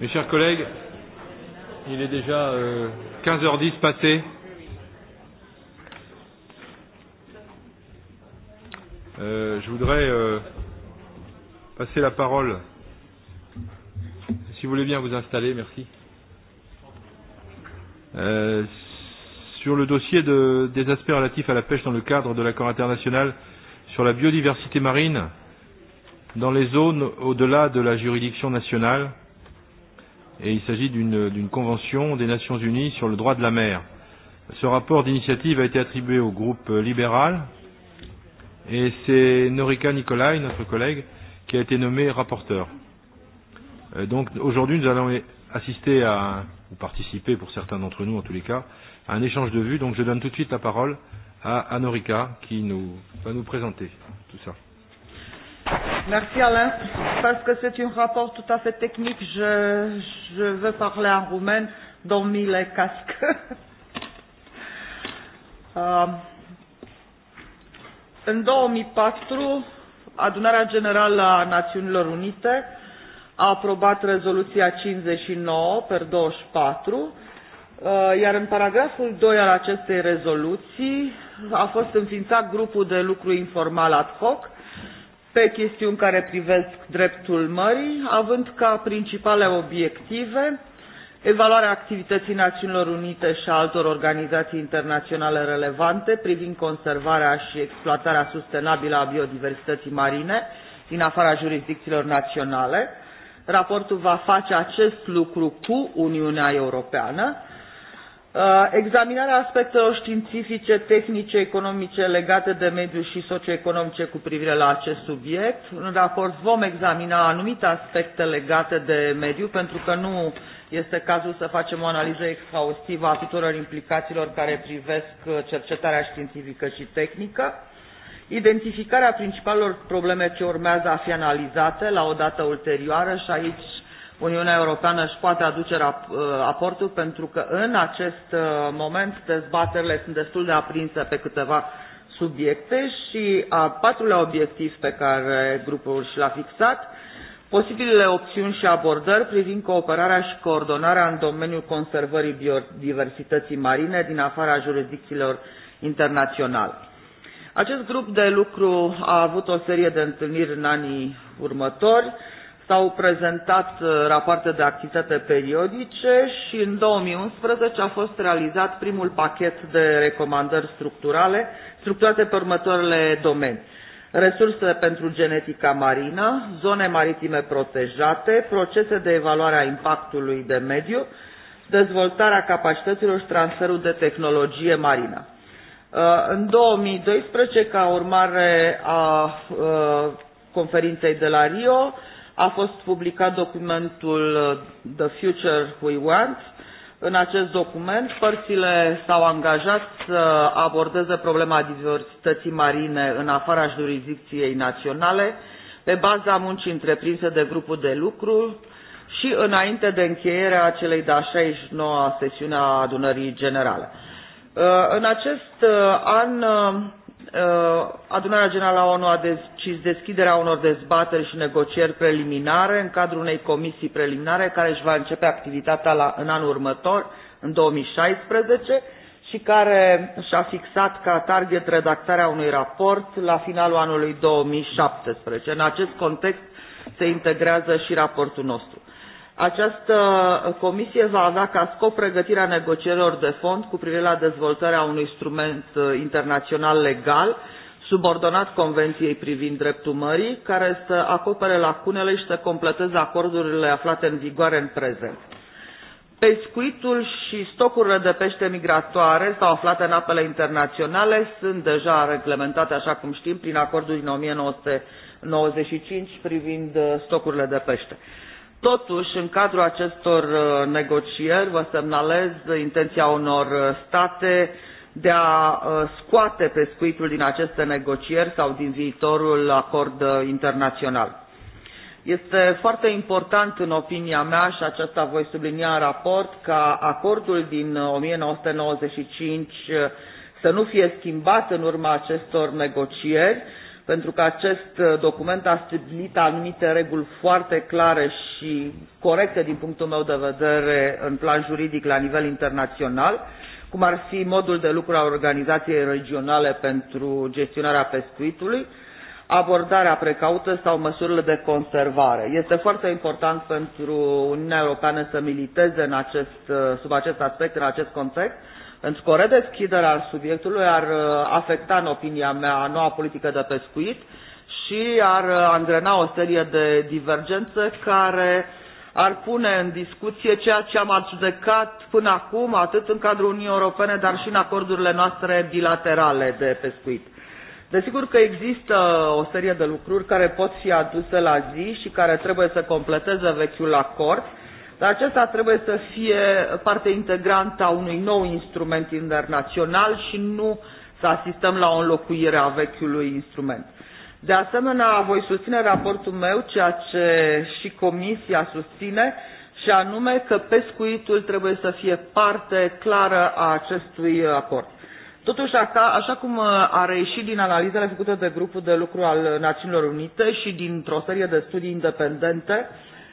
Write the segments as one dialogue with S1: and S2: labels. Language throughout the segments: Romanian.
S1: Mes chers collègues, il est déjà euh, 15h10 passé. Euh, je voudrais euh, passer la parole. Si vous voulez bien vous installer, merci. Euh, sur le dossier de, des aspects relatifs à la pêche dans le cadre de l'accord international sur la biodiversité marine dans les zones au-delà de la juridiction nationale, euh, et il s'agit d'une convention des Nations Unies sur le droit de la mer. Ce rapport d'initiative a été attribué au groupe libéral et c'est Norika Nicolai, notre collègue, qui a été nommé rapporteur. Euh, donc aujourd'hui, nous allons assister à, ou participer pour certains d'entre nous en tous les cas, à un échange de vues. Donc je donne tout de suite la parole à Norika qui nous, va nous présenter tout ça.
S2: Merci Alain. Parce que c'est un rapport tout à fait technique, je, je veux parler en roumain, dont mis les casques. uh, în 2004, Adunarea Generală a Națiunilor Unite a aprobat rezoluția 59 per 24, uh, iar în paragraful 2 al acestei rezoluții a fost înființat grupul de lucru informal ad hoc pe chestiuni care privesc dreptul mării, având ca principale obiective evaluarea activității Națiunilor Unite și a altor organizații internaționale relevante privind conservarea și exploatarea sustenabilă a biodiversității marine din afara jurisdicțiilor naționale. Raportul va face acest lucru cu Uniunea Europeană Uh, examinarea aspectelor științifice, tehnice, economice legate de mediu și socioeconomice cu privire la acest subiect. În raport vom examina anumite aspecte legate de mediu, pentru că nu este cazul să facem o analiză exhaustivă a tuturor implicațiilor care privesc uh, cercetarea științifică și tehnică. Identificarea principalelor probleme ce urmează a fi analizate la o dată ulterioară și aici Uniunea Europeană își poate aduce ă, aportul pentru că în acest ă, moment dezbaterile sunt destul de aprinse pe câteva subiecte și a patrulea obiectiv pe care grupul și l-a fixat, posibilele opțiuni și abordări privind cooperarea și coordonarea în domeniul conservării biodiversității marine din afara jurisdicțiilor internaționale. Acest grup de lucru a avut o serie de întâlniri în anii următori, s-au prezentat uh, rapoarte de activitate periodice și în 2011 a fost realizat primul pachet de recomandări structurale, structurate pe următoarele domenii. Resursele pentru genetica marină, zone maritime protejate, procese de evaluare a impactului de mediu, dezvoltarea capacităților și transferul de tehnologie marină. Uh, în 2012, ca urmare a uh, conferinței de la Rio, a fost publicat documentul uh, The Future We Want. În acest document, părțile s-au angajat să abordeze problema diversității marine în afara jurisdicției naționale, pe baza muncii întreprinse de grupul de lucru și înainte de încheierea celei de-a 69-a sesiune a adunării generale. Uh, în acest uh, an Uh, adunarea generală a ONU a decis deschiderea unor dezbateri și negocieri preliminare în cadrul unei comisii preliminare care își va începe activitatea la, în anul următor, în 2016, și care și-a fixat ca target redactarea unui raport la finalul anului 2017. În acest context se integrează și raportul nostru. Această uh, comisie va avea ca scop pregătirea negocierilor de fond cu privire la dezvoltarea unui instrument uh, internațional legal subordonat Convenției privind dreptul mării, care să acopere lacunele și să completeze acordurile aflate în vigoare în prezent. Pescuitul și stocurile de pește migratoare sau aflate în apele internaționale sunt deja reglementate, așa cum știm, prin acordul din 1995 privind uh, stocurile de pește. Totuși, în cadrul acestor uh, negocieri, vă semnalez intenția unor uh, state de a uh, scoate pescuitul din aceste negocieri sau din viitorul acord internațional. Este foarte important, în opinia mea, și aceasta voi sublinia în raport, ca acordul din 1995 să nu fie schimbat în urma acestor negocieri, pentru că acest uh, document a stabilit anumite reguli foarte clare și corecte din punctul meu de vedere în plan juridic la nivel internațional, cum ar fi modul de lucru al organizației regionale pentru gestionarea pescuitului, abordarea precaută sau măsurile de conservare. Este foarte important pentru Uniunea Europeană să militeze în acest, uh, sub acest aspect, în acest context, pentru că deschiderea subiectului ar uh, afecta, în opinia mea, noua politică de pescuit și ar uh, angrena o serie de divergențe care ar pune în discuție ceea ce am adjudecat până acum, atât în cadrul Uniunii Europene, dar și în acordurile noastre bilaterale de pescuit. Desigur că există o serie de lucruri care pot fi aduse la zi și care trebuie să completeze vechiul acord, dar acesta trebuie să fie parte integrantă a unui nou instrument internațional și nu să asistăm la o înlocuire a vechiului instrument. De asemenea, voi susține raportul meu, ceea ce și Comisia susține, și anume că pescuitul trebuie să fie parte clară a acestui acord. Totuși, așa cum a reieșit din analizele făcute de grupul de lucru al Națiunilor Unite și dintr-o serie de studii independente,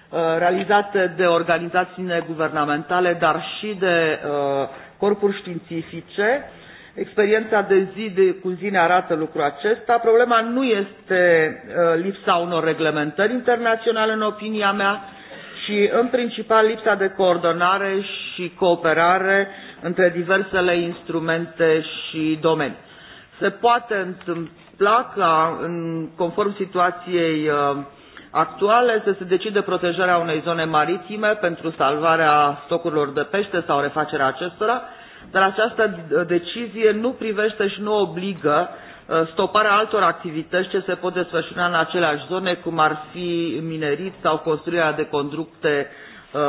S2: Uh, realizate de organizații neguvernamentale, dar și de uh, corpuri științifice. Experiența de zi de, cu zi ne arată lucrul acesta. Problema nu este uh, lipsa unor reglementări internaționale, în opinia mea, ci în principal lipsa de coordonare și cooperare între diversele instrumente și domenii. Se poate întâmpla ca, în, conform situației uh, actuale să se decide protejarea unei zone maritime pentru salvarea stocurilor de pește sau refacerea acestora, dar această decizie nu privește și nu obligă uh, stoparea altor activități ce se pot desfășura în aceleași zone, cum ar fi minerit sau construirea de conducte uh,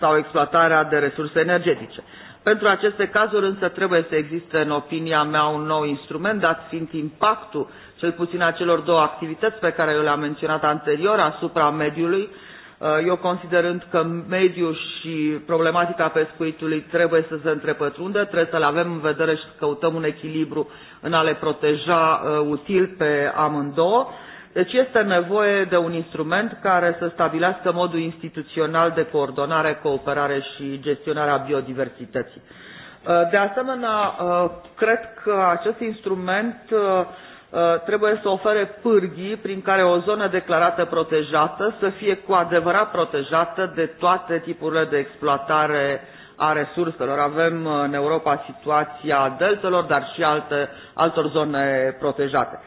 S2: sau exploatarea de resurse energetice. Pentru aceste cazuri însă trebuie să existe, în opinia mea, un nou instrument, dat fiind impactul cel puțin a celor două activități pe care eu le-am menționat anterior asupra mediului, uh, eu considerând că mediul și problematica pescuitului trebuie să se întrepătrundă, trebuie să-l avem în vedere și să căutăm un echilibru în a le proteja uh, util pe amândouă. Deci este nevoie de un instrument care să stabilească modul instituțional de coordonare, cooperare și gestionare a biodiversității. Uh, de asemenea, cred că acest instrument Uh, trebuie să ofere pârghii prin care o zonă declarată protejată să fie cu adevărat protejată de toate tipurile de exploatare a resurselor. Avem uh, în Europa situația deltelor, dar și alte, altor zone protejate.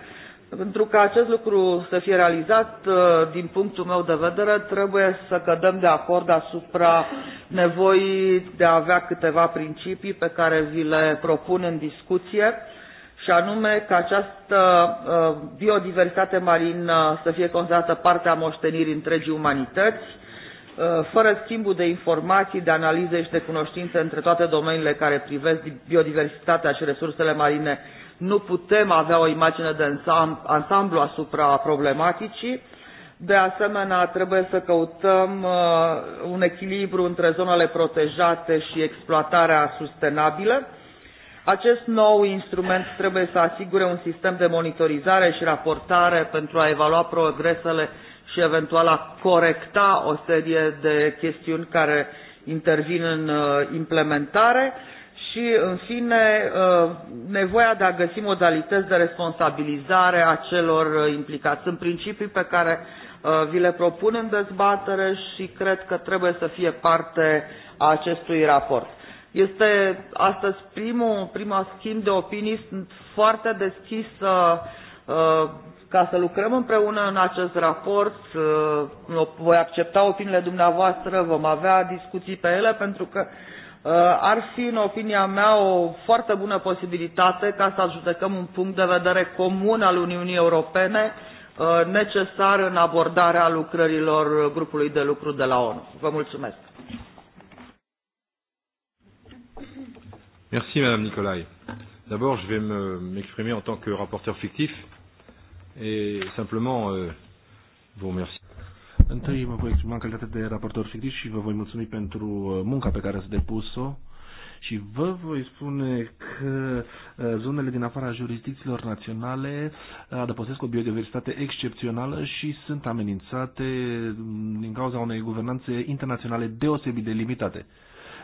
S2: Pentru ca acest lucru să fie realizat, uh, din punctul meu de vedere, trebuie să cădem de acord asupra nevoii de a avea câteva principii pe care vi le propun în discuție și anume că această ă, biodiversitate marină să fie considerată parte a moștenirii întregii umanități, ă, fără schimbul de informații, de analize și de cunoștințe între toate domeniile care privesc biodiversitatea și resursele marine, nu putem avea o imagine de ansamblu asupra problematicii. De asemenea, trebuie să căutăm ă, un echilibru între zonele protejate și exploatarea sustenabilă acest nou instrument trebuie să asigure un sistem de monitorizare și raportare pentru a evalua progresele și eventual a corecta o serie de chestiuni care intervin în uh, implementare și, în fine, uh, nevoia de a găsi modalități de responsabilizare a celor uh, implicați. Sunt principii pe care vi le propun în dezbatere și cred că trebuie să fie parte a acestui raport. Este astăzi primul, prima schimb de opinii, sunt foarte deschis uh, ca să lucrăm împreună în acest raport. Uh, voi accepta opiniile dumneavoastră, vom avea discuții pe ele, pentru că uh, ar fi, în opinia mea, o foarte bună posibilitate ca să judecăm un punct de vedere comun al Uniunii Europene necesar în abordarea lucrărilor grupului de lucru de la ONU. Vă mulțumesc!
S1: Merci Madame Nicolai. D'abord, je vais m'exprimer me, en tant que rapporteur fictif et simplement euh, vous remercier. Întâi mă
S3: voi exprima în calitate de raportor fictiv și vă voi mulțumi pentru uh, munca pe care ați depus-o și vă voi spune că uh, zonele din afara jurisdicțiilor naționale adăpostesc o biodiversitate excepțională și sunt amenințate mm, din cauza unei guvernanțe internaționale deosebit de limitate.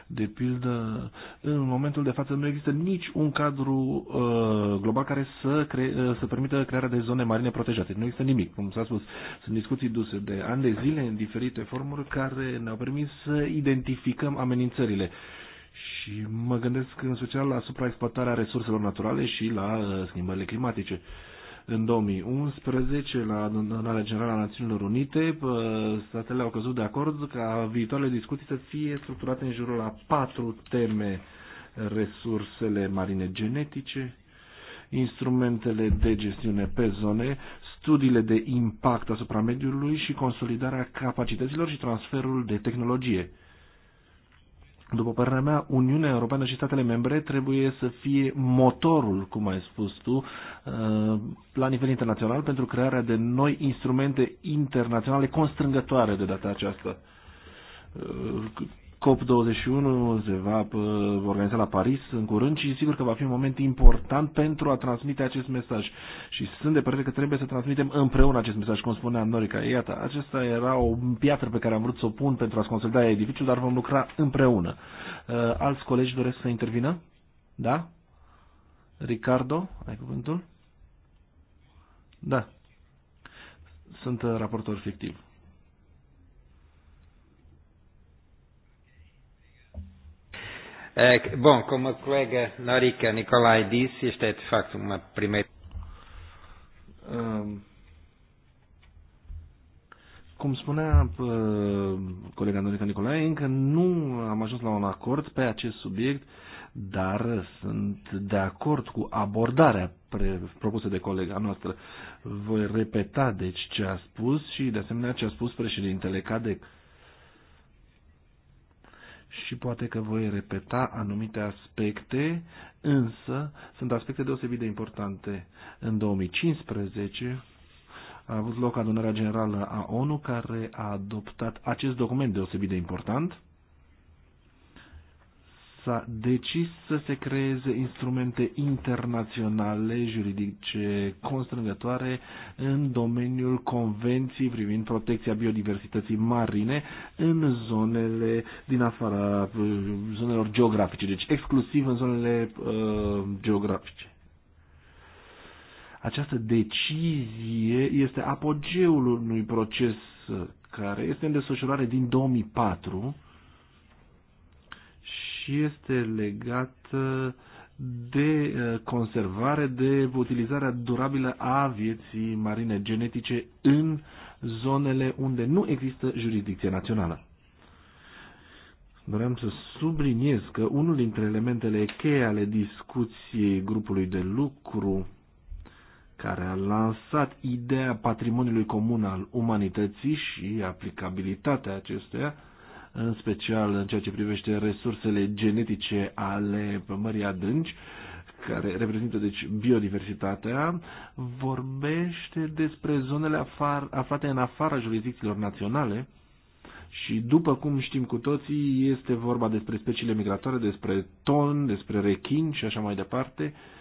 S3: De pildă, în momentul de față nu există nici un cadru uh, global care să, cre- uh, să permită crearea de zone marine protejate. Nu există nimic, cum s-a spus. Sunt discuții duse de ani de zile în diferite formuri care ne-au permis să identificăm amenințările. Și mă gândesc în special la supraexploatarea resurselor naturale și la uh, schimbările climatice. Uh, în 2011, la adunarea generală a Națiunilor Unite, statele au căzut de acord ca viitoarele discuții să fie structurate în jurul a patru teme resursele marine genetice, instrumentele de gestiune pe zone, studiile de impact asupra mediului și consolidarea capacităților și transferul de tehnologie. După părerea mea, Uniunea Europeană și statele membre trebuie să fie motorul, cum ai spus tu, uh, la nivel internațional pentru crearea de noi instrumente internaționale constrângătoare de data aceasta uh, COP21 se va uh, organiza la Paris în curând și sigur că va fi un moment important pentru a transmite acest mesaj. Și sunt de părere că trebuie să transmitem împreună acest mesaj, cum spunea Norica. Iată, acesta era o piatră pe care am vrut să o pun pentru a consolida edificiul, dar vom lucra împreună. Uh, alți colegi doresc să intervină? Da? Ricardo, ai cuvântul? Da. Sunt uh, raportor fictiv.
S1: bom, como a colega Norica Nicolai disse, esta é de facto uma primeira.
S3: cum spunea uh, colega Norica Nicolae, încă nu am ajuns la un acord pe acest subiect, dar sunt de acord cu abordarea propusă de colega noastră. Voi repeta deci ce a spus și de asemenea ce a spus președintele Cadec. Uh, și poate că voi repeta anumite aspecte, însă sunt aspecte deosebit de importante. În 2015 a avut loc adunarea generală a ONU care a adoptat acest document deosebit de important s-a decis să se creeze instrumente internaționale juridice constrângătoare în domeniul convenției privind protecția biodiversității marine în zonele din afara uh, zonelor geografice, deci exclusiv în zonele uh, geografice această decizie este apogeul unui proces uh, care este în desfășurare din 2004 și este legată de uh, conservare, de utilizarea durabilă a vieții marine genetice în zonele unde nu există jurisdicție națională. Doream să subliniez că unul dintre elementele cheie ale discuției grupului de lucru care a lansat ideea patrimoniului comun al umanității și aplicabilitatea acesteia în special în ceea ce privește resursele genetice ale mării adânci, care reprezintă deci biodiversitatea, vorbește despre zonele afar, aflate în afara jurisdicțiilor naționale, și după cum știm cu toții, este vorba despre speciile migratoare, despre ton, despre rechin și așa mai departe. Uh,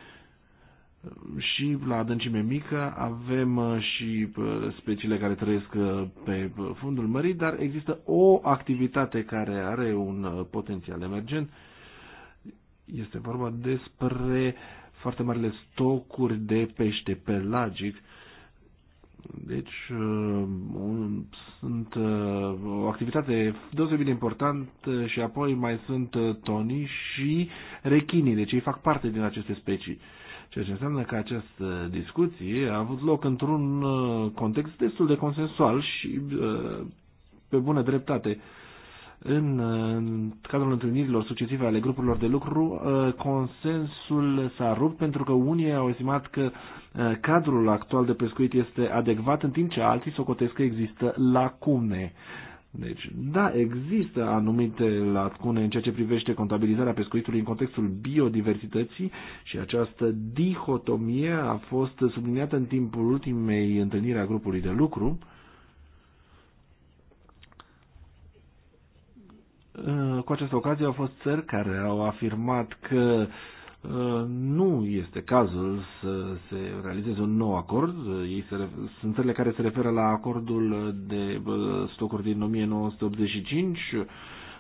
S3: și la adâncime mică avem uh, și uh, speciile care trăiesc uh, pe fundul mării, dar există o activitate care are un potențial emergent. Este vorba despre foarte marile stocuri de pește pelagic. Deci un, sunt o activitate deosebit de importantă și apoi mai sunt tonii și rechinii, deci ei fac parte din aceste specii. Ceea ce înseamnă că această discuție a avut loc într-un uh, context destul de consensual și uh, pe bună dreptate. Uh, în, cadrul întâlnirilor succesive ale grupurilor de lucru, consensul s-a rupt pentru că unii au estimat că cadrul actual de pescuit este adecvat, în timp ce alții socotesc că există lacune. Deci, da, există anumite lacune în ceea ce privește contabilizarea pescuitului în contextul biodiversității și această dihotomie a fost subliniată în timpul ultimei întâlniri a grupului de lucru. Cu această ocazie au fost țări care au afirmat că uh, Uh, nu este cazul să se realizeze un nou acord. Uh, ei se refer, sunt țările care se referă la acordul de uh, stocuri din 1985.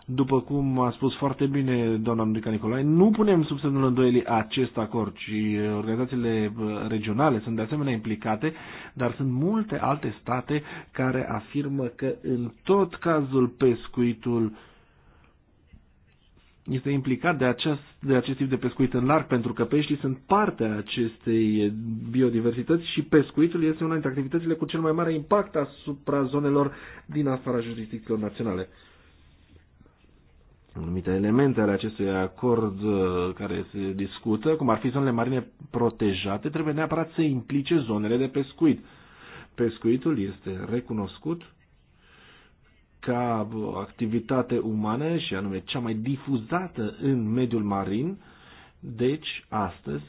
S3: După cum a spus foarte bine doamna Mirica Nicolae, nu punem sub semnul îndoielii acest acord, ci organizațiile regionale sunt de asemenea implicate, dar sunt multe alte state care afirmă că în tot cazul pescuitul uh, este implicat de acest, de acest tip de pescuit în larg, pentru că peștii sunt parte a acestei biodiversități și pescuitul este una dintre activitățile cu cel mai mare impact asupra zonelor din afara jurisdicțiilor naționale. Anumite elemente ale acestui acord uh, care se discută, cum ar fi zonele marine protejate, trebuie neapărat să implice zonele de pescuit. Pescuitul este recunoscut ca activitate umane și anume cea mai difuzată în mediul marin. Deci, astăzi,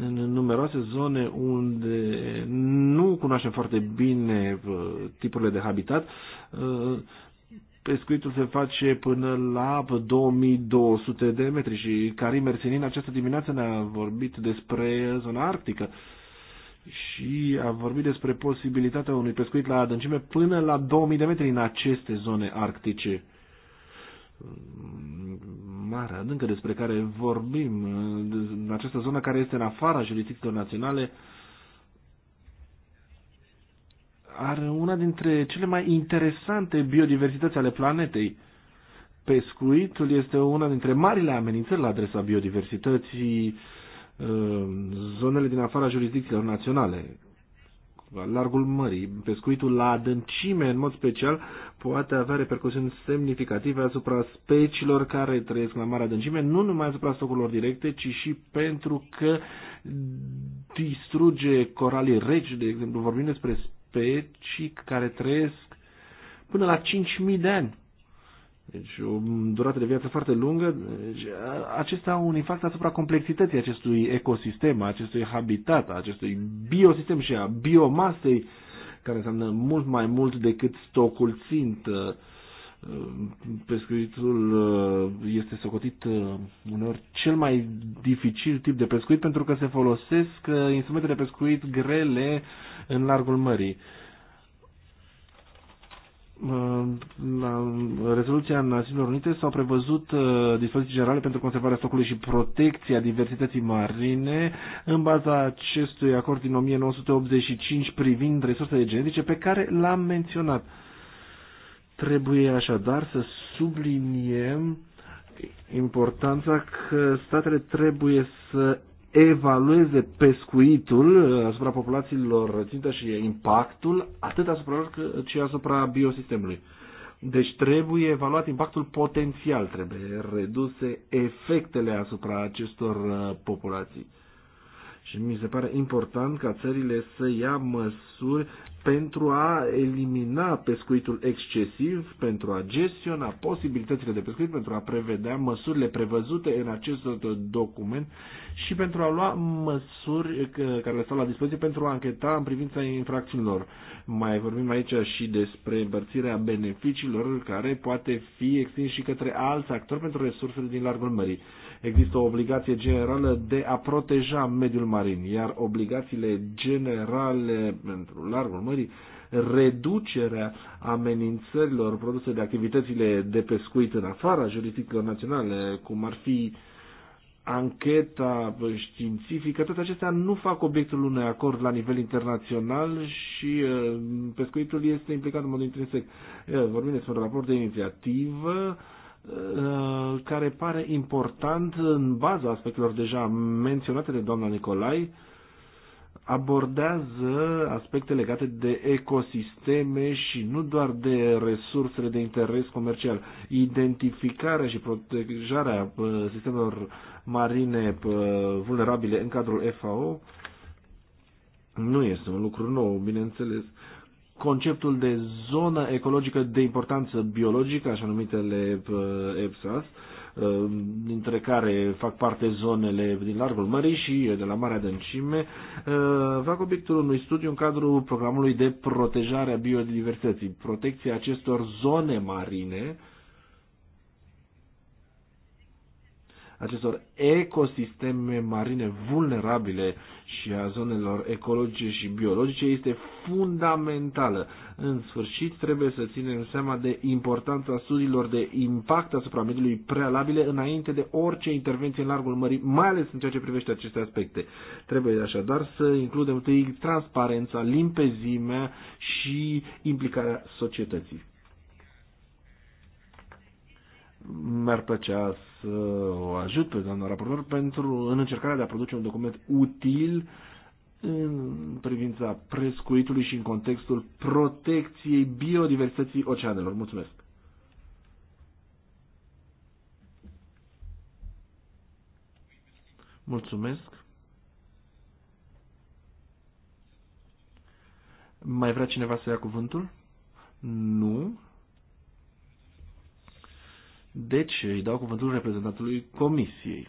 S3: în numeroase zone unde nu cunoaștem foarte bine tipurile de habitat, ă, pescuitul se face până la 2200 de metri și Karim Mersenin această dimineață ne-a vorbit despre zona arctică și a vorbit despre posibilitatea unui pescuit la adâncime până la 2000 de metri în aceste zone arctice. Mare adâncă despre care vorbim, în această zonă care este în afara jurisdicțiilor naționale, are una dintre cele mai interesante biodiversități ale planetei. Pescuitul este una dintre marile amenințări la adresa biodiversității, Ehm, zonele din afara jurisdicțiilor naționale, largul mării. Pescuitul la adâncime, în mod special, poate avea repercusiuni semnificative asupra speciilor care trăiesc la mare adâncime, nu numai asupra stocurilor directe, ci și pentru că distruge coralii reci, de exemplu, vorbim despre specii care trăiesc până la 5.000 de ani deci o durată de viață foarte lungă. Deci, acestea au un impact asupra complexității acestui ecosistem, acestui habitat, acestui biosistem și a biomasei, care înseamnă mult mai mult decât stocul țint. Pescuitul uh, este socotit uh, uneori cel mai dificil tip de pescuit pentru că se folosesc uh, instrumente de pescuit grele în largul mării la uh, uh, rezoluția Națiunilor Unite s-au prevăzut uh, dispoziții generale pentru conservarea stocului și protecția diversității marine în baza acestui acord din 1985 privind resursele genetice pe care l-am menționat. Trebuie așadar să subliniem importanța că statele trebuie să evalueze pescuitul uh, asupra populațiilor țintă și impactul atât asupra lor cât și asupra biosistemului. Deci trebuie evaluat impactul potențial, trebuie reduse efectele asupra acestor uh, populații. Și mi se pare important ca țările să ia măsuri pentru a elimina pescuitul excesiv, pentru a gestiona posibilitățile de pescuit, pentru a prevedea măsurile prevăzute în acest document și pentru a lua măsuri care le stau la dispoziție pentru a încheta în privința infracțiunilor. Mai vorbim aici și despre împărțirea beneficiilor care poate fi extins și către alți actori pentru resursele din largul mării există o obligație generală de a proteja mediul marin, iar obligațiile generale pentru largul mării reducerea amenințărilor produse de activitățile de pescuit în afara jurisdicțiilor naționale, cum ar fi ancheta științifică, toate acestea nu fac obiectul unui acord la nivel internațional și uh, pescuitul este implicat în mod intrinsec. Vorbim despre un raport de inițiativă Uh, care pare important în baza aspectelor deja menționate de doamna Nicolai, abordează aspecte legate de ecosisteme și nu doar de resursele de interes comercial. Identificarea și protejarea uh, sistemelor marine uh, vulnerabile în cadrul FAO nu este un lucru nou, bineînțeles conceptul de zonă ecologică de importanță biologică, așa numitele uh, EPSAS, uh, dintre care fac parte zonele din largul mării și de la Marea Dâncime, uh, fac obiectul unui studiu în cadrul programului de protejare a biodiversității. Protecția acestor zone marine acestor ecosisteme marine vulnerabile și a zonelor ecologice și biologice este fundamentală. În sfârșit, trebuie să ținem seama de importanța studiilor de impact asupra mediului prealabile înainte de orice intervenție în largul mării, mai ales în ceea ce privește aceste aspecte. Trebuie așadar să includem întâi transparența, limpezimea și implicarea societății mi-ar plăcea să o ajut pe doamna raportor pentru, în încercarea de a produce un document util în privința prescuitului și în contextul protecției biodiversității oceanelor. Mulțumesc! Mulțumesc! Mai vrea cineva să ia cuvântul? Nu. Deci îi dau cuvântul reprezentantului Comisiei.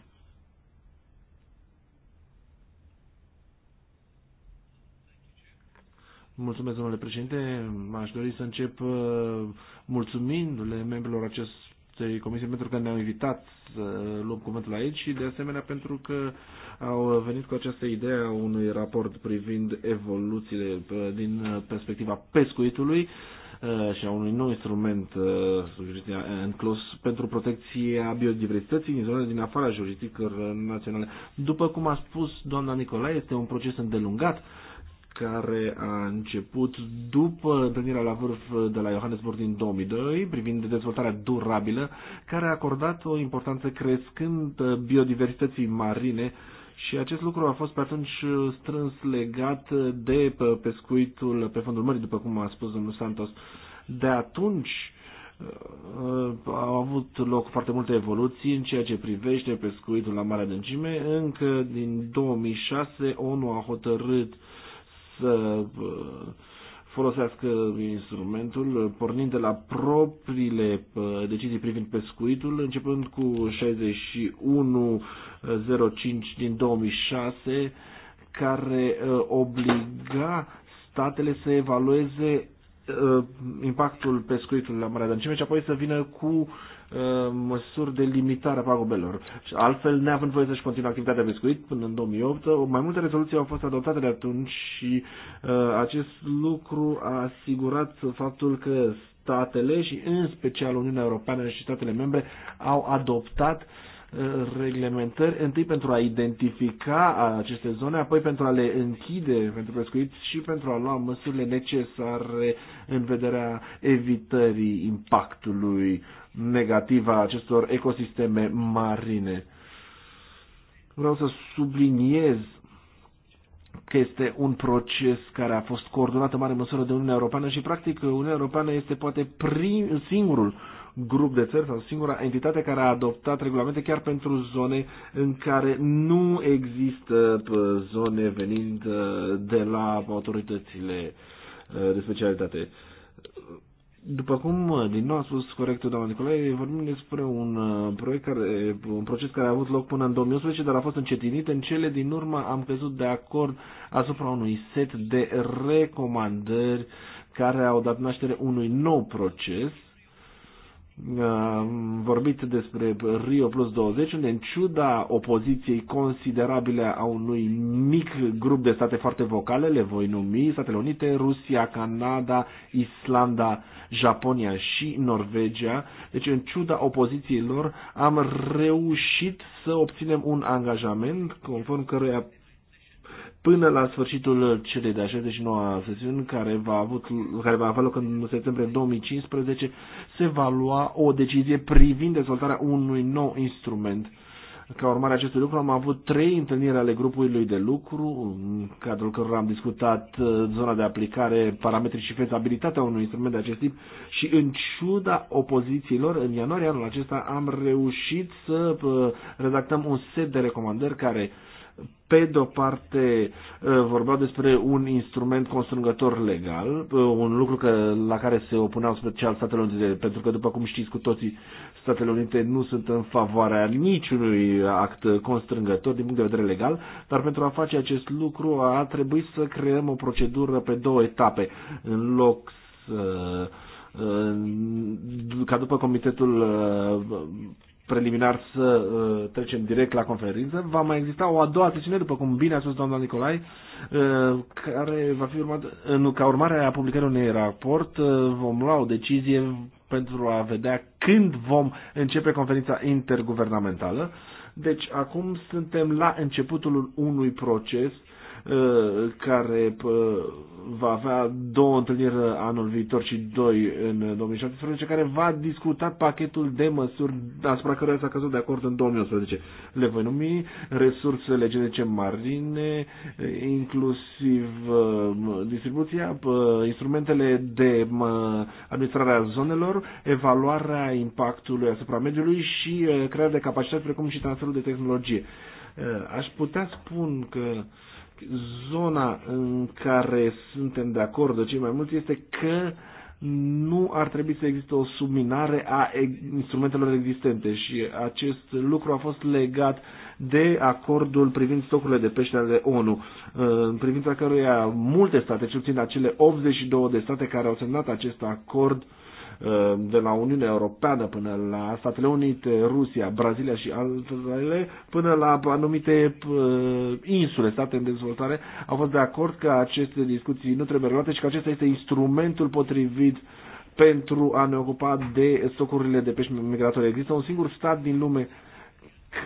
S3: Mulțumesc, domnule președinte. Aș dori să încep uh, mulțumindu-le membrilor acestei comisii pentru că ne-au invitat să luăm cuvântul aici și de asemenea pentru că au venit cu această idee a unui raport privind evoluțiile uh, din uh, perspectiva pescuitului Uh, și a unui nou instrument uh, uh, înclus pentru protecția biodiversității din zonele din afara juridicilor naționale. După cum a spus doamna Nicolae, este un proces îndelungat care a început după întâlnirea la vârf de la Johannesburg din 2002 privind dezvoltarea durabilă, care a acordat o importanță crescând biodiversității marine uh, și acest lucru a fost pe atunci uh, strâns legat de uh, pescuitul pe fondul mării, după cum a spus domnul Santos. De atunci uh, au avut loc foarte multe evoluții în ceea ce privește pescuitul la mare adâncime. Încă din 2006 ONU a hotărât să folosească instrumentul, pornind de la propriile uh, decizii privind pescuitul, începând cu 6105 din 2006, care uh, obliga statele să evalueze uh, impactul pescuitului la marea adâncime și apoi să vină cu Uh, măsuri de limitare a pagubelor. Altfel, neavând voie să-și continue activitatea pescuit până în 2008, uh, mai multe rezoluții au fost adoptate de atunci și uh, acest lucru a asigurat faptul că statele și în special Uniunea Europeană și statele membre au adoptat reglementări, întâi pentru a identifica aceste zone, apoi pentru a le închide pentru pescuiți și pentru a lua măsurile necesare în vederea evitării impactului negativă a acestor ecosisteme marine. Vreau să subliniez că este un proces care a fost coordonat în mare măsură de Uniunea Europeană și, practic Uniunea Europeană este poate prim, singurul grup de țări sau singura entitate care a adoptat regulamente chiar pentru zone în care nu există zone venind uh, de la autoritățile uh, de specialitate. După cum uh, din nou a spus corectul doamna Nicolae, vorbim despre un uh, proiect care, un proces care a avut loc până în 2011, dar a fost încetinit. În cele din urmă am căzut de acord asupra unui set de recomandări care au dat naștere unui nou proces vorbit despre Rio Plus 20, unde în ciuda opoziției considerabile a unui mic grup de state foarte vocale, le voi numi Statele Unite, Rusia, Canada, Islanda, Japonia și Norvegia, deci în ciuda opoziției lor am reușit să obținem un angajament conform căruia până la sfârșitul celei de-a 69-a sesiuni, care va, avut, care va avea loc în septembrie 2015, se va lua o decizie privind dezvoltarea unui nou instrument. Ca urmare a acestui lucru am avut trei întâlniri ale grupului de lucru, în cadrul cărora am discutat uh, zona de aplicare, parametrii și fezabilitatea unui instrument de acest tip și în ciuda opozițiilor, în ianuarie anul acesta am reușit să uh, redactăm un set de recomandări care uh, pe de-o parte, vorbea despre un instrument constrângător legal, un lucru că, la care se opuneau special Statele Unite, pentru că, după cum știți cu toții, Statele Unite nu sunt în favoarea niciunui act constrângător din punct de vedere legal, dar pentru a face acest lucru a trebuit să creăm o procedură pe două etape, în loc să ca după comitetul preliminar să uh, trecem direct la conferință. Va mai exista o a doua sesiune, după cum bine a spus doamna Nicolai, uh, care va fi urmat în uh, ca urmare a publicării unui raport, uh, vom lua o decizie pentru a vedea când vom începe conferința interguvernamentală. Deci acum suntem la începutul unui proces uh, Uh, care uh, va avea două întâlniri anul viitor și doi în 2017, care va discuta pachetul de măsuri asupra căruia s-a căzut de acord în 2011. Le voi numi resursele genetice marine, inclusiv uh, distribuția, instrumentele de administrare a zonelor, evaluarea impactului asupra mediului și crearea de capacități, precum și transferul de tehnologie. Aș putea spun că uh, Zona în care suntem de acord de cei mai mulți este că nu ar trebui să existe o subminare a instrumentelor existente și acest lucru a fost legat de acordul privind stocurile de pește ale ONU, uh, în privința căruia multe state, cel puțin acele 82 de state care au semnat acest acord, uh, Uh, de la Uniunea Europeană până la Statele Unite, Rusia, Brazilia și altele, până la anumite uh, insule, state în dezvoltare, au fost de acord că aceste discuții nu trebuie luate și că acesta este instrumentul potrivit pentru a ne ocupa de stocurile de pești migratorii. Există un singur stat din lume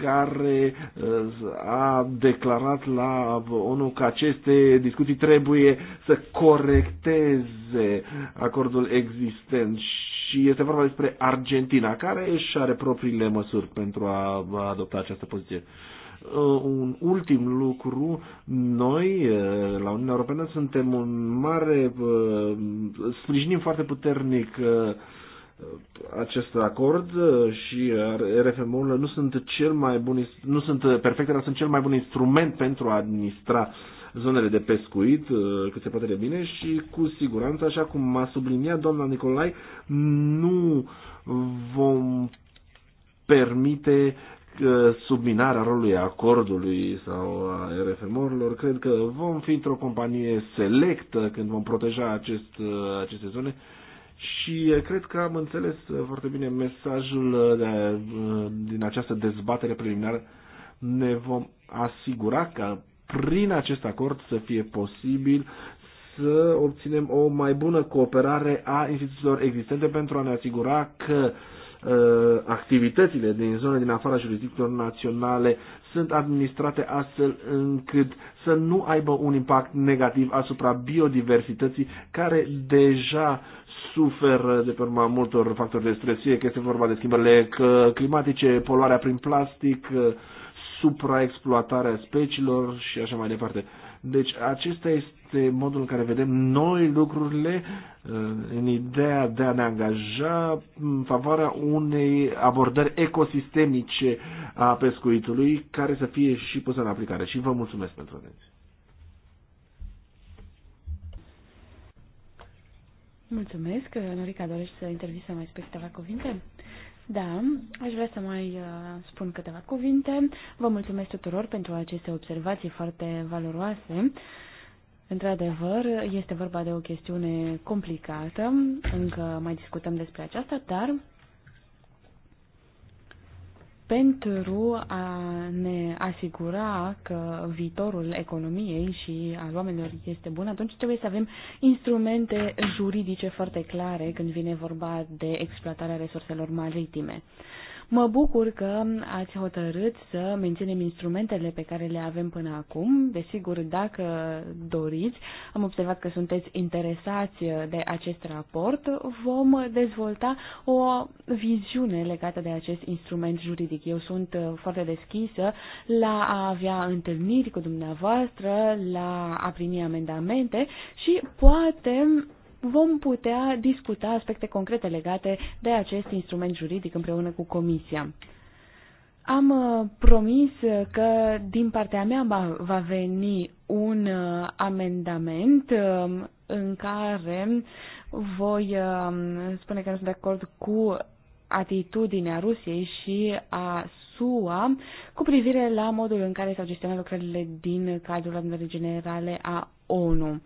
S3: care uh, a declarat la ONU că aceste discuții trebuie să corecteze acordul existent și este vorba despre Argentina, care își are propriile măsuri pentru a adopta această poziție. Uh, un ultim lucru, noi uh, la Uniunea Europeană suntem un mare, sprijinim foarte puternic acest acord uh, și uh, RFM-ul nu sunt cel mai bun, nu sunt uh, perfecte, dar sunt cel mai bun instrument pentru a administra zonele de pescuit cât se poate de bine și cu siguranță, așa cum a subliniat doamna Nicolai, nu vom permite subminarea rolului acordului sau a RFM-urilor. Cred că vom fi într-o companie selectă când vom proteja acest, aceste zone și eh, cred că am înțeles eh, foarte bine mesajul eh, de, din această dezbatere preliminară. Ne vom asigura că prin acest acord să fie posibil să obținem o mai bună cooperare a instituțiilor existente pentru a ne asigura că uh, activitățile din zone din afara jurisdicțiilor naționale sunt administrate astfel încât să nu aibă un impact negativ asupra biodiversității care deja uh, suferă de pe urma multor factori de stres, fie că este vorba de schimbările climatice, poluarea prin plastic, supraexploatarea speciilor și așa mai departe. Deci acesta este modul în care vedem noi lucrurile uh, în ideea de a ne angaja în favoarea unei abordări ecosistemice a pescuitului care să fie și pusă în aplicare. Și vă mulțumesc pentru atenție.
S4: Mulțumesc. Norica, dorești să intervii să mai spui câteva cuvinte? Da, aș vrea să mai uh, spun câteva cuvinte. Vă mulțumesc tuturor pentru aceste observații foarte valoroase. Într-adevăr, este vorba de o chestiune complicată, încă mai discutăm despre aceasta, dar pentru a ne asigura că viitorul economiei și al oamenilor este bun, atunci trebuie să avem instrumente juridice foarte clare când vine vorba de exploatarea resurselor maritime. Mă bucur că ați hotărât să menținem instrumentele pe care le avem până acum. Desigur, dacă doriți, am observat că sunteți interesați de acest raport, vom dezvolta o viziune legată de acest instrument juridic. Eu sunt foarte deschisă la a avea întâlniri cu dumneavoastră, la a primi amendamente și poate vom putea discuta aspecte concrete legate de acest instrument juridic împreună cu Comisia. Am uh, promis că din partea mea va veni un uh, amendament um, în care voi um, spune că nu sunt de acord cu atitudinea Rusiei și a SUA cu privire la modul în care s-au gestionat lucrările din cadrul adunării generale a ONU.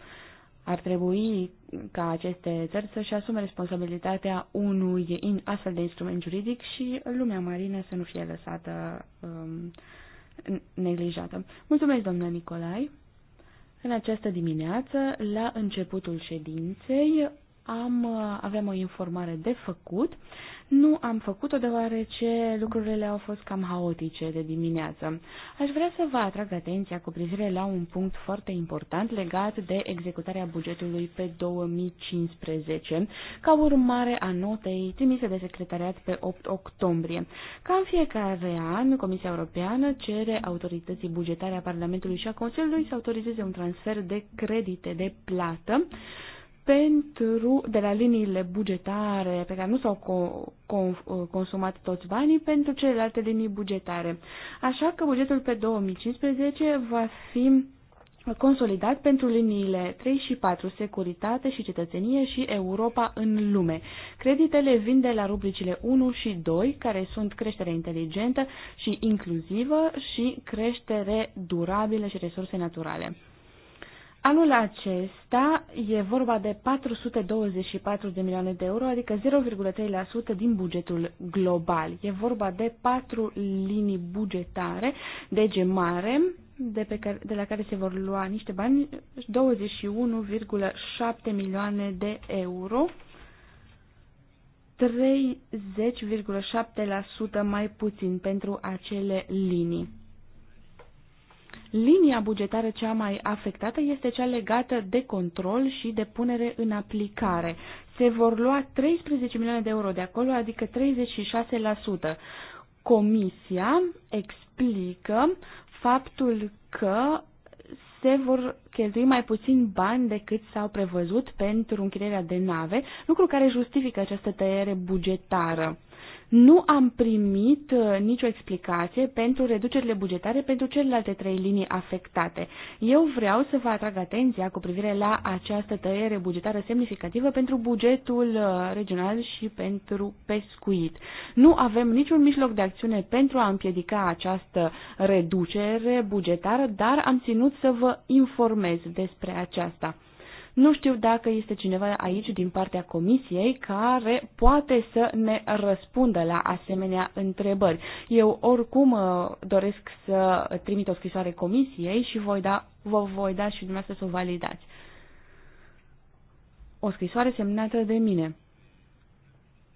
S4: Ar trebui ca aceste țări să-și asume responsabilitatea unui astfel de instrument juridic și lumea marină să nu fie lăsată um, neglijată. Mulțumesc, domnule Nicolai! În această dimineață, la începutul ședinței, am, uh, avem o informare de făcut. Nu am făcut-o deoarece lucrurile au fost cam haotice de dimineață. Aș vrea să vă atrag atenția cu privire la un punct foarte important legat de executarea bugetului pe 2015, ca urmare a notei trimise de secretariat pe 8 octombrie. Ca în fiecare an, Comisia Europeană cere autorității bugetare a Parlamentului și a Consiliului să autorizeze un transfer de credite de plată pentru, de la liniile bugetare pe care nu s-au co, con, consumat toți banii pentru celelalte linii bugetare. Așa că bugetul pe 2015 va fi consolidat pentru liniile 3 și 4, securitate și cetățenie și Europa în lume. Creditele vin de la rubricile 1 și 2, care sunt creștere inteligentă și inclusivă și creștere durabilă și resurse naturale. Anul acesta e vorba de 424 de milioane de euro, adică 0,3% din bugetul global. E vorba de patru linii bugetare, de gemare de, pe care, de la care se vor lua niște bani, 21,7 milioane de euro, 30,7% mai puțin pentru acele linii. Linia bugetară cea mai afectată este cea legată de control și de punere în aplicare. Se vor lua 13 milioane de euro de acolo, adică 36%. Comisia explică faptul că se vor cheltui mai puțin bani decât s-au prevăzut pentru închirierea de nave, lucru care justifică această tăiere bugetară nu am primit uh, nicio explicație pentru reducerile bugetare pentru celelalte trei linii afectate. Eu vreau să vă atrag atenția cu privire la această tăiere bugetară semnificativă pentru bugetul uh, regional și pentru pescuit. Nu avem niciun mijloc de acțiune pentru a împiedica această reducere bugetară, dar am ținut să vă informez despre aceasta. Nu știu dacă este cineva aici din partea comisiei care poate să ne răspundă la asemenea întrebări. Eu oricum uh, doresc să trimit o scrisoare comisiei și voi da, vă voi da și dumneavoastră să o validați. O scrisoare semnată de mine.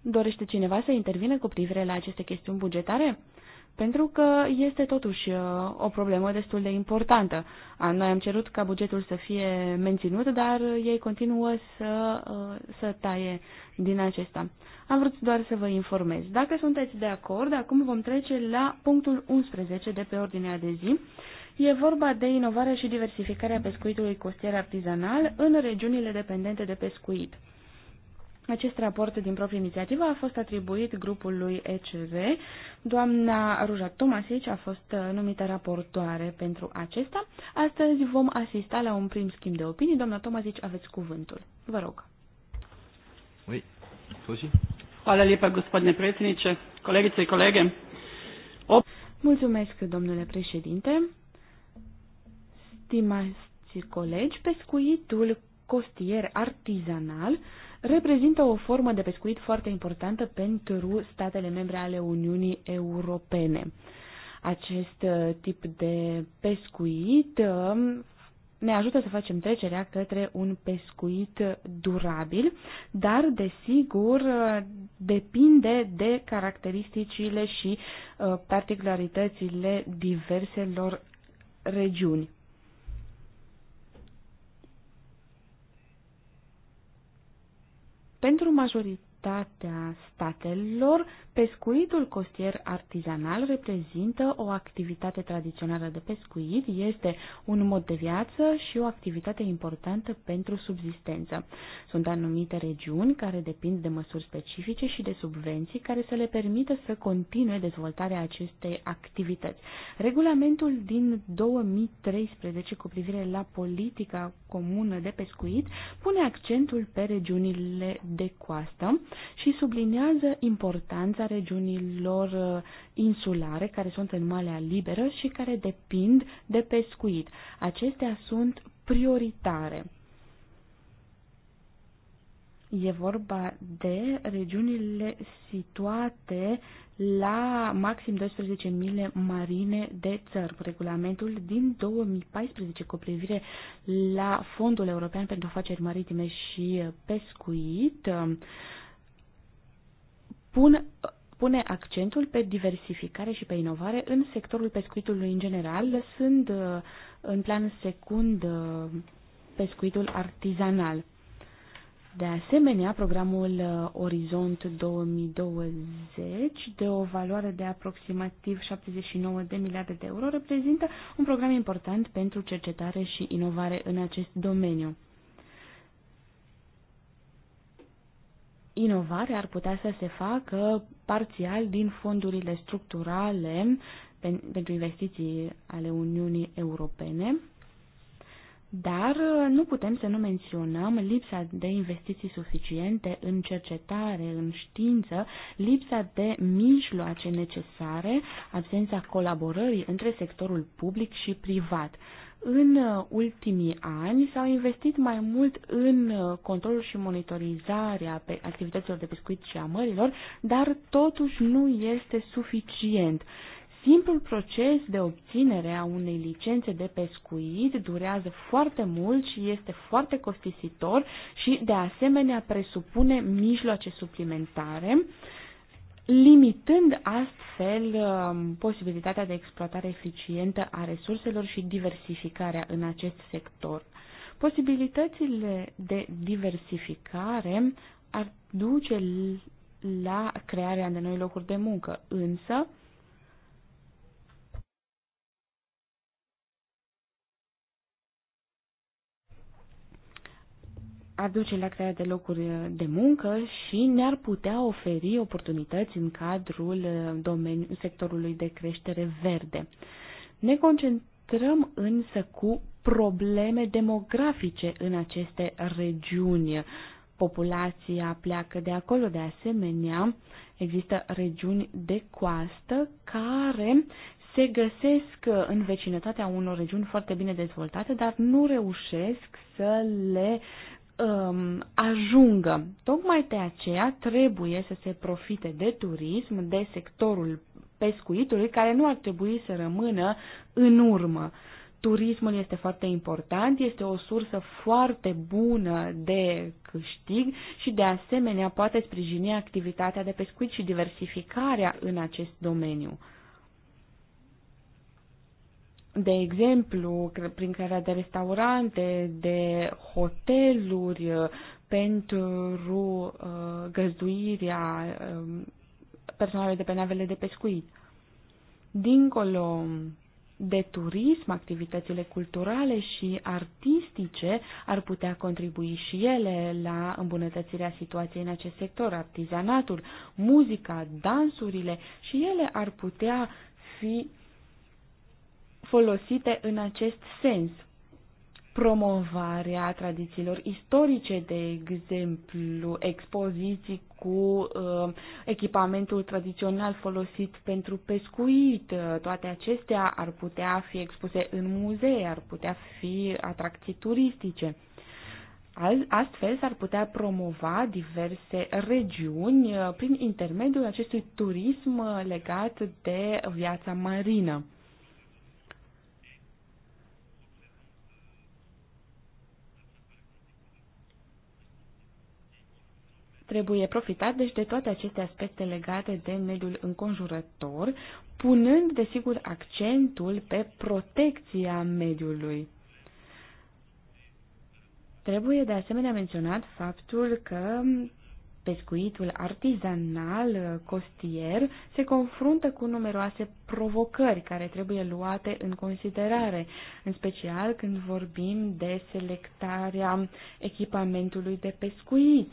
S4: Dorește cineva să intervine cu privire la aceste chestiuni bugetare? pentru că este totuși uh, o problemă destul de importantă. Noi am cerut ca bugetul să fie menținut, dar ei continuă să, uh, să taie din acesta. Am vrut doar să vă informez. Dacă sunteți de acord, acum vom trece la punctul 11 de pe ordinea de zi. E vorba de inovarea și diversificarea pescuitului costier artizanal în regiunile dependente de pescuit. Acest raport din proprie inițiativă a fost atribuit grupului ECV. Doamna Ruja Tomasic a fost uh, numită raportoare pentru acesta. Astăzi vom asista la un prim schimb de opinii. Doamna Tomasic, aveți cuvântul. Vă rog.
S2: Oui. Sosi? Hvala lijepa, gospodine predsjedniče,
S4: kolegice i kolege. Op... Mulțumesc, domnule președinte. Stimați colegi, pescuitul costier artizanal reprezintă o formă de pescuit foarte importantă pentru statele membre ale Uniunii Europene. Acest uh, tip de pescuit um, ne ajută să facem trecerea către un pescuit durabil, dar, desigur, uh, depinde de caracteristicile și uh, particularitățile diverselor regiuni. Pentru majoritatea statelor, Pescuitul costier artizanal reprezintă o activitate tradițională de pescuit, este un mod de viață și o activitate importantă pentru subzistență. Sunt anumite regiuni care depind de măsuri specifice și de subvenții care să le permită să continue dezvoltarea acestei activități. Regulamentul din 2013 cu privire la politica comună de pescuit pune accentul pe regiunile de coastă și sublinează importanța regiunilor uh, insulare care sunt în Malea Liberă și care depind de pescuit. Acestea sunt prioritare. E vorba de regiunile situate la maxim 12 mile marine de țări. Regulamentul din 2014 cu privire la Fondul European pentru Afaceri Maritime și Pescuit uh, pun pune accentul pe diversificare și pe inovare în sectorul pescuitului în general, lăsând uh, în plan secund uh, pescuitul artizanal. De asemenea, programul uh, Orizont 2020, de o valoare de aproximativ 79 de miliarde de euro, reprezintă un program important pentru cercetare și inovare în acest domeniu. inovare ar putea să se facă parțial din fondurile structurale pentru investiții ale Uniunii Europene, dar nu putem să nu menționăm lipsa de investiții suficiente în cercetare, în știință, lipsa de mijloace necesare, absența colaborării între sectorul public și privat. În uh, ultimii ani s-au investit mai mult în uh, controlul și monitorizarea pe activităților de pescuit și a mărilor, dar totuși nu este suficient. Simplul proces de obținere a unei licențe de pescuit durează foarte mult și este foarte costisitor și, de asemenea, presupune mijloace suplimentare uh, limitând astfel um, posibilitatea de exploatare eficientă a resurselor și diversificarea în acest sector. Posibilitățile de diversificare ar duce la crearea de noi locuri de muncă, însă ar duce la crearea de locuri de muncă și ne-ar putea oferi oportunități în cadrul uh, domeniului sectorului de creștere verde. Ne concentrăm însă cu probleme demografice în aceste regiuni. Populația pleacă de acolo, de asemenea, există regiuni de coastă care se găsesc în vecinătatea unor regiuni foarte bine dezvoltate, dar nu reușesc să le um, ajungă. Tocmai de aceea trebuie să se profite de turism, de sectorul pescuitului, care nu ar trebui să rămână în urmă. Turismul este foarte important, este o sursă foarte bună de câștig și de asemenea poate sprijini activitatea de pescuit și diversificarea în acest domeniu de exemplu, prin crearea de restaurante, de hoteluri uh, pentru uh, găzduirea um, persoanelor de pe navele de pescuit. Dincolo de turism, activitățile culturale și artistice ar putea contribui și ele la îmbunătățirea situației în acest sector, artizanatul, muzica, dansurile și ele ar putea fi folosite în acest sens. Promovarea tradițiilor istorice, de exemplu, expoziții cu uh, echipamentul tradițional folosit pentru pescuit, uh, toate acestea ar putea fi expuse în muzee, ar putea fi atracții turistice. Astfel s-ar putea promova diverse regiuni uh, prin intermediul acestui turism legat de viața marină. Trebuie profitat deci de toate aceste aspecte legate de mediul înconjurător, punând desigur accentul pe protecția mediului. Trebuie de asemenea menționat faptul că pescuitul artizanal costier se confruntă cu numeroase provocări care trebuie luate în considerare, în special când vorbim de selectarea echipamentului de pescuit.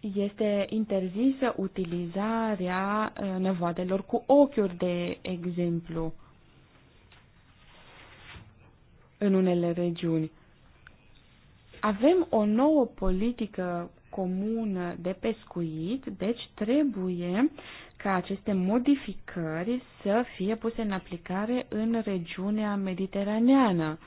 S4: este interzisă utilizarea uh, nevoadelor cu ochiuri, de exemplu, în unele regiuni. Avem o nouă politică comună de pescuit, deci trebuie ca aceste modificări să fie puse în aplicare în regiunea mediteraneană.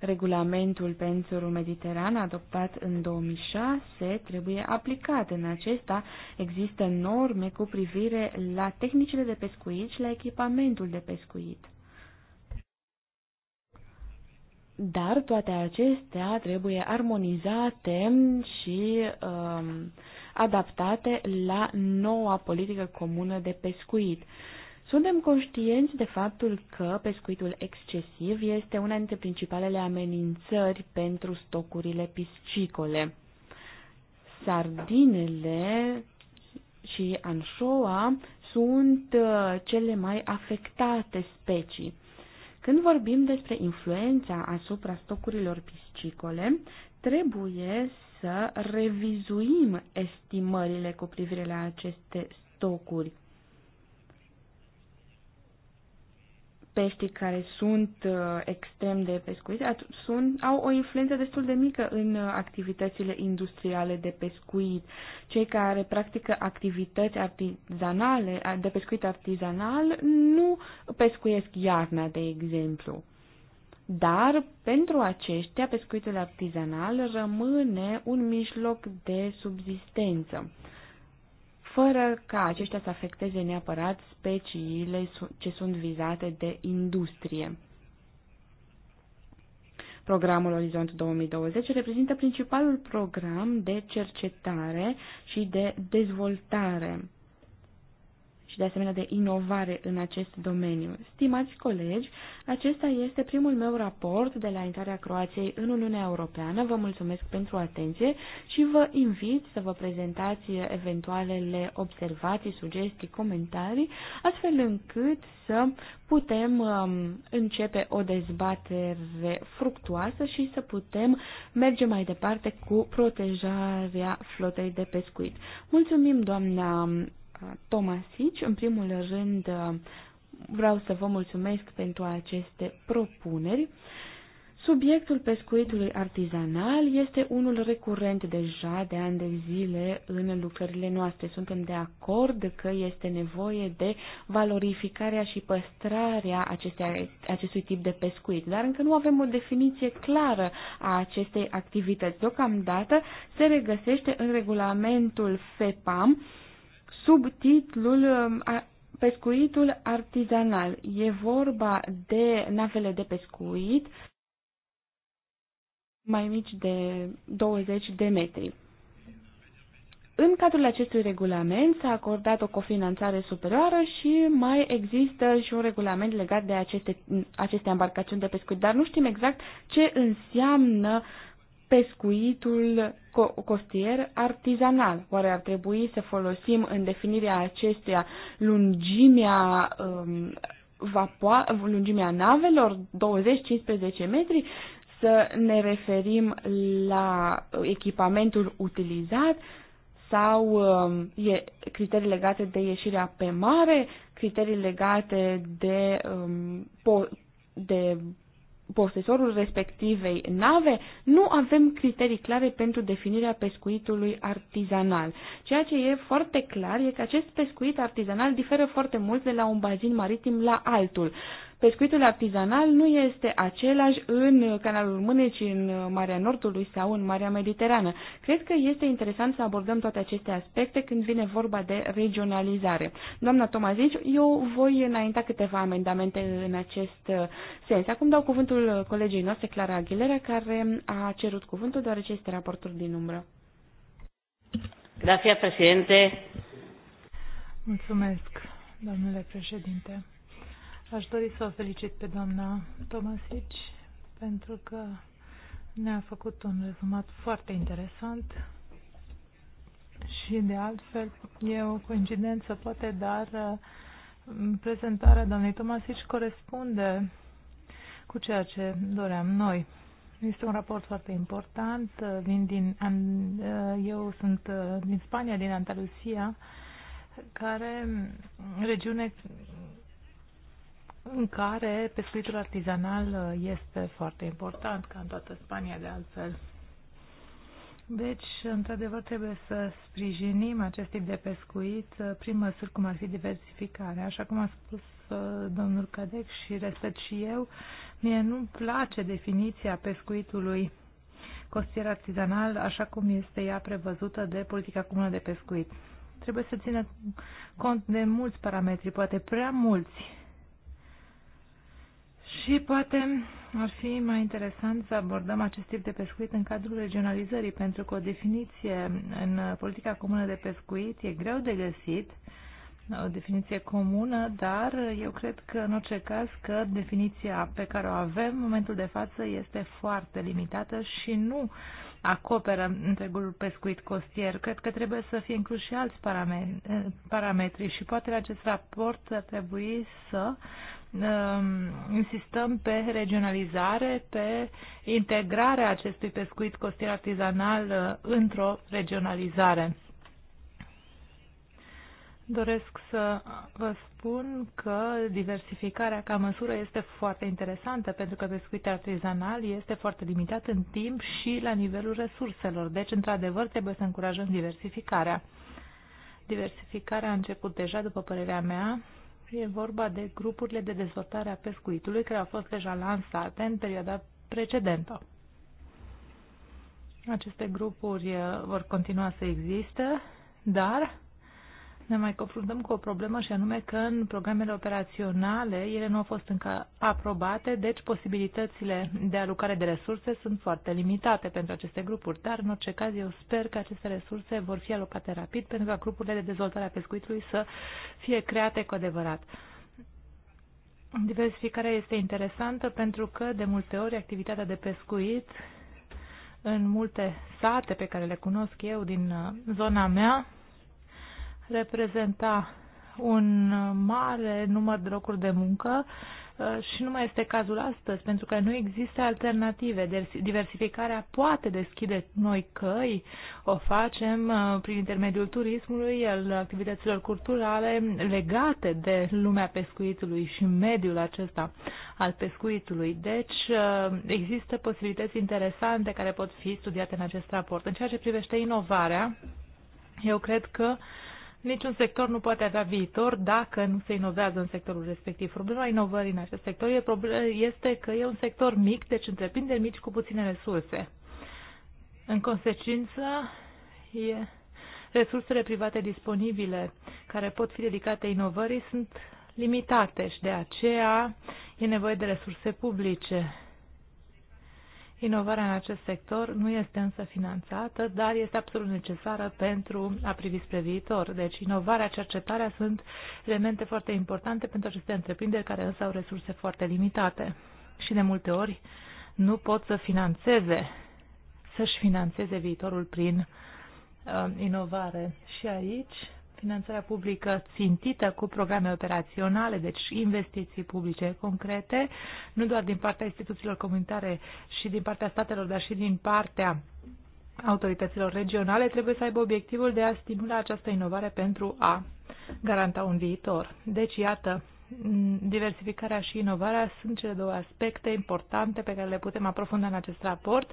S4: Regulamentul pentru mediteran adoptat în 2006, trebuie aplicat. În acesta există norme cu privire la tehnicile de pescuit și la echipamentul de pescuit. Dar toate acestea trebuie armonizate și um, adaptate la noua politică comună de pescuit. Uh, suntem conștienți de faptul că pescuitul excesiv este una dintre principalele amenințări pentru stocurile piscicole. Sardinele și anșoa sunt uh, cele mai afectate specii. Când vorbim despre influența asupra stocurilor piscicole, trebuie să revizuim estimările cu privire la aceste stocuri. peștii care sunt uh, extrem de pescuite sunt, au o influență destul de mică în uh, activitățile industriale de pescuit. Cei care practică activități artizanale, de pescuit artizanal nu pescuiesc iarna, de exemplu. Dar pentru aceștia pescuitul artizanal rămâne un mijloc de subzistență fără ca aceștia să afecteze neapărat speciile ce sunt vizate de industrie. Programul Orizont 2020 reprezintă principalul program de cercetare și de dezvoltare și de asemenea de inovare în acest domeniu. Stimați colegi, acesta este primul meu raport de la intrarea Croației în Uniunea Europeană. Vă mulțumesc pentru atenție și vă invit să vă prezentați eventualele observații, sugestii, comentarii, astfel încât să putem um, începe o dezbatere fructuoasă și să putem merge mai departe cu protejarea flotei de pescuit. Mulțumim, doamna Tomasici. În primul rând, vreau să vă mulțumesc pentru aceste propuneri. Subiectul pescuitului artizanal este unul recurent deja de ani de zile în lucrările noastre. Suntem de acord că este nevoie de valorificarea și păstrarea acestea, acestui tip de pescuit, dar încă nu avem o definiție clară a acestei activități. Deocamdată se regăsește în regulamentul FEPAM, sub titlul um, Pescuitul artizanal. E vorba de navele de pescuit mai mici de 20 de metri. În cadrul acestui regulament s-a acordat o cofinanțare superioară și mai există și un regulament legat de aceste, aceste embarcațiuni de pescuit, dar nu știm exact ce înseamnă pescuitul costier artizanal. Oare ar trebui să folosim în definirea acesteia lungimea um, vapoa, lungimea navelor, 20-15 metri, să ne referim la echipamentul utilizat sau um, e, criterii legate de ieșirea pe mare, criterii legate de, um, po, de posesorul respectivei nave, nu avem criterii clare pentru definirea pescuitului artizanal. Ceea ce e foarte clar e că acest pescuit artizanal diferă foarte mult de la un bazin maritim la altul. Pescuitul artizanal nu este același în Canalul Mânecii, în Marea Nordului sau în Marea Mediterană. Cred că este interesant să abordăm toate aceste aspecte când vine vorba de regionalizare. Doamna Tomazici, eu voi înainta câteva amendamente în acest sens. Acum dau cuvântul colegii noastre, Clara Aguilera, care a cerut cuvântul deoarece este raportul din umbră. Gracias, presidente. Mulțumesc, domnule
S5: președinte. Aș dori să o felicit pe doamna Tomasici pentru că ne-a făcut un rezumat foarte interesant și de altfel e o coincidență poate, dar uh, prezentarea doamnei Tomasici corespunde cu ceea ce doream noi. Este un raport foarte important. Uh, vin din, uh, eu sunt din Spania, din Andalusia, care regiune în care pescuitul artizanal uh, este foarte important, ca în toată Spania de altfel. Deci, într-adevăr, trebuie să sprijinim acest tip de pescuit uh, prin măsuri cum ar fi diversificarea. Așa cum a spus uh, domnul Cadec și respect și eu, mie nu-mi place definiția pescuitului costier artizanal așa cum este ea prevăzută de politica comună de pescuit. Trebuie să țină cont de mulți parametri, poate prea mulți, și poate ar fi mai interesant să abordăm acest tip de pescuit în cadrul regionalizării, pentru că o definiție în politica comună de pescuit e greu de găsit, o definiție comună, dar eu cred că în orice caz că definiția pe care o avem în momentul de față este foarte limitată și nu acoperă întregul pescuit costier. Cred că trebuie să fie inclus și alți parametri și poate acest raport ar trebui să Um, insistăm pe regionalizare, pe integrarea acestui pescuit costier artizanal uh, într-o regionalizare. Doresc să vă spun că diversificarea ca măsură este foarte interesantă pentru că pescuitul artizanal este foarte limitat în timp și la nivelul resurselor. Deci, într-adevăr, trebuie să încurajăm diversificarea. Diversificarea a început deja, după părerea mea, E vorba de grupurile de dezvoltare a pescuitului care au fost deja lansate în perioada precedentă. Aceste grupuri uh, vor continua să existe, dar ne mai confruntăm cu o problemă și anume că în programele operaționale ele nu au fost încă aprobate, deci posibilitățile de alocare de resurse sunt foarte limitate pentru aceste grupuri, dar în orice caz eu sper că aceste resurse vor fi alocate rapid pentru ca grupurile de dezvoltare a pescuitului să fie create cu adevărat. Diversificarea este interesantă pentru că de multe ori activitatea de pescuit în multe sate pe care le cunosc eu din uh, zona mea reprezenta un mare număr de locuri de muncă uh, și nu mai este cazul astăzi, pentru că nu există alternative. Diversificarea poate deschide noi căi, o facem uh, prin intermediul turismului, al activităților culturale legate de lumea pescuitului și mediul acesta al pescuitului. Deci uh, există posibilități interesante care pot fi studiate în acest raport. În ceea ce privește inovarea, eu cred că uh, Niciun sector nu poate avea viitor dacă nu se inovează în sectorul respectiv. Problema inovării în acest sector este că e un sector mic, deci întreprinderi mici cu puține resurse. În consecință, e resursele private disponibile care pot fi dedicate inovării sunt limitate și de aceea e nevoie de resurse publice. Inovarea în acest sector nu este însă finanțată, dar este absolut necesară pentru a privi spre viitor. Deci inovarea, cercetarea sunt elemente foarte importante pentru aceste întreprinderi care însă au resurse foarte limitate și de multe ori nu pot să financeze, să-și financeze viitorul prin uh, inovare. Și aici finanțarea publică țintită cu programe operaționale, deci investiții publice concrete, nu doar din partea instituțiilor comunitare și din partea statelor, dar și din partea autorităților regionale, trebuie să aibă obiectivul de a stimula această inovare pentru a garanta un viitor. Deci, iată, diversificarea și inovarea sunt cele două aspecte importante pe care le putem aprofunda în acest raport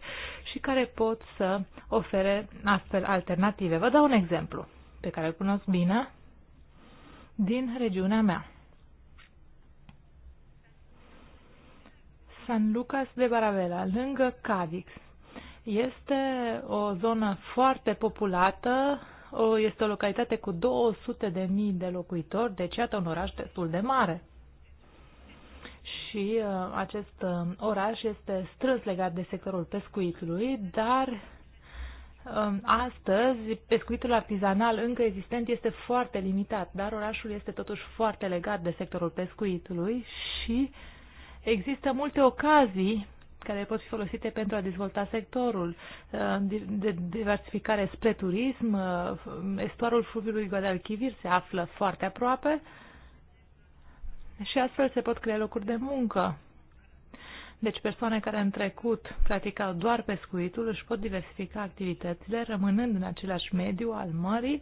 S5: și care pot să ofere astfel alternative. Vă dau un exemplu pe care îl cunosc bine, din regiunea mea. San Lucas de Baravela, lângă Cadix. Este o zonă foarte populată, este o localitate cu 200 de mii de locuitori, deci iată un oraș destul de mare. Și uh, acest uh, oraș este strâns legat de sectorul pescuitului, dar Um, astăzi, pescuitul artizanal încă existent este foarte limitat, dar orașul este totuși foarte legat de sectorul pescuitului și există multe ocazii care pot fi folosite pentru a dezvolta sectorul uh, de diversificare spre turism. Uh, estuarul fluviului Guadalquivir se află foarte aproape și astfel se pot crea locuri de muncă. Deci persoane care în trecut practicau doar pescuitul își pot diversifica activitățile rămânând în același mediu al mării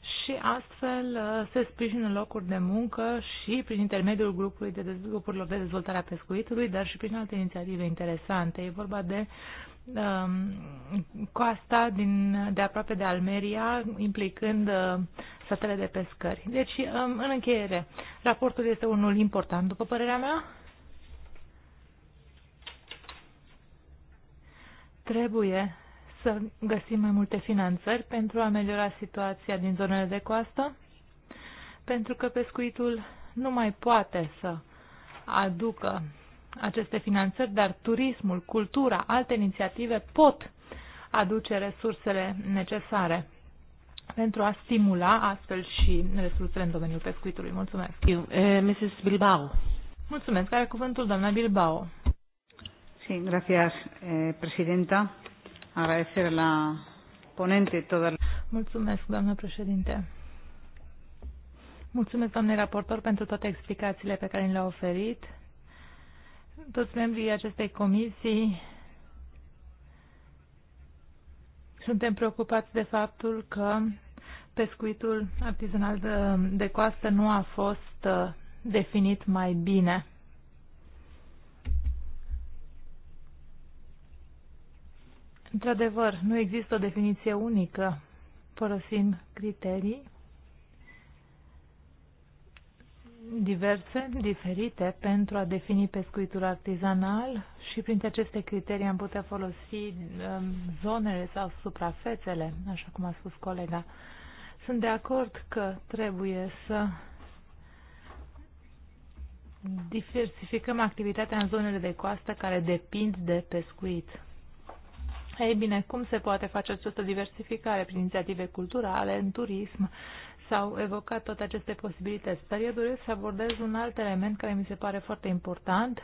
S5: și astfel uh, se sprijină locuri de muncă și prin intermediul grupului de grupurilor de dezvoltare a pescuitului, dar și prin alte inițiative interesante. E vorba de um, coasta din, de aproape de Almeria, implicând uh, satele de pescări. Deci, um, în încheiere, raportul este unul important, după părerea mea, Trebuie să găsim mai multe finanțări pentru a ameliora situația din zonele de coastă, pentru că pescuitul nu mai poate să aducă aceste finanțări, dar turismul, cultura, alte inițiative pot aduce resursele necesare pentru a stimula astfel și resursele în domeniul pescuitului. Mulțumesc. Eh, Mrs. Bilbao. Mulțumesc. Are cuvântul doamna Bilbao. Sí, gracias, eh, presidenta. Agradecer la ponente toda la... Mulțumesc, doamnă președinte. Mulțumesc, doamne raportor, pentru toate explicațiile pe care le-a oferit. Toți membrii acestei comisii suntem preocupați de faptul că pescuitul artizanal de, de coastă nu a fost uh, definit mai bine Într-adevăr, nu există o definiție unică. Folosim criterii diverse, diferite, pentru a defini pescuitul artizanal și printre aceste criterii am putea folosi um, zonele sau suprafețele, așa cum a spus colega. Sunt de acord că trebuie să diversificăm activitatea în zonele de coastă care depind de pescuit. Ei bine, cum se poate face această diversificare prin inițiative culturale, în turism? S-au evocat toate aceste posibilități, dar eu doresc să abordez un alt element care mi se pare foarte important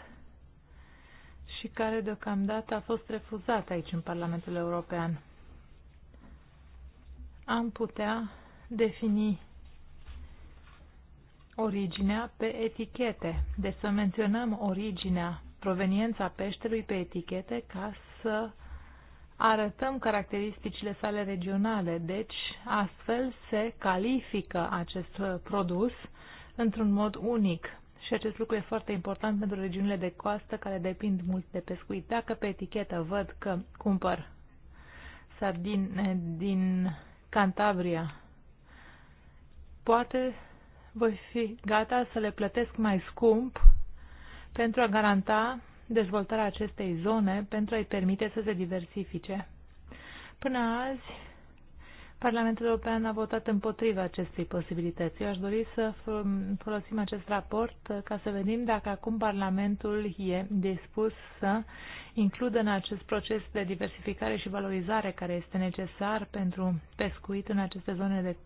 S5: și care deocamdată a fost refuzat aici în Parlamentul European. Am putea defini originea pe etichete, deci să menționăm originea, proveniența peștelui pe etichete ca să arătăm caracteristicile sale regionale, deci astfel se califică acest uh, produs într-un mod unic. Și acest lucru e foarte important pentru regiunile de coastă care depind mult de pescuit. Dacă pe etichetă văd că cumpăr sardine eh, din Cantabria, poate voi fi gata să le plătesc mai scump pentru a garanta dezvoltarea acestei zone pentru a-i permite să se diversifice. Până azi, Parlamentul European a votat împotriva acestei posibilități. Eu aș dori să folosim acest raport uh, ca să vedem dacă acum Parlamentul e dispus să includă în acest proces de diversificare și valorizare care este necesar pentru pescuit în aceste zone de,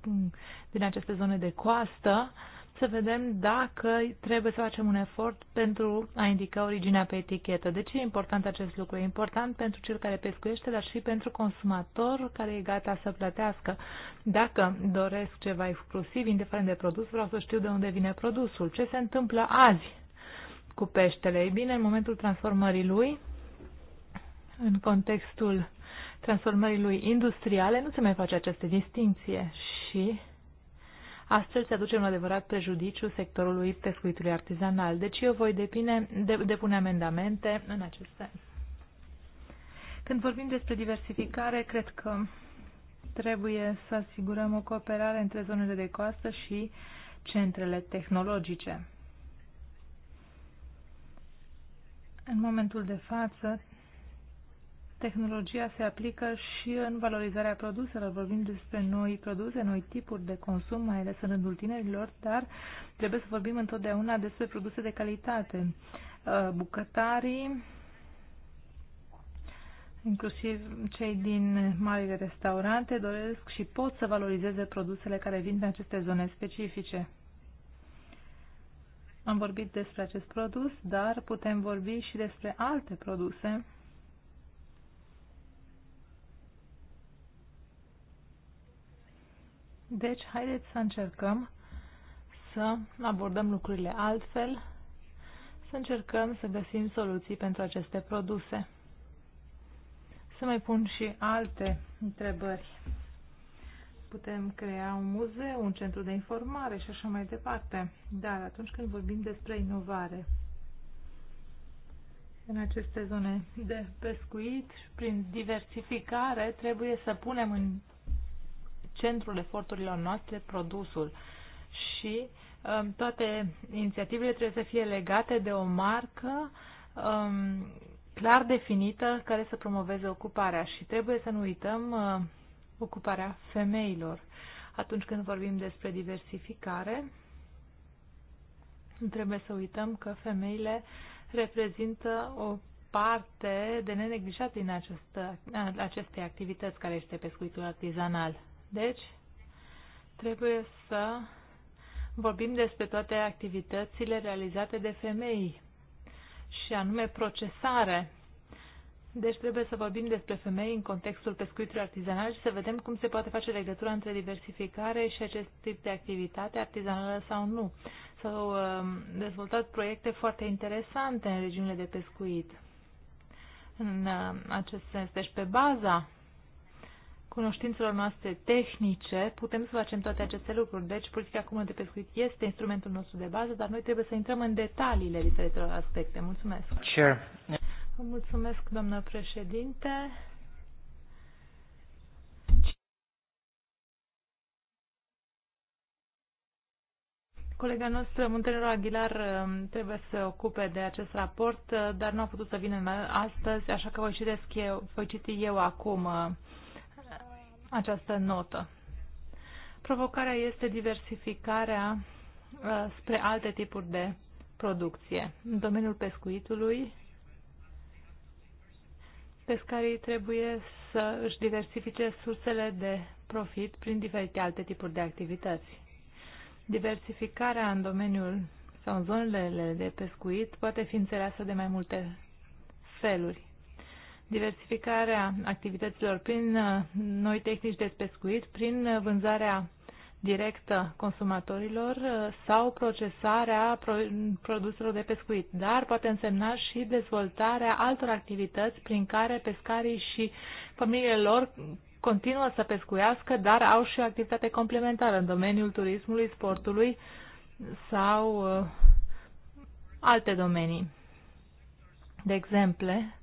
S5: din aceste zone de coastă să vedem dacă trebuie să facem un efort pentru a indica originea pe etichetă. De ce e important acest lucru? E important pentru cel care pescuiește, dar și pentru consumator care e gata să plătească. Dacă doresc ceva exclusiv, indiferent de produs, vreau să știu de unde vine produsul. Ce se întâmplă azi cu peștele? Ei bine, în momentul transformării lui, în contextul transformării lui industriale, nu se mai face această distinție și Astfel se aduce un adevărat prejudiciu sectorului pescuitului artizanal. Deci eu voi depine, de, depune amendamente în acest sens. Când vorbim despre diversificare, cred că trebuie să asigurăm o cooperare între zonele de coastă și centrele tehnologice. În momentul de față, tehnologia se aplică și în valorizarea produselor. Vorbim despre noi produse, noi tipuri de consum, mai ales în rândul tinerilor, dar trebuie să vorbim întotdeauna despre produse de calitate. Uh, bucătarii, inclusiv cei din marile restaurante, doresc și pot să valorizeze produsele care vin din aceste zone specifice. Am vorbit despre acest produs, dar putem vorbi și despre alte produse Deci, haideți să încercăm să abordăm lucrurile altfel, să încercăm să găsim soluții pentru aceste produse. Să mai pun și alte întrebări. Putem crea un muzeu, un centru de informare și așa mai departe. Dar atunci când vorbim despre inovare în aceste zone de pescuit, prin diversificare, trebuie să punem în centrul eforturilor noastre produsul și um, toate inițiativele trebuie să fie legate de o marcă um, clar definită care să promoveze ocuparea și trebuie să nu uităm uh, ocuparea femeilor. Atunci când vorbim despre diversificare, trebuie să uităm că femeile reprezintă o parte de neneglijat din această aceste activități care este pescuitul artizanal. Deci, trebuie să vorbim despre toate activitățile realizate de femei și anume procesare. Deci trebuie să vorbim despre femei în contextul pescuitului artizanal și să vedem cum se poate face legătura între diversificare și acest tip de activitate artizanală sau nu. S-au uh, dezvoltat proiecte foarte interesante în regiunile de pescuit. În uh, acest sens, deci pe baza cunoștințelor noastre tehnice, putem să facem toate aceste lucruri. Deci, politica comună de pescuit este instrumentul nostru de bază, dar noi trebuie să intrăm în detaliile diferitelor aspecte. Mulțumesc! Sure. Vă mulțumesc, doamnă președinte! Colega noastră, Muntenero Aguilar, um, trebuie să se ocupe de acest raport, uh, dar nu a putut să vină astăzi, așa că voi citesc eu, voi citi eu acum uh, această notă. Provocarea este diversificarea uh, spre alte tipuri de producție. În domeniul pescuitului, pescarii trebuie să își diversifice sursele de profit prin diferite alte tipuri de activități. Diversificarea în domeniul sau în zonele de pescuit poate fi înțeleasă de mai multe feluri diversificarea activităților prin uh, noi tehnici de pescuit, prin uh, vânzarea directă consumatorilor uh, sau procesarea produselor de pescuit, dar poate însemna și dezvoltarea altor activități prin care pescarii și familiile lor continuă să pescuiască, dar au și o activitate complementară în domeniul turismului, sportului sau alte domenii. De exemple,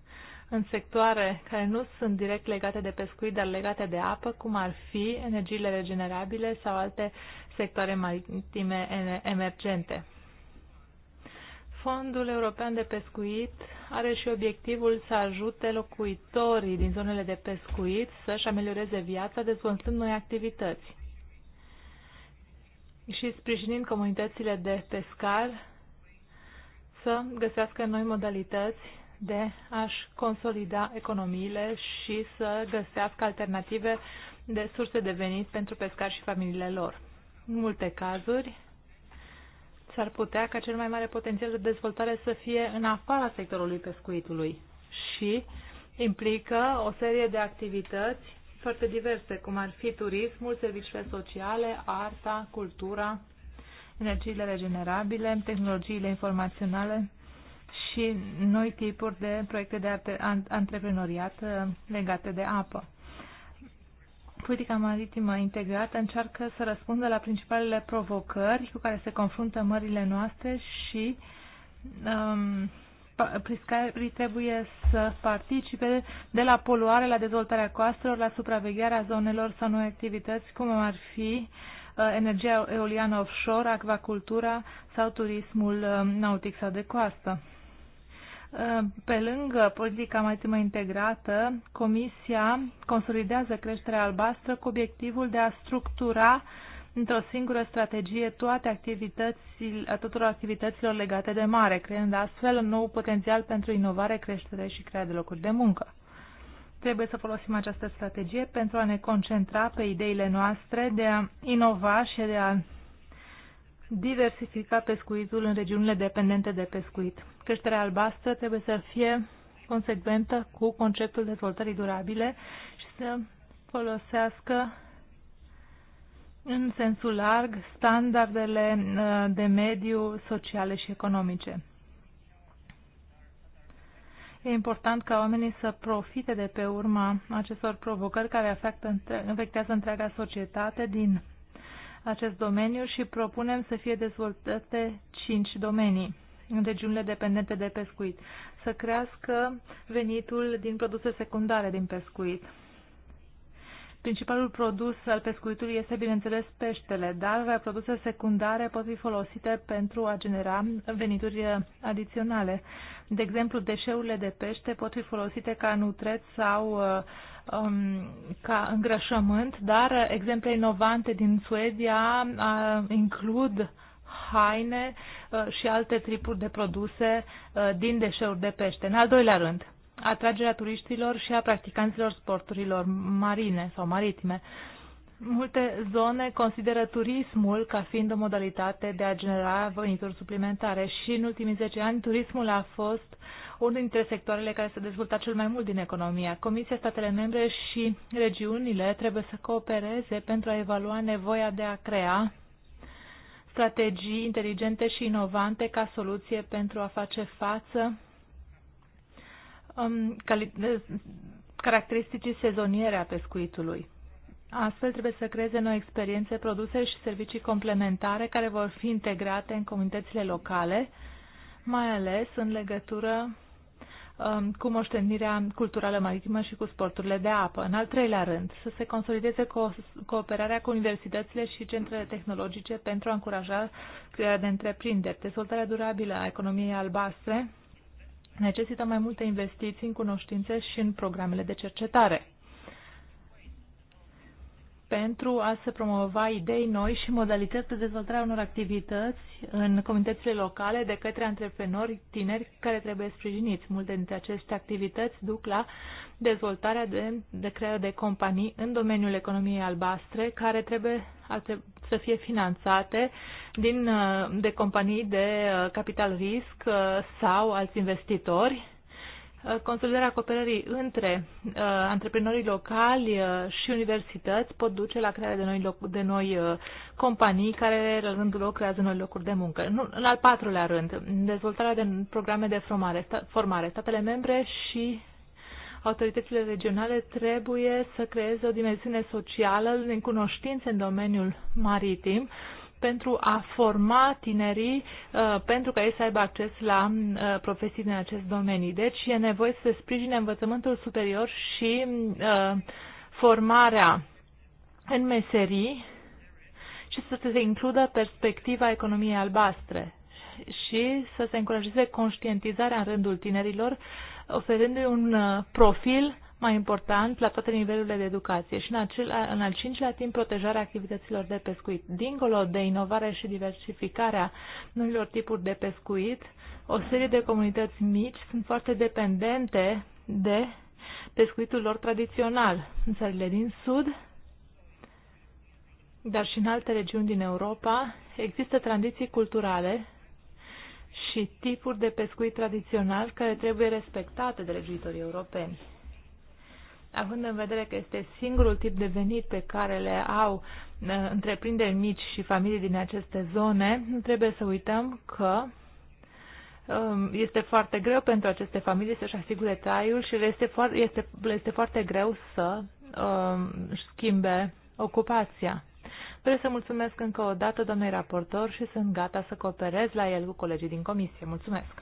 S5: în sectoare care nu sunt direct legate de pescuit, dar legate de apă, cum ar fi energiile regenerabile sau alte sectoare maritime emergente. Fondul European de Pescuit are și obiectivul să ajute locuitorii din zonele de pescuit să-și amelioreze viața dezvoltând noi activități și sprijinind comunitățile de pescar să găsească noi modalități de a-și consolida economiile și să găsească alternative de surse de venit pentru pescari și familiile lor. În multe cazuri, s-ar putea ca cel mai mare potențial de dezvoltare să fie în afara sectorului pescuitului și implică o serie de activități foarte diverse, cum ar fi turismul, serviciile sociale, arta, cultura, energiile regenerabile, tehnologiile informaționale, și noi tipuri de proiecte de antreprenoriat uh, legate de apă. Politica maritimă integrată încearcă să răspundă la principalele provocări cu care se confruntă mările noastre și um, pescarii trebuie să participe de la poluare la dezvoltarea coastelor, la supravegherea zonelor sau noi activități, cum ar fi uh, energia eoliană offshore, acvacultura sau turismul um, nautic sau de coastă. Eh, pe lângă politica maritimă integrată, Comisia consolidează creșterea albastră cu obiectivul de a structura într-o singură strategie toate activitățile, tuturor activităților legate de mare, creând astfel un nou potențial pentru inovare, creștere și crearea de locuri de muncă. Trebuie să folosim această strategie pentru a ne concentra pe ideile noastre de a inova și de a diversifica pescuitul în regiunile dependente de pescuit. Creșterea albastră trebuie să fie consecventă cu conceptul dezvoltării durabile și să folosească în sensul larg standardele uh, de mediu sociale și economice. E important ca oamenii să profite de pe urma acestor provocări care afectează întreaga societate din acest domeniu și propunem să fie dezvoltate cinci domenii în regiunile dependente de pescuit, să crească venitul din produse secundare din pescuit. Principalul produs al pescuitului este, bineînțeles, peștele, dar produse secundare pot fi folosite pentru a genera venituri adiționale. De exemplu, deșeurile de pește pot fi folosite ca nutreț sau uh, um, ca îngrășământ, dar exemple inovante din Suedia uh, includ haine uh, și alte tipuri de produse uh, din deșeuri de pește. În al doilea rând, atragerea turiștilor și a practicanților sporturilor marine sau maritime. Multe zone consideră turismul ca fiind o modalitate de a genera venituri suplimentare și în ultimii 10 ani turismul a fost uh, unul dintre sectoarele care se dezvoltă cel mai mult din economia. Comisia, statele membre și regiunile trebuie să coopereze pentru a evalua nevoia de a crea strategii inteligente și inovante ca soluție pentru a face față um, caracteristicii sezoniere a pescuitului. Astfel trebuie să creeze noi experiențe, produse și servicii complementare care vor fi integrate în comunitățile locale, mai ales în legătură Um, cu moștenirea culturală maritimă și cu sporturile de apă. În al treilea rând, să se consolideze co- cooperarea cu universitățile și centrele tehnologice pentru a încuraja crearea de întreprinderi. Dezvoltarea durabilă a economiei albastre necesită mai multe investiții în cunoștințe și în programele de cercetare pentru a se promova idei noi și modalități de dezvoltare a unor activități în comunitățile locale de către antreprenori tineri care trebuie sprijiniți. Multe dintre aceste activități duc la dezvoltarea de, de creare de companii în domeniul economiei albastre care trebuie să fie finanțate din, de companii de capital risc sau alți investitori Uh, consolidarea cooperării între uh, antreprenorii locali uh, și universități pot duce la crearea de noi, loc, de noi uh, companii care, la rândul lor, creează noi locuri de muncă. Nu, în al patrulea rând, dezvoltarea de programe de formare, sta, formare. Statele membre și autoritățile regionale trebuie să creeze o dimensiune socială în cunoștințe în domeniul maritim, uh, pentru a forma tinerii uh, pentru ca ei să aibă acces la uh, profesii din acest domeniu. Deci e nevoie să sprijine învățământul superior și uh, formarea în meserii și să se includă perspectiva economiei albastre și să se încurajeze conștientizarea în rândul tinerilor, oferându-i un profil mai important la toate nivelurile de educație și în, acel, în al cincilea timp protejarea activităților de pescuit. Dincolo de inovare și diversificarea noilor tipuri de pescuit, o serie de comunități mici sunt foarte dependente de pescuitul lor tradițional în țările din Sud, dar și în alte regiuni din Europa, există tradiții culturale și tipuri de pescuit tradițional care trebuie respectate de legiuitorii europeni având în vedere că este singurul tip de venit pe care le au uh, întreprinderi mici și familii din aceste zone, nu trebuie să uităm că um, este foarte greu pentru aceste familii să-și asigure traiul și le este, foarte, este, le este foarte greu să uh, schimbe ocupația. Vreau să mulțumesc încă o dată doamnei raportor și sunt gata să cooperez la el cu colegii din comisie. Mulțumesc!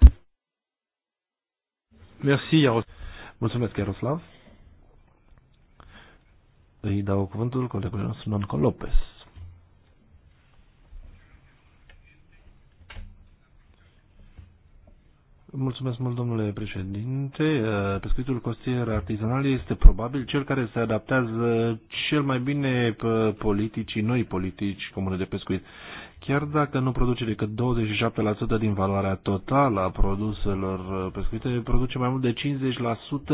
S1: Merci, Iaros. Mulțumesc, Iaroslav
S3: îi dau cuvântul colegului nostru Nonco Lopez. Mulțumesc mult, domnule președinte. Pescuitul costier artizanal este probabil cel care se adaptează cel mai bine pe politicii, noi politici comune de pescuit. Chiar dacă nu produce decât 27% din valoarea totală a produselor pescuite, produce mai mult de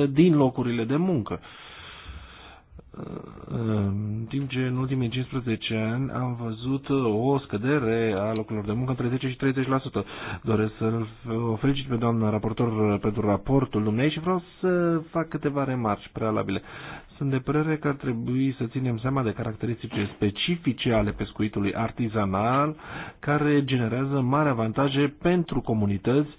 S3: 50% din locurile de muncă. Uh, în timp ce în ultimii 15 ani am văzut o scădere a locurilor de muncă între 10 și 30%. Doresc să o felicit pe doamna raportor pentru raportul dumnei și vreau să fac câteva remarci prealabile. Sunt de părere că ar trebui să ținem seama de caracteristicile specifice ale pescuitului artizanal, care generează mari avantaje pentru comunități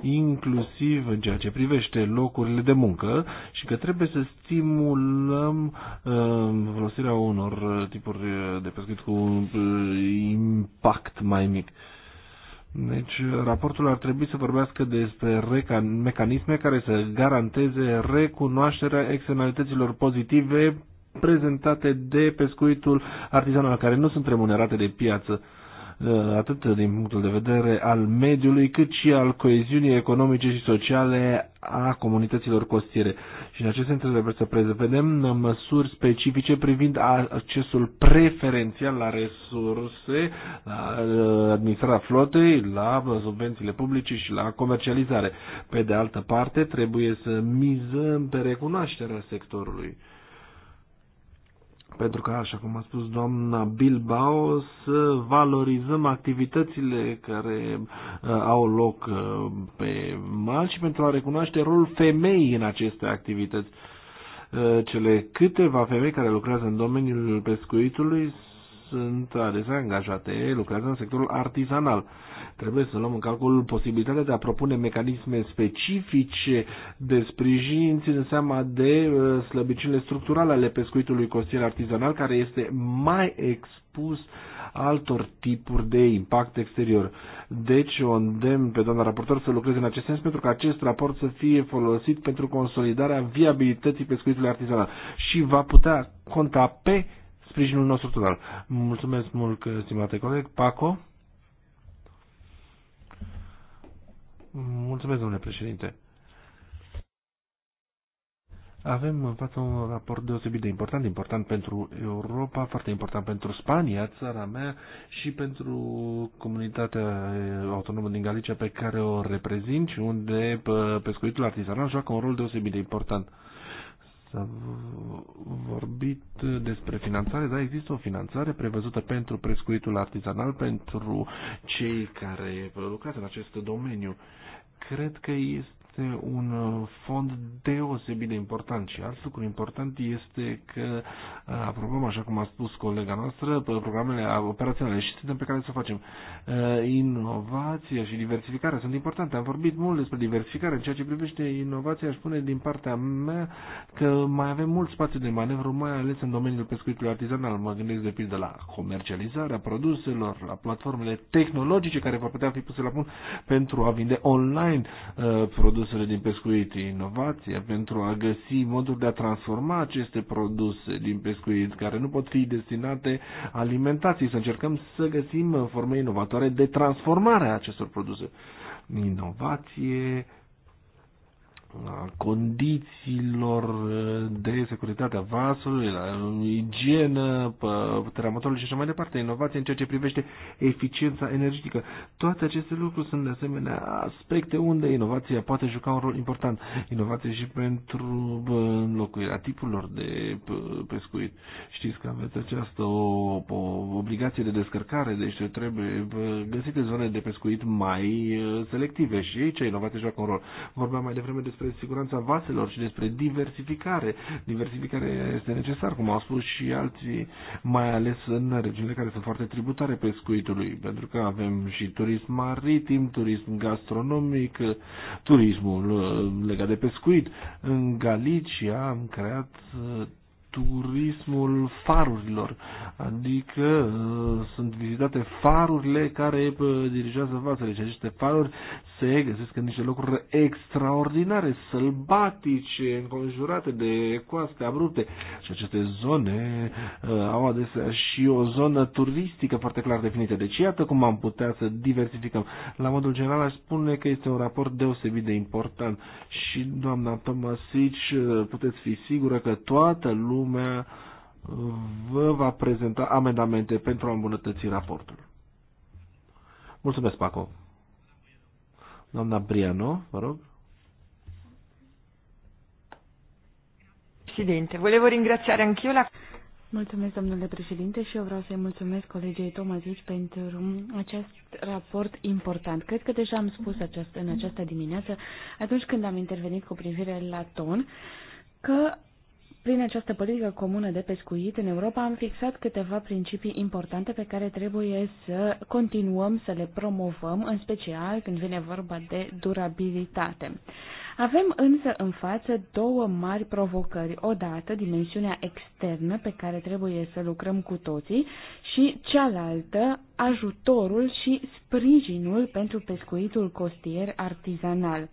S3: inclusiv în ceea ce privește locurile de muncă și că trebuie să stimulăm uh, folosirea unor uh, tipuri de pescuit cu uh, impact mai mic. Deci, raportul ar trebui să vorbească despre mecanisme care să garanteze recunoașterea externalităților pozitive prezentate de pescuitul artizanal, care nu sunt remunerate de piață. Uh, Uh, atât din punctul de vedere al mediului, cât și al coeziunii economice și sociale a comunităților costiere. Și în acest sens trebuie să prevedem măsuri specifice privind accesul preferențial la resurse, la uh, administrarea flotei, la subvențiile publice și la comercializare. Pe de altă parte, trebuie să mizăm pe recunoașterea sectorului pentru că, așa cum a spus doamna Bilbao, să valorizăm activitățile care uh, au loc uh, pe mal și pentru a recunoaște rolul femeii în aceste activități. Uh, cele câteva femei care lucrează în domeniul pescuitului sunt adesea angajate, lucrează în sectorul artizanal. Uh, Trebuie să luăm în calcul posibilitatea de a propune mecanisme specifice de sprijin, ținând seama de uh, slăbiciunile structurale ale pescuitului costier artizanal, care este mai expus altor tipuri de impact exterior. Deci o îndemn pe doamna raportor să lucreze în acest sens pentru că acest raport să fie folosit pentru consolidarea viabilității pescuitului artizanal și va putea conta pe sprijinul nostru total. Mulțumesc mult, stimate coleg. Paco? Mulțumesc, domnule președinte. Avem în față un raport deosebit de important, important pentru Europa, foarte important pentru Spania, țara mea, și pentru comunitatea autonomă din Galicia pe care o reprezint și unde pescuitul artizanal joacă un rol deosebit de important. S-a vorbit despre finanțare, da, există o finanțare prevăzută pentru prescuitul artizanal, pentru cei care lucrează în acest domeniu. Cred că este este un uh, fond deosebit de important și alt lucru important este că uh, aprobăm, așa cum a spus colega noastră, programele operaționale și suntem pe care să o facem. Uh, inovația și diversificarea sunt importante. Am vorbit mult despre diversificare. În ceea ce privește inovația, aș spune din partea mea că mai avem mult spațiu de manevră, mai ales în domeniul pescuitului artizanal. Mă gândesc de pildă la comercializarea produselor, la platformele tehnologice care vor putea fi puse la punct pentru a vinde online uh, produse produsele din pescuit, inovația pentru a găsi moduri de a transforma aceste produse din pescuit care nu pot fi destinate alimentației, să încercăm să găsim forme inovatoare de transformare a acestor produse. Inovație, a condițiilor de securitate a vasului, la igienă, teramatorului și așa mai departe, inovație în ceea ce privește eficiența energetică. Toate aceste lucruri sunt de asemenea aspecte unde inovația poate juca un rol important. Inovație și pentru înlocuirea tipurilor de pescuit. Știți că aveți această o, o obligație de descărcare, deci trebuie găsite zone de pescuit mai uh, selective și aici inovația joacă un rol. Vorbeam mai devreme despre despre siguranța vaselor și despre diversificare. Diversificare este necesar, cum au spus și alții, mai ales în regiunile care sunt foarte tributare pescuitului, pentru că avem și turism maritim, turism gastronomic, turismul uh, legat de pescuit. În Galicia am creat uh, turismul farurilor, adică uh, sunt vizitate farurile care dirigează vasele și deci aceste faruri se găsesc în niște locuri extraordinare, sălbatice, înconjurate de coaste abrupte. Și aceste zone uh, au adesea și o zonă turistică foarte clar definită. Deci iată cum am putea să diversificăm. La modul general aș spune că este un raport deosebit de important și doamna Tomasici uh, puteți fi sigură că toată lumea uh, vă va prezenta amendamente pentru a îmbunătăți raportul. Mulțumesc, Paco! Doamna Briano, vă rog.
S4: Presidente, volevo ringraziare anch'io la... Mulțumesc, domnule președinte, și eu vreau să-i mulțumesc colegei Tomazici pentru acest raport important. Cred că deja am spus această, în această dimineață, atunci când am intervenit cu privire la ton, că prin această politică comună de pescuit în Europa am fixat câteva principii importante pe care trebuie să continuăm să le promovăm, în special când vine vorba de durabilitate. Avem însă în față două mari provocări. Odată, dimensiunea externă pe care trebuie să lucrăm cu toții și cealaltă, ajutorul și sprijinul pentru pescuitul costier artizanal.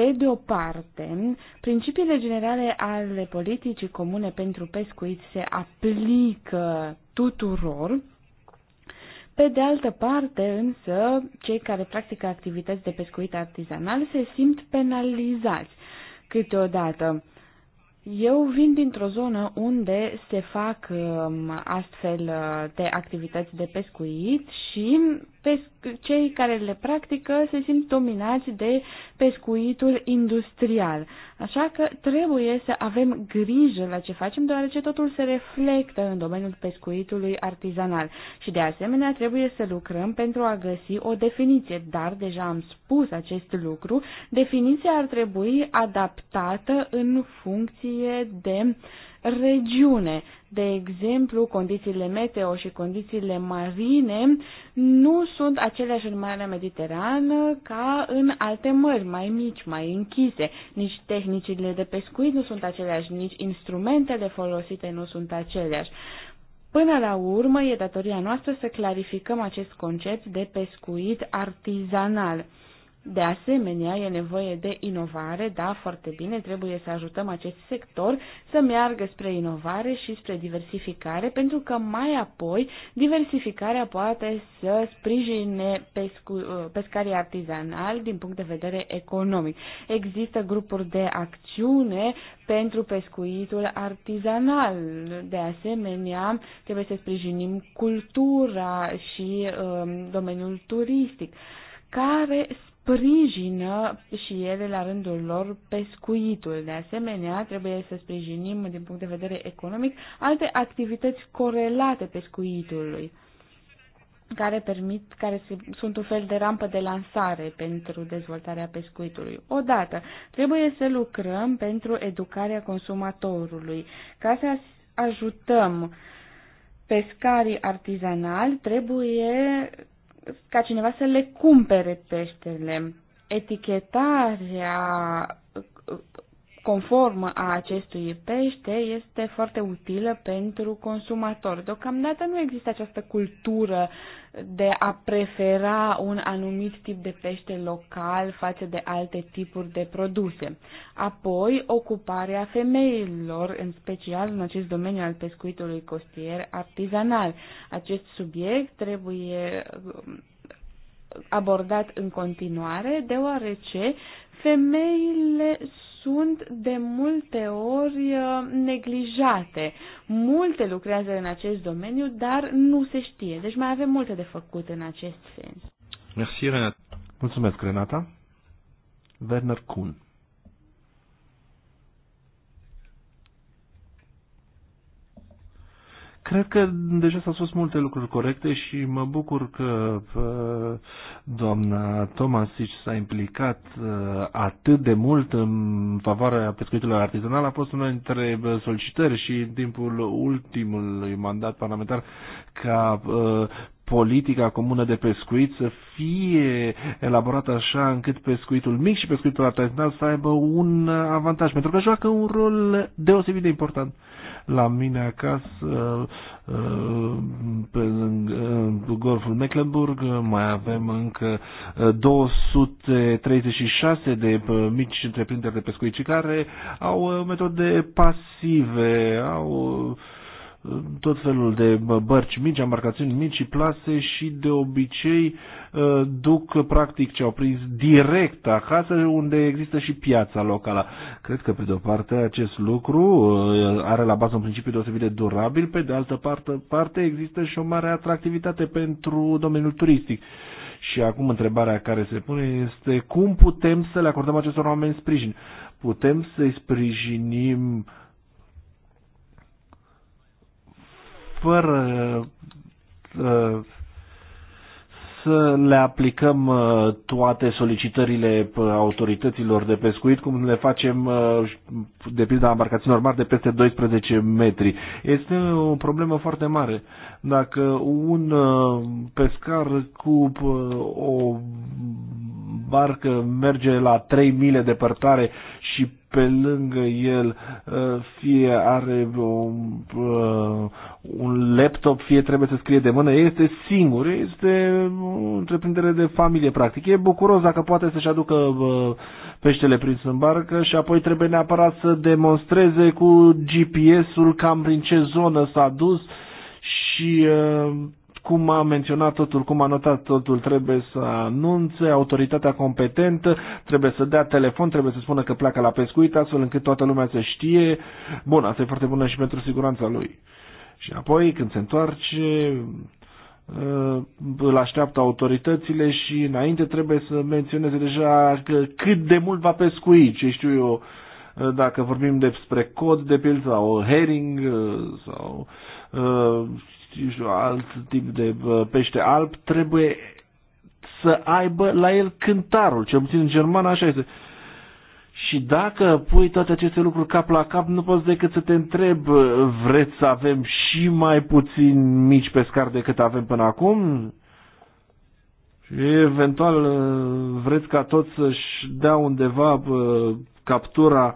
S4: Pe de o parte, principiile generale ale politicii comune pentru pescuit se aplică tuturor, pe de altă parte, însă, cei care practică activități de pescuit artizanal se simt penalizați câteodată. Eu vin dintr-o zonă unde se fac um, astfel uh, de activități de pescuit și cei care le practică se simt dominați de pescuitul industrial. Așa că trebuie să avem grijă la ce facem, deoarece totul se reflectă în domeniul pescuitului artizanal. Și de asemenea trebuie să lucrăm pentru a găsi o definiție, dar deja am spus acest lucru, definiția ar trebui adaptată în funcție de regiune. De exemplu, condițiile meteo și condițiile marine nu sunt aceleași în Marea Mediterană ca în alte mări mai mici, mai închise. Nici tehnicile de pescuit nu sunt aceleași, nici instrumentele folosite nu sunt aceleași. Până la urmă, e datoria noastră să clarificăm acest concept de pescuit artizanal. De asemenea, e nevoie de inovare, da, foarte bine, trebuie să ajutăm acest sector să meargă spre inovare și spre diversificare, pentru că mai apoi diversificarea poate să sprijine pescu, uh, pescarii artizanali din punct de vedere economic. Există grupuri de acțiune pentru pescuitul artizanal. De asemenea, trebuie să sprijinim cultura și um, domeniul turistic care sprijină și ele la rândul lor pescuitul. De asemenea, trebuie să sprijinim din punct de vedere economic alte activități corelate pescuitului care permit, care sunt un fel de rampă de lansare pentru dezvoltarea pescuitului. Odată, trebuie să lucrăm pentru educarea consumatorului. Ca să ajutăm pescarii artizanali, trebuie ca cineva să le cumpere peștele. Etichetarea conformă a acestui pește este foarte utilă pentru consumator. Deocamdată nu există această cultură de a prefera un anumit tip de pește local față de alte tipuri de produse. Apoi, ocuparea femeilor, în special în acest domeniu al pescuitului costier artizanal. Acest subiect trebuie um, abordat în continuare, deoarece femeile sunt de multe ori uh, neglijate. Multe lucrează în acest domeniu, dar nu se știe. Deci mai avem multe de făcut în acest sens.
S3: Merci, Renata. Mulțumesc, Renata. Werner Kuhn. Cred că deja s-au spus multe lucruri corecte și mă bucur că uh, doamna Tomasici s-a implicat uh, atât de mult în favoarea pescuitului artizanal. A fost una dintre uh, solicitări și în timpul ultimului mandat parlamentar ca politica comună de pescuit să fie elaborată așa încât pescuitul mic și pescuitul artizanal să aibă un avantaj, pentru că joacă un rol deosebit de important la mine acasă, pe, golful Mecklenburg, mai avem încă 236 uh, de uh, mici întreprinderi de pescuit care au uh, metode pasive, au tot felul de bărci mici, embarcațiuni mici și plase și de obicei ă, duc practic ce au prins direct acasă unde există și piața locală. Cred că pe de o parte acest lucru ă, are la bază un principiu deosebit de durabil, pe de altă parte, parte există și o mare atractivitate pentru domeniul turistic. Și acum întrebarea care se pune este cum putem să le acordăm acestor oameni sprijin? Putem să-i sprijinim uh, fără ă, să le aplicăm ă, toate solicitările ă, autorităților de pescuit, cum le facem, de pildă, embarcațiunilor mari de peste 12 metri. Este o problemă foarte mare. Dacă un uh, pescar cu uh, o barcă merge la 3000 de depărtare și pe lângă el uh, fie are un, un laptop, fie trebuie să scrie de mână, este singur, este o întreprindere de familie practic. E bucuros dacă poate să-și aducă peștele prins în barcă și apoi trebuie neapărat să demonstreze cu GPS-ul cam prin ce zonă s-a dus, uh, și uh, cum a menționat totul, cum a notat totul, trebuie să anunțe autoritatea competentă, trebuie să dea telefon, trebuie să spună că pleacă la pescuit, astfel încât toată lumea să știe. Bun, asta e foarte bună și pentru siguranța lui. Și apoi, când se întoarce, uh, îl așteaptă autoritățile și înainte trebuie să menționeze deja că cât de mult va pescui, ce știu eu, uh, dacă vorbim despre cod de pildă, sau herring sau știu, alt tip de uh, pește alb, trebuie să aibă la el cântarul, cel puțin în germană așa este. Și dacă pui toate aceste lucruri cap la cap, nu poți decât să te întreb, uh, vreți să avem și mai puțin mici pescari decât avem până acum? Și eventual uh, vreți ca toți să-și dea undeva captura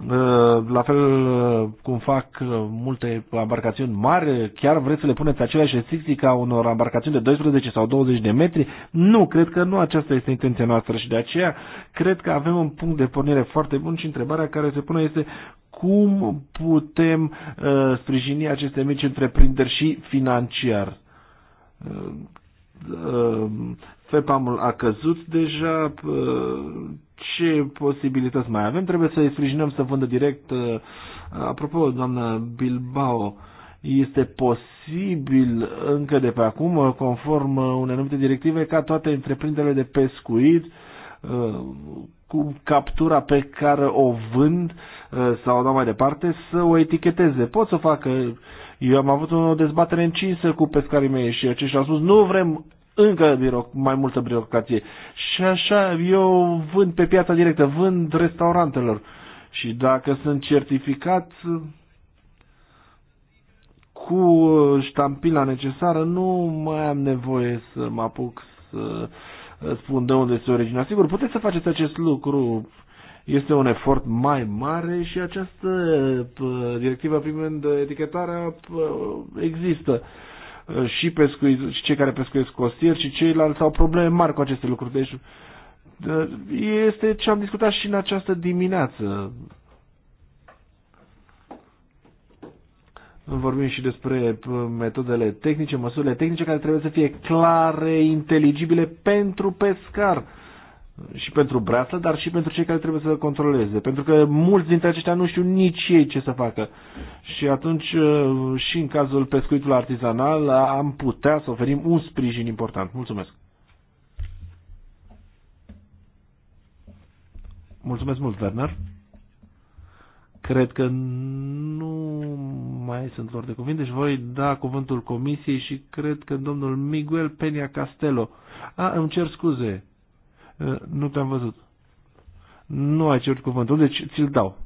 S3: Uh, la fel uh, cum fac uh, multe embarcațiuni mari, chiar vreți să le puneți aceleași restricții ca unor embarcațiuni de 12 sau 20 de metri? Nu, cred că nu aceasta este intenția noastră și de aceea cred că avem un punct de pornire foarte bun și întrebarea care se pune este cum putem uh, sprijini aceste mici întreprinderi și financiar. Uh, uh, FEPAM-ul a căzut deja, uh, ce posibilități mai avem? Trebuie să îi sprijinăm să vândă direct. Uh, apropo, doamna Bilbao, este posibil încă de pe acum, uh, conform uh, unei anumite directive, ca toate întreprinderile de pescuit cu captura pe care o vând sau da mai departe să o eticheteze. Pot să facă eu am avut o dezbatere încinsă cu pescarii mei și aceștia au spus nu vrem încă mai multă birocrație. Și așa, eu vând pe piața directă, vând restaurantelor. Și dacă sunt certificat cu uh, ștampila necesară, nu mai am nevoie să mă apuc să uh, spun de unde se originea. Sigur, puteți să faceți acest lucru este un efort mai mare și această uh, directivă privind etichetarea există și, pescuit, și cei care pescuiesc costier și ceilalți au probleme mari cu aceste lucruri. Deci este ce am discutat și în această dimineață. Vorbim și despre metodele tehnice, măsurile tehnice care trebuie să fie clare, inteligibile pentru pescar și pentru brață, dar și pentru cei care trebuie să controleze. Pentru că mulți dintre aceștia nu știu nici ei ce să facă. Și atunci, uh, și în cazul pescuitului artizanal, uh, am putea să oferim un sprijin important. Mulțumesc! Mulțumesc mult, Werner! Cred că nu mai sunt lor de cuvinte și deci voi da cuvântul comisiei și cred că domnul Miguel Peña Castelo. A, îmi cer scuze nu te-am văzut. Nu ai cerut cuvântul, deci ți-l dau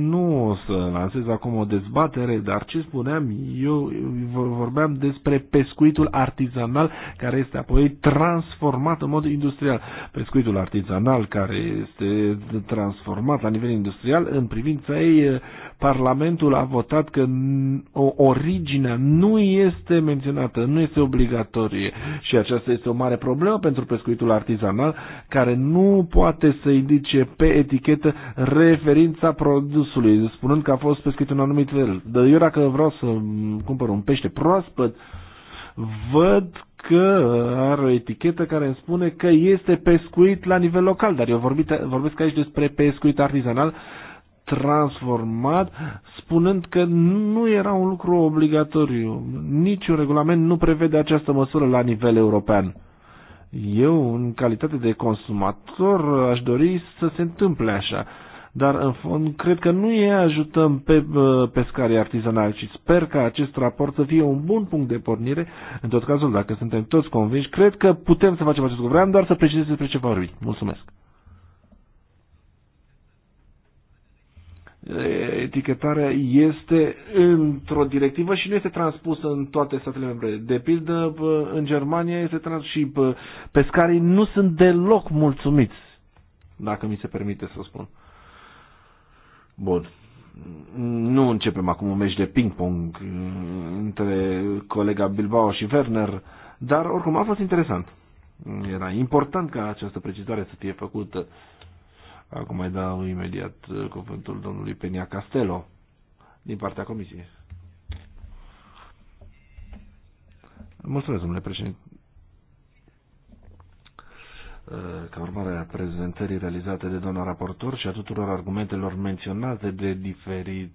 S3: nu o să lansez acum o dezbatere, dar ce spuneam, eu vorbeam despre pescuitul artizanal care este apoi transformat în mod industrial. Pescuitul artizanal care este transformat la nivel industrial, în privința ei, Parlamentul a votat că o originea nu este menționată, nu este obligatorie și aceasta este o mare problemă pentru pescuitul artizanal care nu poate să indice pe etichetă referința produsului produsului, spunând că a fost pescuit în anumit fel. Dar eu dacă vreau să cumpăr un pește proaspăt, văd că are o etichetă care îmi spune că este pescuit la nivel local, dar eu vorbit, vorbesc aici despre pescuit artizanal transformat, spunând că nu era un lucru obligatoriu. Niciun regulament nu prevede această măsură la nivel european. Eu, în calitate de consumator, aș dori să se întâmple așa dar în fond cred că nu e ajutăm pe pescarii artizanali, și sper că acest raport să fie un bun punct de pornire. În tot cazul, dacă suntem toți convinși, cred că putem să facem acest lucru. Vreau doar să precizez despre ce vorbim. Mulțumesc! Etichetarea este într-o directivă și nu este transpusă în toate statele membre. De pildă, în Germania este trans și pescarii nu sunt deloc mulțumiți, dacă mi se permite să spun. Bun. Nu începem acum un meci de ping-pong mm, între colega Bilbao și Werner, dar oricum a fost interesant. Era important ca această precizare să fie făcută. Acum mai dau imediat uh, cuvântul domnului Penia Castello din partea comisiei. Mulțumesc, domnule președinte. Uh, ca urmare a prezentării realizate de doamna raportor și a tuturor argumentelor menționate de diferiți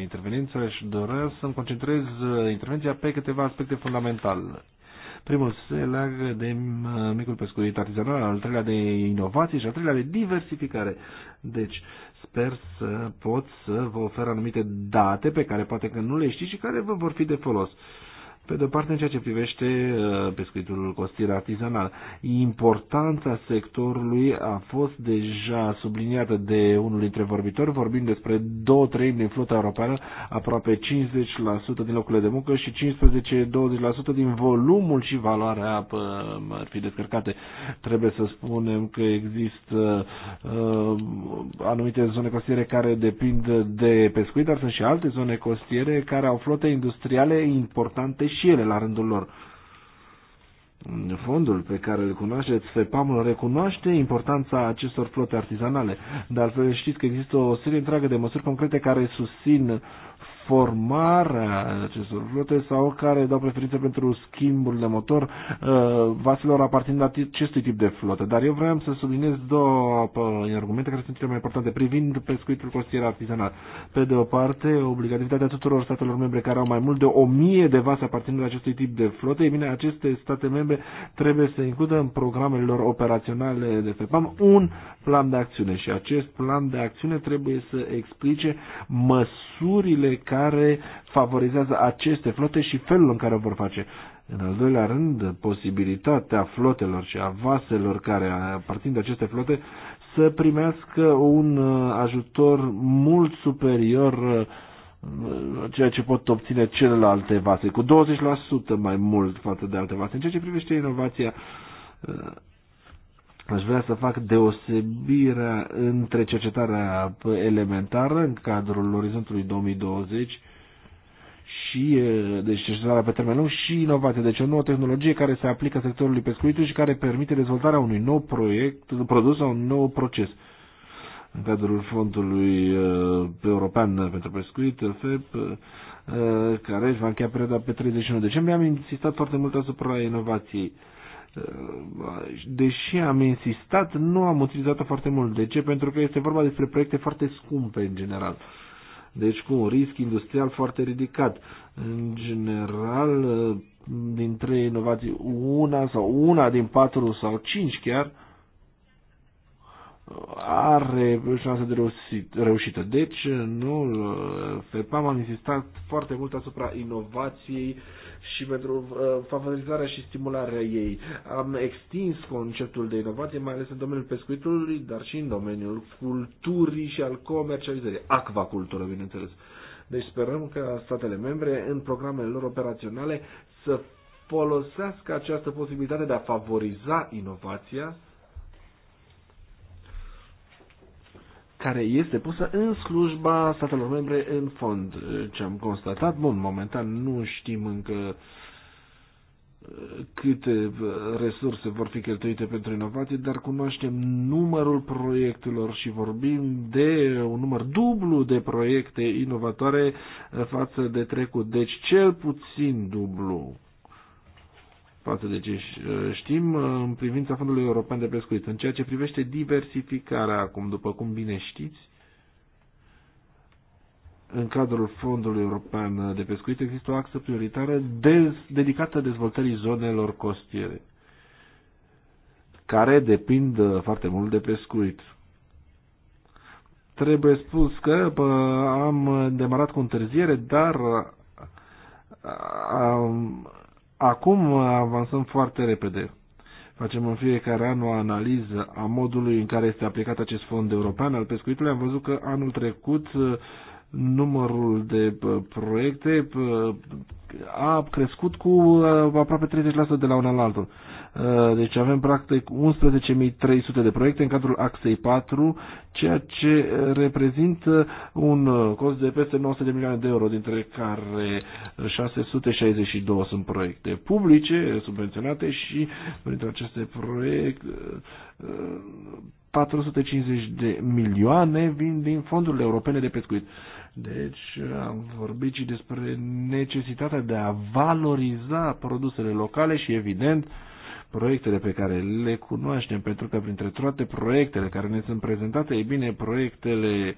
S3: intervenienți, aș dorea să-mi concentrez uh, intervenția pe câteva aspecte fundamentale. Primul se leagă de uh, micul pescuit artizanal, al treilea de inovații și al treilea de diversificare. Deci, sper să pot să vă ofer anumite date pe care poate că nu le știți și care vă vor fi de folos. Uh, pe de-o parte, în ceea ce privește uh, pescuitul costier artizanal, importanța sectorului a fost deja subliniată de unul dintre vorbitori, vorbind despre două treimi din flota europeană, aproape 50% din locurile de muncă și 15-20% din volumul și valoarea uh, ar fi descărcate. Trebuie să spunem că există uh, anumite zone costiere care depind de pescuit, dar sunt și alte zone costiere care au flote industriale importante și și ele la rândul lor. Fondul pe care îl cunoașteți, FEPAM-ul recunoaște importanța acestor flote artizanale, dar să știți că există o serie întreagă de măsuri concrete care susțin formarea acestor flote sau care dau preferință pentru schimbul de motor uh, vaselor aparținând acestui tip de flotă. Dar eu vreau să subliniez două uh, argumente care sunt cele mai importante privind pescuitul costier artizanal. Pe de o parte, obligativitatea tuturor statelor membre care au mai mult de o mie de vase aparținând acestui tip de flote, e bine, aceste state membre trebuie să includă în programele lor operaționale de FEPAM un plan de acțiune și acest plan de acțiune trebuie să explice măsurile care favorizează aceste flote și felul în care o vor face. În al doilea rând, posibilitatea flotelor și a vaselor care aparțin de aceste flote să primească un uh, ajutor mult superior uh, ceea ce pot obține celelalte vase, cu 20% mai mult față de alte vase. În ceea ce privește inovația, uh, Aș vrea să fac deosebirea între cercetarea elementară în cadrul orizontului 2020 și deci cercetarea pe termen lung și inovație. Deci o nouă tehnologie care se aplică sectorului pescuitului și care permite dezvoltarea unui nou proiect, produs sau un nou proces. În cadrul Fondului European pentru Pescuit, FEP, care își va încheia perioada pe 31 decembrie, am insistat foarte mult asupra inovației. Uh, Uh, deși am insistat, nu am utilizat-o foarte mult. De ce? Pentru că este vorba despre proiecte foarte scumpe în general. Deci cu un risc industrial foarte ridicat. În general, uh, din trei inovații, una sau una din patru sau cinci chiar, are șanse de reușit, reușită. Deci, nu, uh, FEPAM am insistat foarte mult asupra inovației uh, și pentru uh, favorizarea și stimularea ei. Am extins conceptul de inovație, mai ales în domeniul pescuitului, dar și în domeniul culturii și al comercializării. Acvacultură, bineînțeles. Deci sperăm că statele membre, în programele lor operaționale, să folosească această posibilitate de a favoriza inovația care este pusă în slujba statelor membre în fond. Ce am constatat, bun, momentan nu știm încă uh, câte uh, resurse vor fi cheltuite pentru inovație, dar cunoaștem numărul proiectelor și vorbim de un număr dublu de proiecte inovatoare uh, față de trecut, deci cel puțin dublu față de ce știm uh, în privința Fondului European de Pescuit. În ceea ce privește diversificarea, acum, după cum bine știți, în cadrul Fondului European de Pescuit există o axă prioritară dez, dedicată dezvoltării zonelor costiere, care depind uh, foarte mult de pescuit. Trebuie spus că bă, am uh, demarat cu întârziere, dar am, Acum uh, avansăm foarte repede. Facem în fiecare an o analiză a modului în care este aplicat acest fond european al pescuitului. Am văzut că anul trecut uh, numărul de uh, proiecte a crescut cu aproape 30% de la un an la altul. Uh, deci avem practic 11.300 de proiecte în cadrul axei 4, ceea ce uh, reprezintă un uh, cost de peste 900 de milioane de euro, dintre care 662 sunt proiecte publice, subvenționate și printre aceste proiecte 450 de milioane vin din fondurile europene de pescuit. Deci am vorbit și despre necesitatea de a valoriza produsele locale și evident proiectele pe care le cunoaștem, pentru că printre toate proiectele care ne sunt prezentate, e bine, proiectele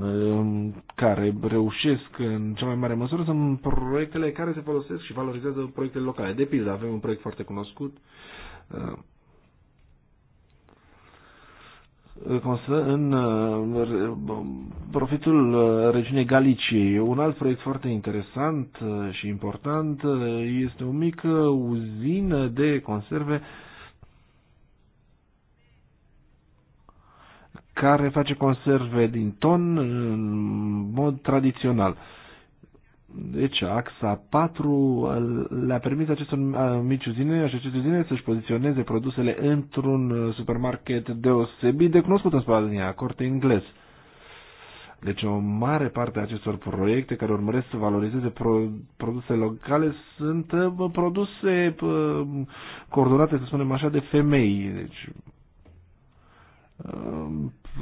S3: um, care reușesc în cea mai mare măsură sunt proiectele care se folosesc și valorizează proiectele locale. De pildă, avem un proiect foarte cunoscut uh, constă în uh, profitul uh, regiunii Galiciei. Un alt proiect foarte interesant uh, și important este o mică uzină de conserve care face conserve din ton în mod tradițional. Uh, deci axa 4 le-a permis acestor mici uzine și aceste uzine să-și poziționeze produsele într-un uh, supermarket deosebit de cunoscut în Spania, corte englez. Deci o mare parte a acestor proiecte care urmăresc să valorizeze produse locale sunt uh, produse coordonate, să spunem așa, de femei. Deci uh,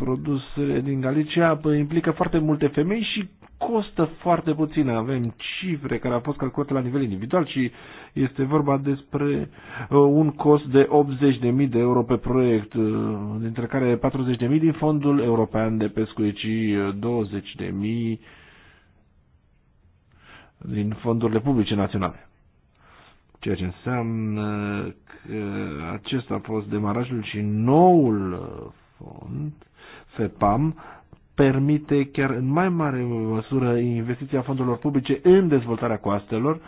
S3: produsele din Galicia implică foarte multe femei și costă foarte puțin. Avem cifre care au fost calculate la nivel individual și este vorba despre uh, un cost de 80.000 de euro pe proiect, uh, dintre care 40.000 din Fondul European de Pescuit și 20.000 uh, din fondurile publice naționale. Ceea ce înseamnă că acesta a fost demarajul și noul fond, FEPAM, permite chiar în mai mare măsură investiția fondurilor publice în dezvoltarea coastelor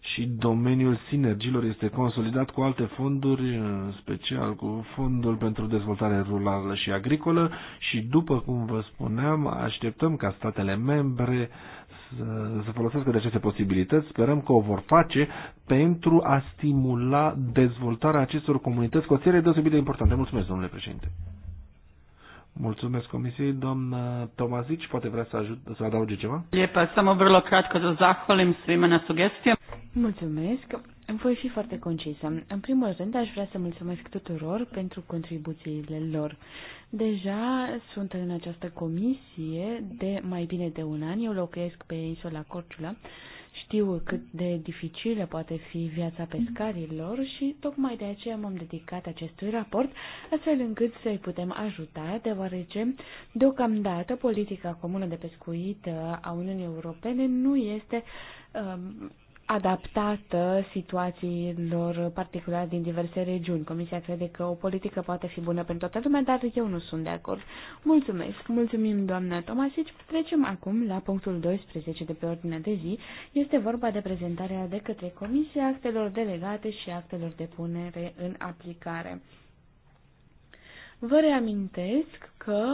S3: și domeniul sinergilor este consolidat cu alte fonduri, în special cu Fondul pentru Dezvoltare Rurală și Agricolă și, după cum vă spuneam, așteptăm ca statele membre să folosească de aceste posibilități. Sperăm că o vor face pentru a stimula dezvoltarea acestor comunități cu o serie deosebit de importantă. Mulțumesc, domnule președinte. Mulțumesc Comisiei. Doamna Tomazici, poate vrea să, ajut, să
S2: adauge ceva? să mă vrlo kratko da zahvalim svima na sugestie. Mulțumesc.
S4: Voi fi foarte concisă. În primul rând, aș vrea să mulțumesc tuturor pentru contribuțiile lor. Deja sunt în această comisie de mai bine de un an. Eu locuiesc pe insula Corciula știu cât de dificilă poate fi viața pescarilor și tocmai de aceea m-am dedicat acestui raport, astfel încât să-i putem ajuta, deoarece deocamdată politica comună de pescuit a Uniunii Europene nu este um, adaptată situațiilor particulare din diverse regiuni. Comisia crede că o politică poate fi bună pentru toată lumea, dar eu nu sunt de acord. Mulțumesc! Mulțumim, doamna Tomasici! Trecem acum la punctul 12 de pe ordinea de zi. Este vorba de prezentarea de către Comisia actelor delegate și actelor de punere în aplicare. Vă reamintesc că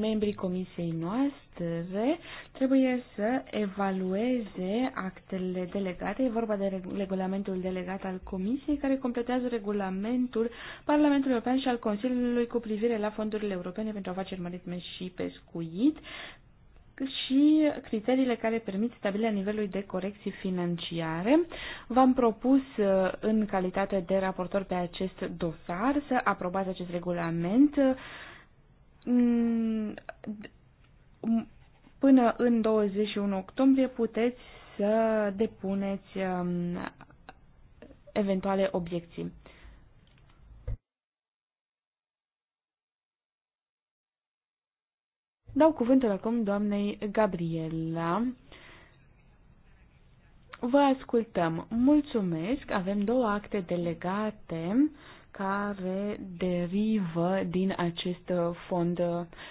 S4: membrii comisiei noastre trebuie să evalueze actele delegate. E vorba de regulamentul delegat al comisiei care completează regulamentul Parlamentului European și al Consiliului cu privire la fondurile europene pentru afaceri maritime și pescuit și criteriile care permit stabilirea nivelului de corecții financiare. V-am propus uh, în calitate de raportor pe acest dosar să aprobați acest regulament uh, mm, până în 21 octombrie puteți să depuneți um, eventuale obiecții. Dau cuvântul acum doamnei Gabriela. Vă ascultăm. Mulțumesc. Avem două acte delegate care derivă din acest fond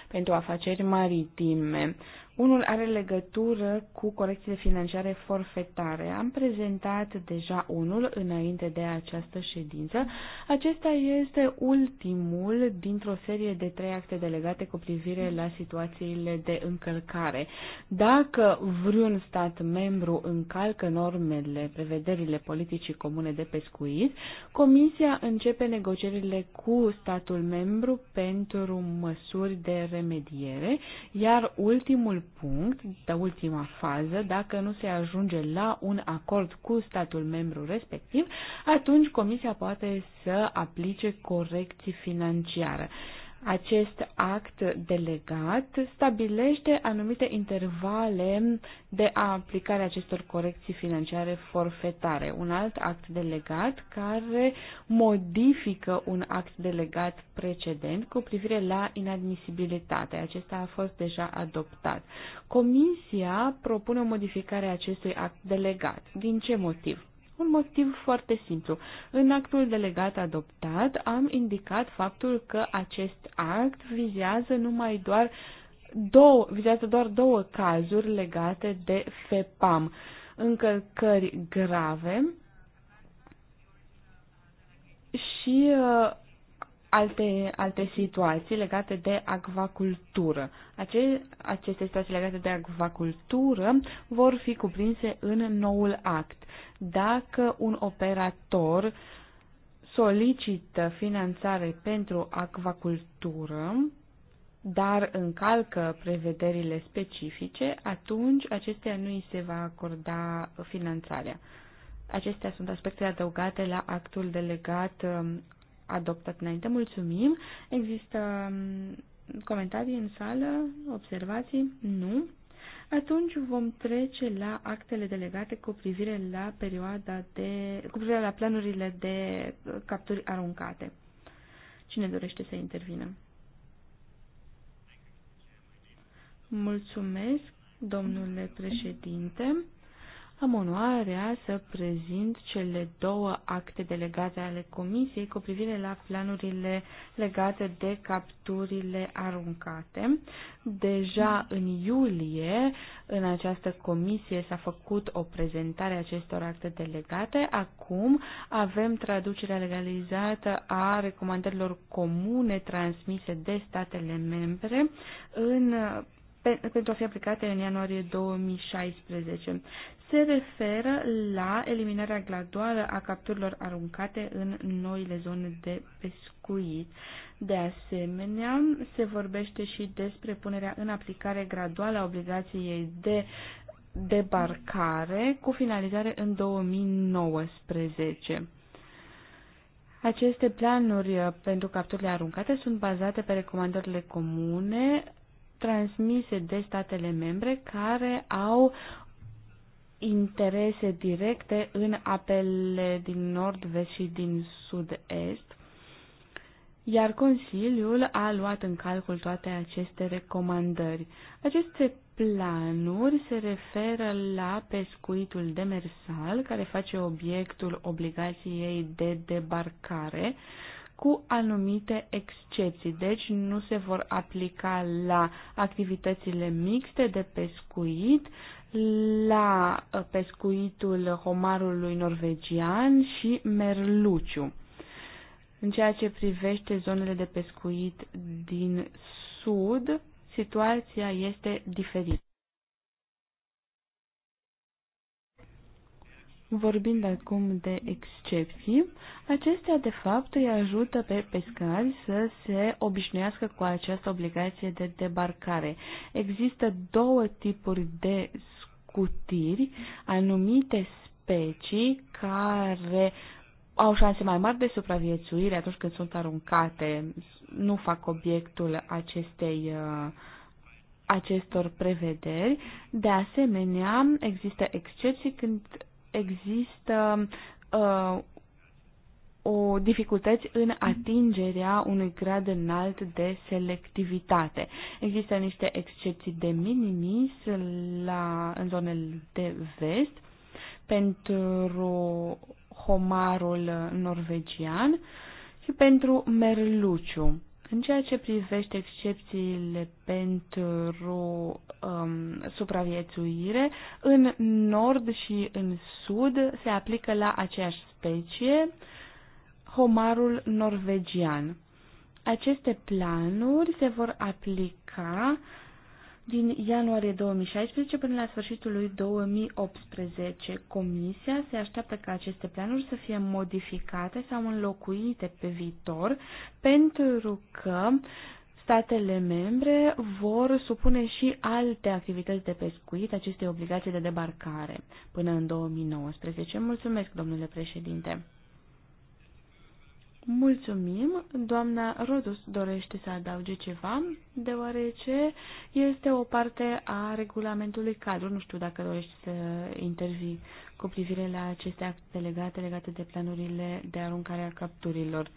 S4: pentru afaceri maritime. Unul are legătură cu corecțiile financiare forfetare. Am prezentat deja unul înainte de această ședință. Acesta este ultimul dintr-o serie de trei acte delegate cu privire la situațiile de încălcare. Dacă vreun stat membru încalcă normele, prevederile politicii comune de pescuit, Comisia începe negocierile cu statul membru pentru măsuri de remediere, iar ultimul punct, de ultima fază, dacă nu se ajunge la un acord cu statul membru respectiv, atunci Comisia poate să aplice corecții financiare. Acest act delegat stabilește anumite intervale de aplicare acestor corecții financiare forfetare. Un alt act delegat care modifică un act delegat precedent cu privire la inadmisibilitate. Acesta a fost deja adoptat. Comisia propune o modificare a acestui act delegat. Din ce motiv? Un motiv foarte simplu. În actul delegat adoptat am indicat faptul că acest act vizează numai doar două, vizează doar două cazuri legate de FEPAM. Încălcări grave și uh, alte, alte situații legate de acvacultură. Ace, aceste situații legate de acvacultură vor fi cuprinse în noul act. Dacă un operator solicită finanțare pentru acvacultură, dar încalcă prevederile specifice, atunci acestea nu îi se va acorda finanțarea. Acestea sunt aspecte adăugate la actul delegat um, adoptat înainte. Mulțumim. Există um, comentarii în sală, observații? Nu. Atunci vom trece la actele delegate cu privire la perioada de, cu privire la planurile de uh, capturi aruncate. Cine dorește să intervină? Mulțumesc, domnule președinte am onoarea să prezint cele două acte delegate ale Comisiei cu privire la planurile legate de capturile aruncate. Deja în iulie, în această comisie s-a făcut o prezentare a acestor acte delegate. Acum avem traducerea legalizată a recomandărilor comune transmise de statele membre în pentru a fi aplicate în ianuarie 2016. Se referă la eliminarea graduală a capturilor aruncate în noile zone de pescuit. De asemenea, se vorbește și despre punerea în aplicare graduală a obligației de debarcare cu finalizare în 2019. Aceste planuri pentru capturile aruncate sunt bazate pe recomandările comune transmise de statele membre care au interese directe în apele din nord-vest și din sud-est, iar Consiliul a luat în calcul toate aceste recomandări. Aceste planuri se referă la pescuitul demersal, care face obiectul obligației de debarcare, cu anumite excepții. Deci nu se vor aplica la activitățile mixte de pescuit, la uh, pescuitul homarului norvegian și merluciu. În ceea ce privește zonele de pescuit din sud, situația este diferită. Vorbind acum de excepții, acestea de fapt îi ajută pe pescari să se obișnuiască cu această obligație de debarcare. Există două tipuri de scutiri, anumite specii care au șanse mai mari de supraviețuire atunci când sunt aruncate, nu fac obiectul acestei acestor prevederi. De asemenea, există excepții când există uh, o dificultăți în atingerea unui grad înalt de selectivitate. Există niște excepții de minimis la, în zonele de vest pentru homarul norvegian și pentru merluciu. În ceea ce privește excepțiile pentru um, supraviețuire, în nord și în sud se aplică la aceeași specie homarul norvegian. Aceste planuri se vor aplica uh, din ianuarie 2016 până la sfârșitul lui 2018. Comisia se așteaptă ca aceste planuri să fie modificate sau înlocuite pe viitor pentru că statele membre vor supune și alte activități de pescuit acestei obligații de debarcare până în 2019. Mulțumesc, domnule președinte. Mulțumim. Doamna Rodus dorește să adauge ceva, deoarece este o parte a regulamentului cadru. Nu știu dacă dorești să intervii cu privire la aceste acte legate, legate de planurile de aruncare a capturilor.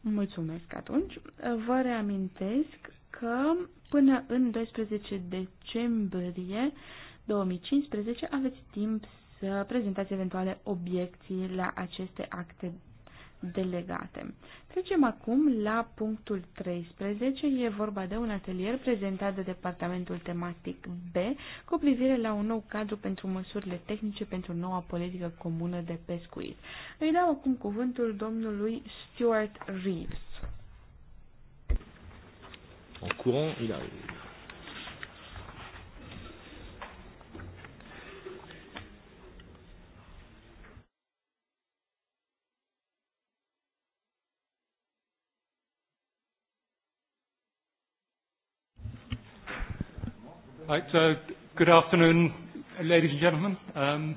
S4: Mulțumesc atunci. Vă reamintesc că până în 12 decembrie 2015 aveți timp să prezentați eventuale obiecții la aceste acte delegate. Trecem acum la punctul 13. E vorba de un atelier prezentat de departamentul tematic B cu privire la un nou cadru pentru măsurile tehnice pentru noua politică comună de pescuit. Îi dau acum cuvântul domnului Stuart Reeves.
S1: En courant, il arrive. Right, so good afternoon, ladies and gentlemen. Um...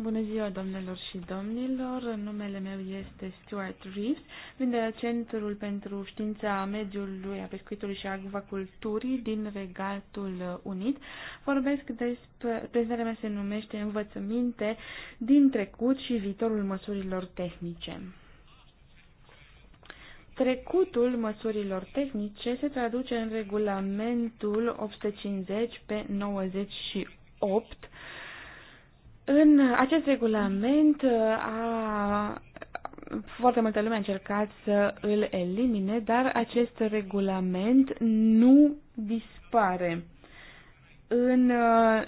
S4: Bună ziua, domnilor și domnilor. Numele meu este Stuart Reeves. Vin de la Centrul pentru Știința Mediului, a Pescuitului și Acvaculturii din Regatul Unit. Vorbesc despre, prezentarea mea se numește Învățăminte din trecut și viitorul măsurilor tehnice. Trecutul măsurilor tehnice se traduce în regulamentul 850 pe 98. În acest regulament uh, a foarte multă lume a încercat să îl elimine, dar acest regulament nu dispare. În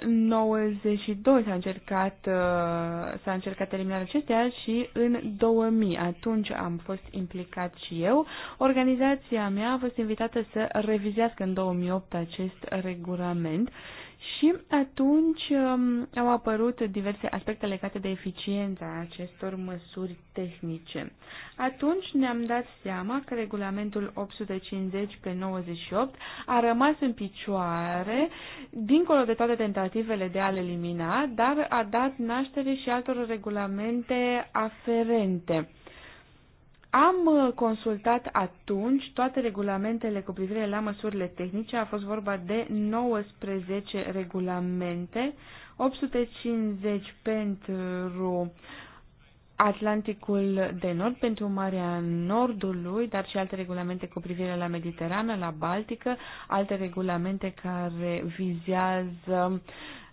S4: 92 uh, s-a încercat, uh, s-a încercat eliminarea acesteia și în 2000, atunci am fost implicat și eu. Organizația mea a fost invitată să revizească în 2008 acest regulament și atunci um, au apărut diverse aspecte legate de eficiența acestor măsuri tehnice. Atunci ne-am dat seama că regulamentul 850 pe 98 a rămas în picioare, dincolo de toate tentativele de a-l elimina, dar a dat naștere și altor regulamente aferente. Am uh, consultat atunci toate regulamentele cu privire la măsurile tehnice, a fost vorba de 19 regulamente, 850 pentru Atlanticul de Nord, pentru Marea Nordului, dar și alte regulamente cu privire la Mediterană, la Baltică, alte regulamente care vizează uh,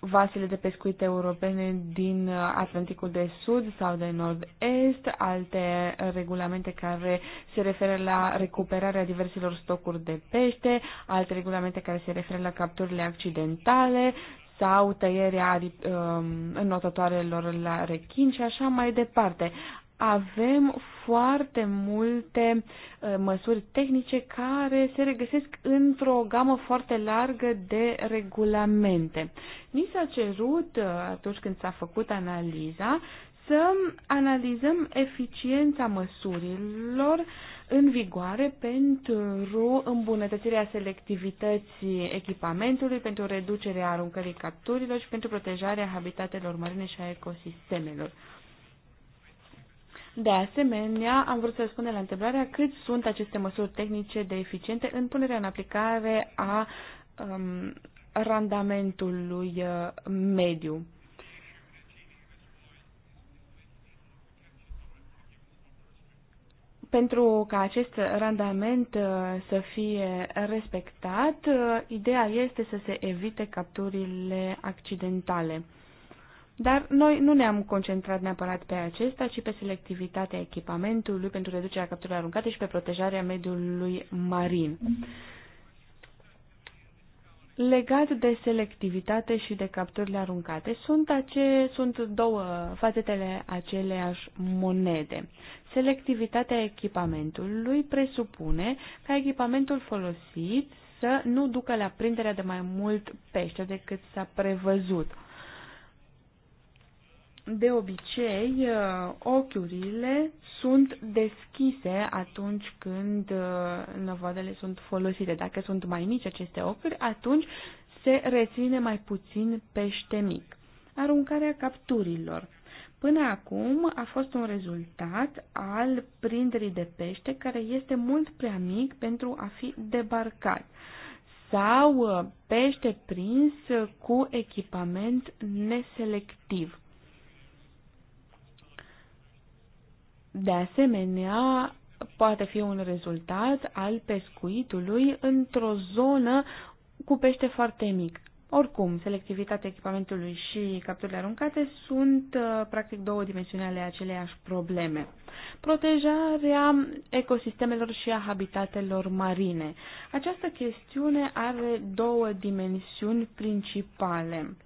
S4: vasele de pescuit europene din Atlanticul de Sud sau de Nord-Est, alte regulamente care se referă la recuperarea diverselor stocuri de pește, alte regulamente care se referă la capturile accidentale sau tăierea um, înotătoarelor la rechin și așa mai departe avem foarte multe uh, măsuri tehnice care se regăsesc într-o gamă foarte largă de regulamente. Ni s-a cerut, uh, atunci când s-a făcut analiza, să analizăm eficiența măsurilor în vigoare pentru îmbunătățirea selectivității echipamentului, pentru reducerea aruncării capturilor și pentru protejarea habitatelor marine și a ecosistemelor. De asemenea, am vrut să răspundem la întrebarea cât sunt aceste măsuri tehnice de eficiente în punerea în aplicare a um, randamentului uh, mediu. pentru ca acest randament uh, să fie respectat, uh, ideea este să se evite capturile accidentale. Dar noi nu ne-am concentrat neapărat pe acesta, ci pe selectivitatea echipamentului pentru reducerea capturilor aruncate și pe protejarea mediului marin. Legat de selectivitate și de capturile aruncate, sunt, ace, sunt două fațetele aceleași monede. Selectivitatea echipamentului presupune ca echipamentul folosit să nu ducă la prinderea de mai mult pește decât s-a prevăzut de obicei, uh, ochiurile sunt deschise atunci când uh, năvoadele sunt folosite. Dacă sunt mai mici aceste ochiuri, atunci se reține mai puțin pește mic. Aruncarea capturilor. Până acum a fost un rezultat al prinderii de pește care este mult prea mic pentru a fi debarcat sau uh, pește prins cu echipament neselectiv. De asemenea, poate fi un rezultat al pescuitului într-o zonă cu pește foarte mic. Oricum, selectivitatea echipamentului și capturile aruncate sunt uh, practic două dimensiuni ale aceleiași probleme. Protejarea ecosistemelor și a habitatelor marine. Această chestiune are două dimensiuni principale.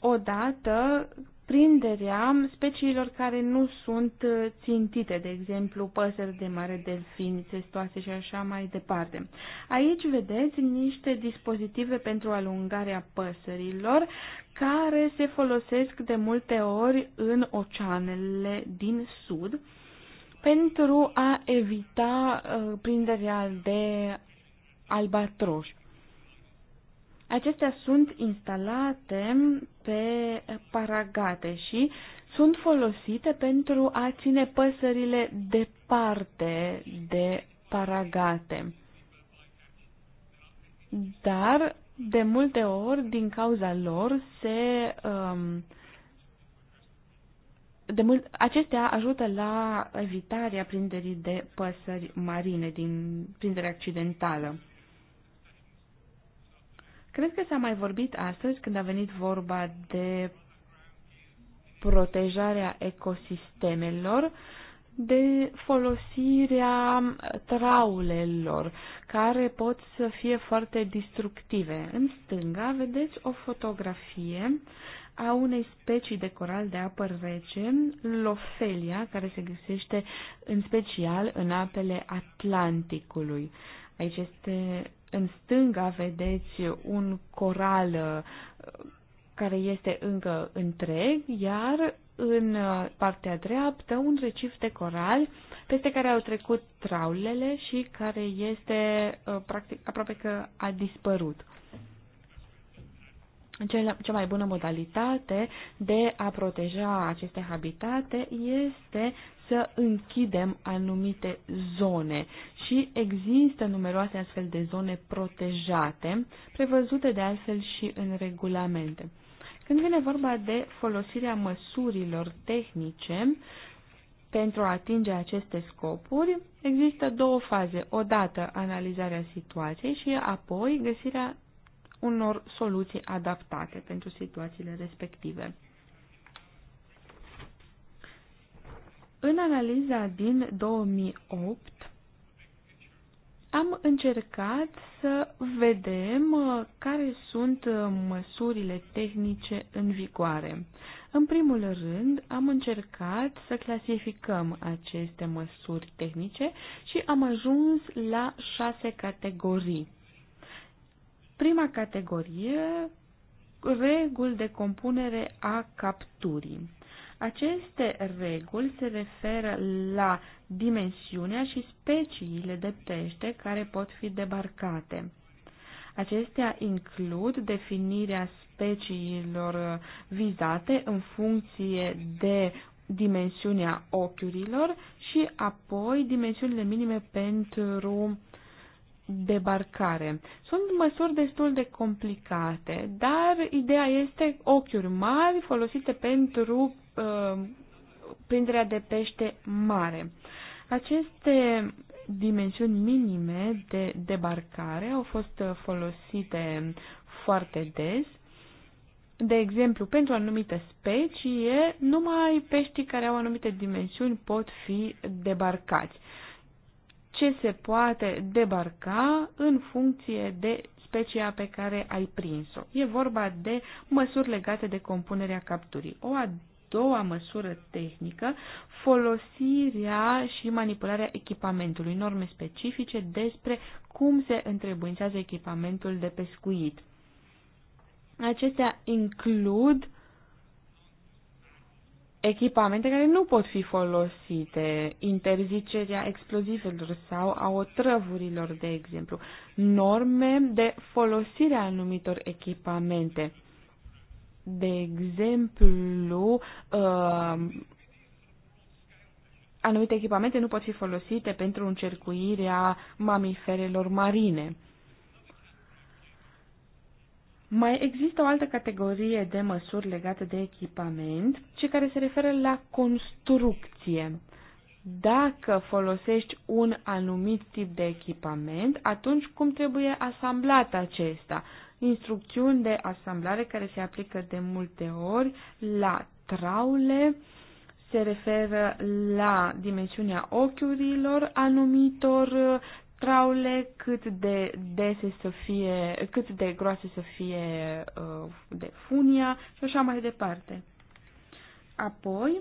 S4: Odată, prinderea speciilor care nu sunt uh, țintite, de exemplu păsări de mare, delfini, testoase și așa mai departe. Aici vedeți niște dispozitive pentru alungarea păsărilor care se folosesc de multe ori în oceanele din sud pentru a evita uh, prinderea de albatroși. Acestea sunt instalate pe paragate și sunt folosite pentru a ține păsările departe de paragate. Dar, de multe ori, din cauza lor, se. Um, de mult, acestea ajută la evitarea prinderii de păsări marine, din prindere accidentală. Cred că s-a mai vorbit astăzi când a venit vorba de protejarea ecosistemelor, de folosirea traulelor, care pot să fie foarte destructive. În stânga vedeți o fotografie a unei specii de coral de apă rece, Lofelia, care se găsește în special în apele Atlanticului. Aici este în stânga vedeți un coral uh, care este încă întreg, iar în uh, partea dreaptă un recif de coral peste care au trecut traulele și care este uh, practic aproape că a dispărut cea mai bună modalitate de a proteja aceste habitate este să închidem anumite zone și există numeroase astfel de zone protejate, prevăzute de altfel și în regulamente. Când vine vorba de folosirea măsurilor tehnice pentru a atinge aceste scopuri, există două faze. Odată analizarea situației și apoi găsirea unor soluții adaptate pentru situațiile respective. În analiza din 2008 am încercat să vedem uh, care sunt uh, măsurile tehnice în vigoare. În primul rând, am încercat să clasificăm aceste măsuri tehnice și am ajuns la șase categorii. Prima categorie, reguli de compunere a capturii. Aceste reguli se referă la dimensiunea și speciile de pește care pot fi debarcate. Acestea includ definirea speciilor vizate în funcție de dimensiunea ochiurilor și apoi dimensiunile minime pentru debarcare. Sunt măsuri destul de complicate, dar ideea este ochiuri mari folosite pentru Uh, prinderea de pește mare. Aceste dimensiuni minime de debarcare au fost uh, folosite foarte des. De exemplu, pentru anumite specii, numai peștii care au anumite dimensiuni pot fi debarcați. Ce se poate debarca în funcție de specia pe care ai prins-o. E vorba de măsuri legate de compunerea capturii. O a doua măsură tehnică, folosirea și manipularea echipamentului, norme specifice despre cum se întrebuințează echipamentul de pescuit. Acestea includ echipamente care nu pot fi folosite, interzicerea explozivelor sau a otrăvurilor, de exemplu, norme de folosire a anumitor echipamente de exemplu, uh, anumite echipamente nu pot fi folosite pentru încercuirea mamiferelor marine. Mai există o altă categorie de măsuri legate de echipament, ce care se referă la construcție. Dacă folosești un anumit tip de echipament, atunci cum trebuie asamblat acesta? instrucțiuni de asamblare care se aplică de multe ori la traule, se referă la dimensiunea ochiurilor anumitor uh, traule, cât de dese să fie, cât de groase să fie uh, de funia și așa mai departe. Apoi,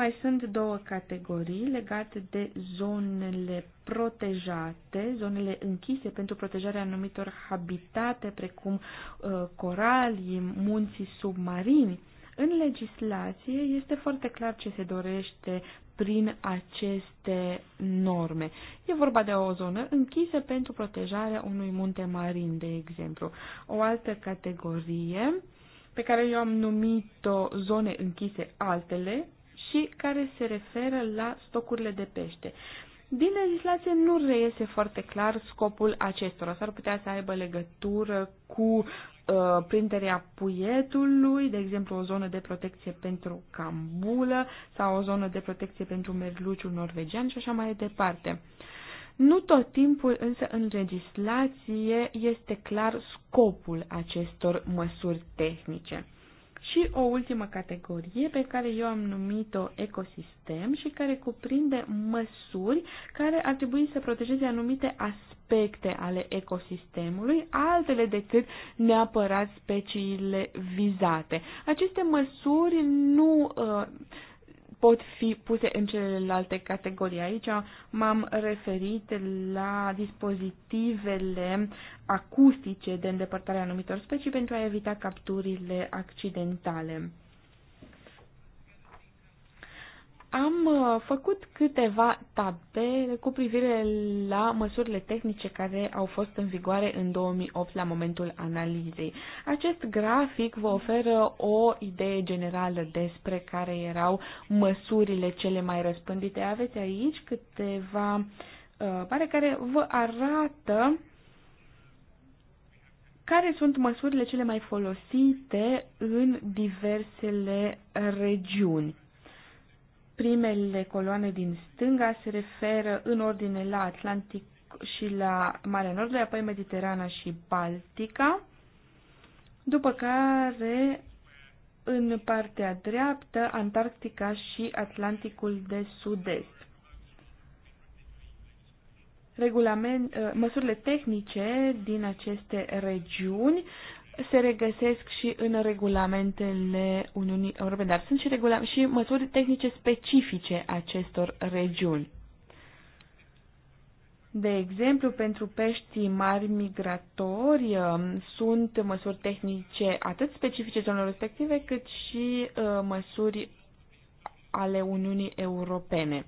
S4: mai sunt două categorii legate de zonele protejate, zonele închise pentru protejarea anumitor habitate, precum uh, coralii, munții submarini. În legislație este foarte clar ce se dorește prin aceste norme. E vorba de o zonă închisă pentru protejarea unui munte marin, de exemplu. O altă categorie pe care eu am numit-o zone închise altele, și care se referă la stocurile de pește. Din legislație nu reiese foarte clar scopul acestora. S-ar putea să aibă legătură cu uh, prinderea puietului, de exemplu o zonă de protecție pentru cambulă sau o zonă de protecție pentru merluciul norvegian și așa mai departe. Nu tot timpul însă în legislație este clar scopul acestor măsuri tehnice. Și o ultimă categorie pe care eu am numit-o ecosistem și care cuprinde măsuri care ar trebui să protejeze anumite aspecte ale ecosistemului, altele decât neapărat speciile vizate. Aceste măsuri nu uh, pot fi puse în celelalte categorii. Aici m-am referit la dispozitivele acustice de îndepărtare a anumitor specii pentru a evita capturile accidentale. Am uh, făcut câteva tabele cu privire la măsurile tehnice care au fost în vigoare în 2008 la momentul analizei. Acest grafic vă oferă o idee generală despre care erau măsurile cele mai răspândite. Aveți aici câteva uh, pare care vă arată care sunt măsurile cele mai folosite în diversele regiuni. Primele coloane din stânga se referă în ordine la Atlantic și la Marea Nordului, apoi Mediterana și Baltica, după care în partea dreaptă Antarctica și Atlanticul de Sud-Est. Regulament, măsurile tehnice din aceste regiuni se regăsesc și în regulamentele Uniunii Europene, dar sunt și, și măsuri tehnice specifice acestor regiuni. De exemplu, pentru peștii mari migratori um, sunt măsuri tehnice atât specifice zonelor respective, cât și uh, măsuri ale Uniunii Europene.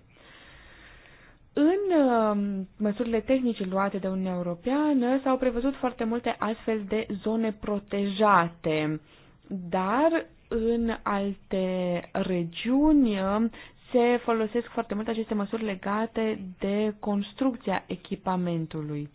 S4: În uh, măsurile tehnice luate de Uniunea Europeană s-au prevăzut foarte multe astfel de zone protejate, dar în alte regiuni uh, se folosesc foarte mult aceste măsuri legate de construcția echipamentului.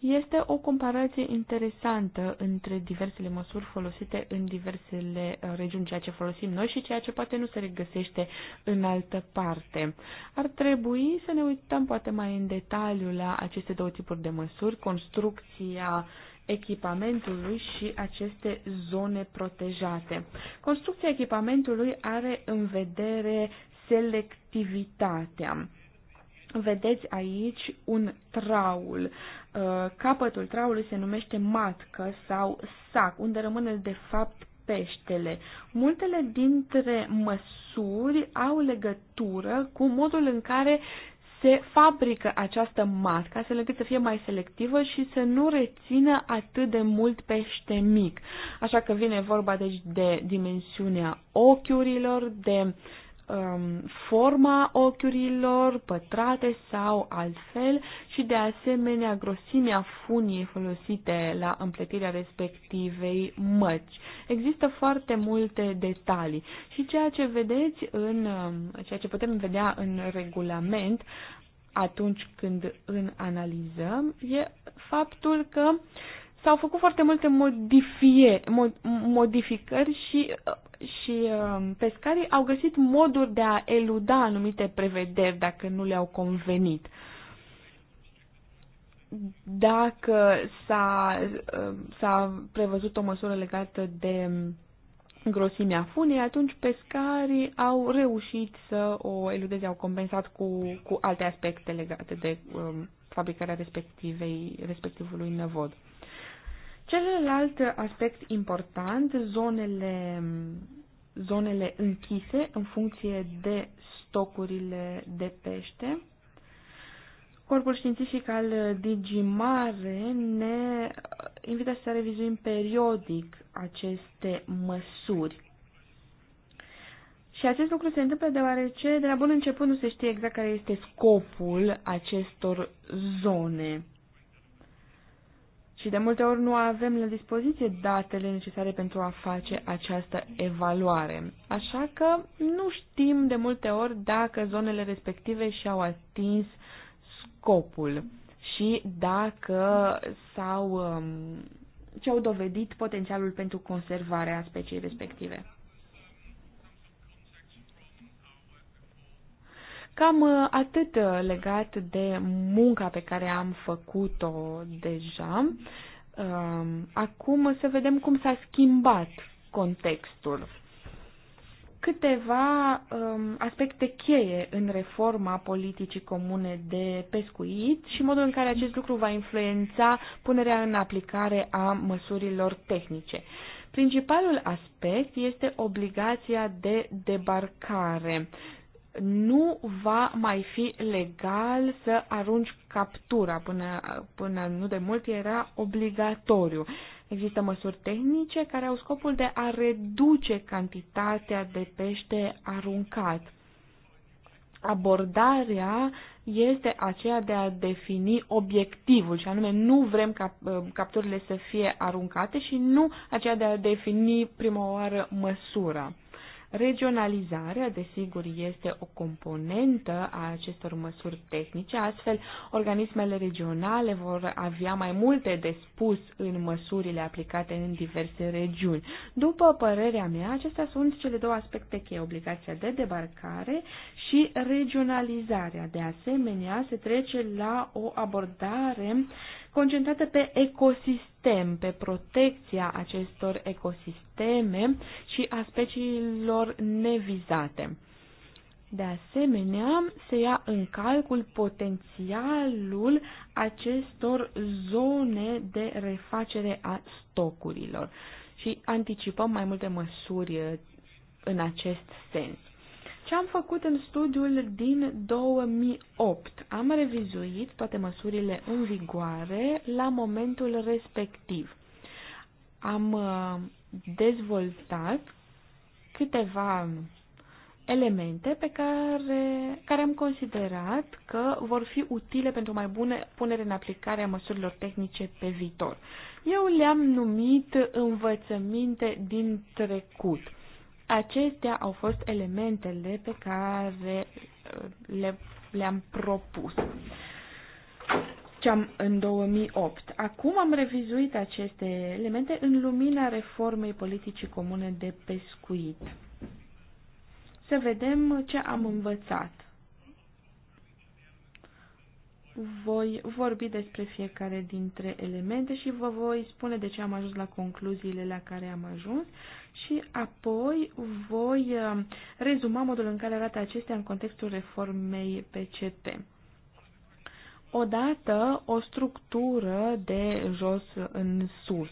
S4: Este o comparație interesantă între diversele măsuri folosite în diversele uh, regiuni, ceea ce folosim noi și ceea ce poate nu se regăsește în altă parte. Ar trebui să ne uităm poate mai în detaliu la aceste două tipuri de măsuri, construcția echipamentului și aceste zone protejate. Construcția echipamentului are în vedere selectivitatea Vedeți aici un traul. Uh, capătul traului se numește matcă sau sac, unde rămâne de fapt peștele. Multele dintre măsuri au legătură cu modul în care se fabrică această matcă, astfel încât să fie mai selectivă și să nu rețină atât de mult pește mic. Așa că vine vorba deci de dimensiunea ochiurilor, de um, forma ochiurilor, pătrate sau altfel, și de asemenea grosimea funiei folosite la împletirea respectivei măci. Există foarte multe detalii și ceea ce vedeți în, um, ceea ce putem vedea în regulament atunci când îl analizăm e faptul că s-au făcut foarte multe modifie, mod, modificări și uh, și um, pescarii au găsit moduri de a eluda anumite prevederi dacă nu le-au convenit. Dacă s-a, um, s-a prevăzut o măsură legată de grosimea funei, atunci pescarii au reușit să o eludeze, au compensat cu, cu alte aspecte legate de um, fabricarea respectivei, respectivului năvod. Celălalt aspect important, zonele, zonele închise în funcție de stocurile de pește. Corpul științific al Digimare ne invită să revizuim periodic aceste măsuri. Și acest lucru se întâmplă deoarece de la bun început nu se știe exact care este scopul acestor zone. Și de multe ori nu avem la dispoziție datele necesare pentru a face această evaluare. Așa că nu știm de multe ori dacă zonele respective și-au atins scopul și dacă s-au ce um, au dovedit potențialul pentru conservarea speciei respective. Cam uh, atât uh, legat de munca pe care am făcut-o deja. Um, acum să vedem cum s-a schimbat contextul. Câteva um, aspecte cheie în reforma politicii comune de pescuit și modul în care acest lucru va influența punerea în aplicare a măsurilor tehnice. Principalul aspect este obligația de debarcare nu va mai fi legal să arunci captura. Până, până nu de mult era obligatoriu. Există măsuri tehnice care au scopul de a reduce cantitatea de pește aruncat. Abordarea este aceea de a defini obiectivul și anume nu vrem ca ă, capturile să fie aruncate și nu aceea de a defini prima oară măsura. Regionalizarea, desigur, este o componentă a acestor măsuri tehnice, astfel organismele regionale vor avea mai multe de spus în măsurile aplicate în diverse regiuni. După părerea mea, acestea sunt cele două aspecte cheie, obligația de debarcare și regionalizarea. De asemenea, se trece la o abordare concentrată pe ecosistem, pe protecția acestor ecosisteme și a speciilor nevizate. De asemenea, se ia în calcul potențialul acestor zone de refacere a stocurilor și anticipăm mai multe măsuri în acest sens. Ce am făcut în studiul din 2008? Am revizuit toate măsurile în vigoare la momentul respectiv. Am uh, dezvoltat câteva elemente pe care, care am considerat că vor fi utile pentru mai bună punere în aplicare a măsurilor tehnice pe viitor. Eu le-am numit învățăminte din trecut. Acestea au fost elementele pe care uh, le, le-am propus ce în 2008. Acum am revizuit aceste elemente în lumina reformei politicii comune de pescuit. Să vedem ce am învățat. Voi vorbi despre fiecare dintre elemente și vă voi spune de ce am ajuns la concluziile la care am ajuns și apoi voi uh, rezuma modul în care arată acestea în contextul reformei PCP. Odată o structură de jos în sus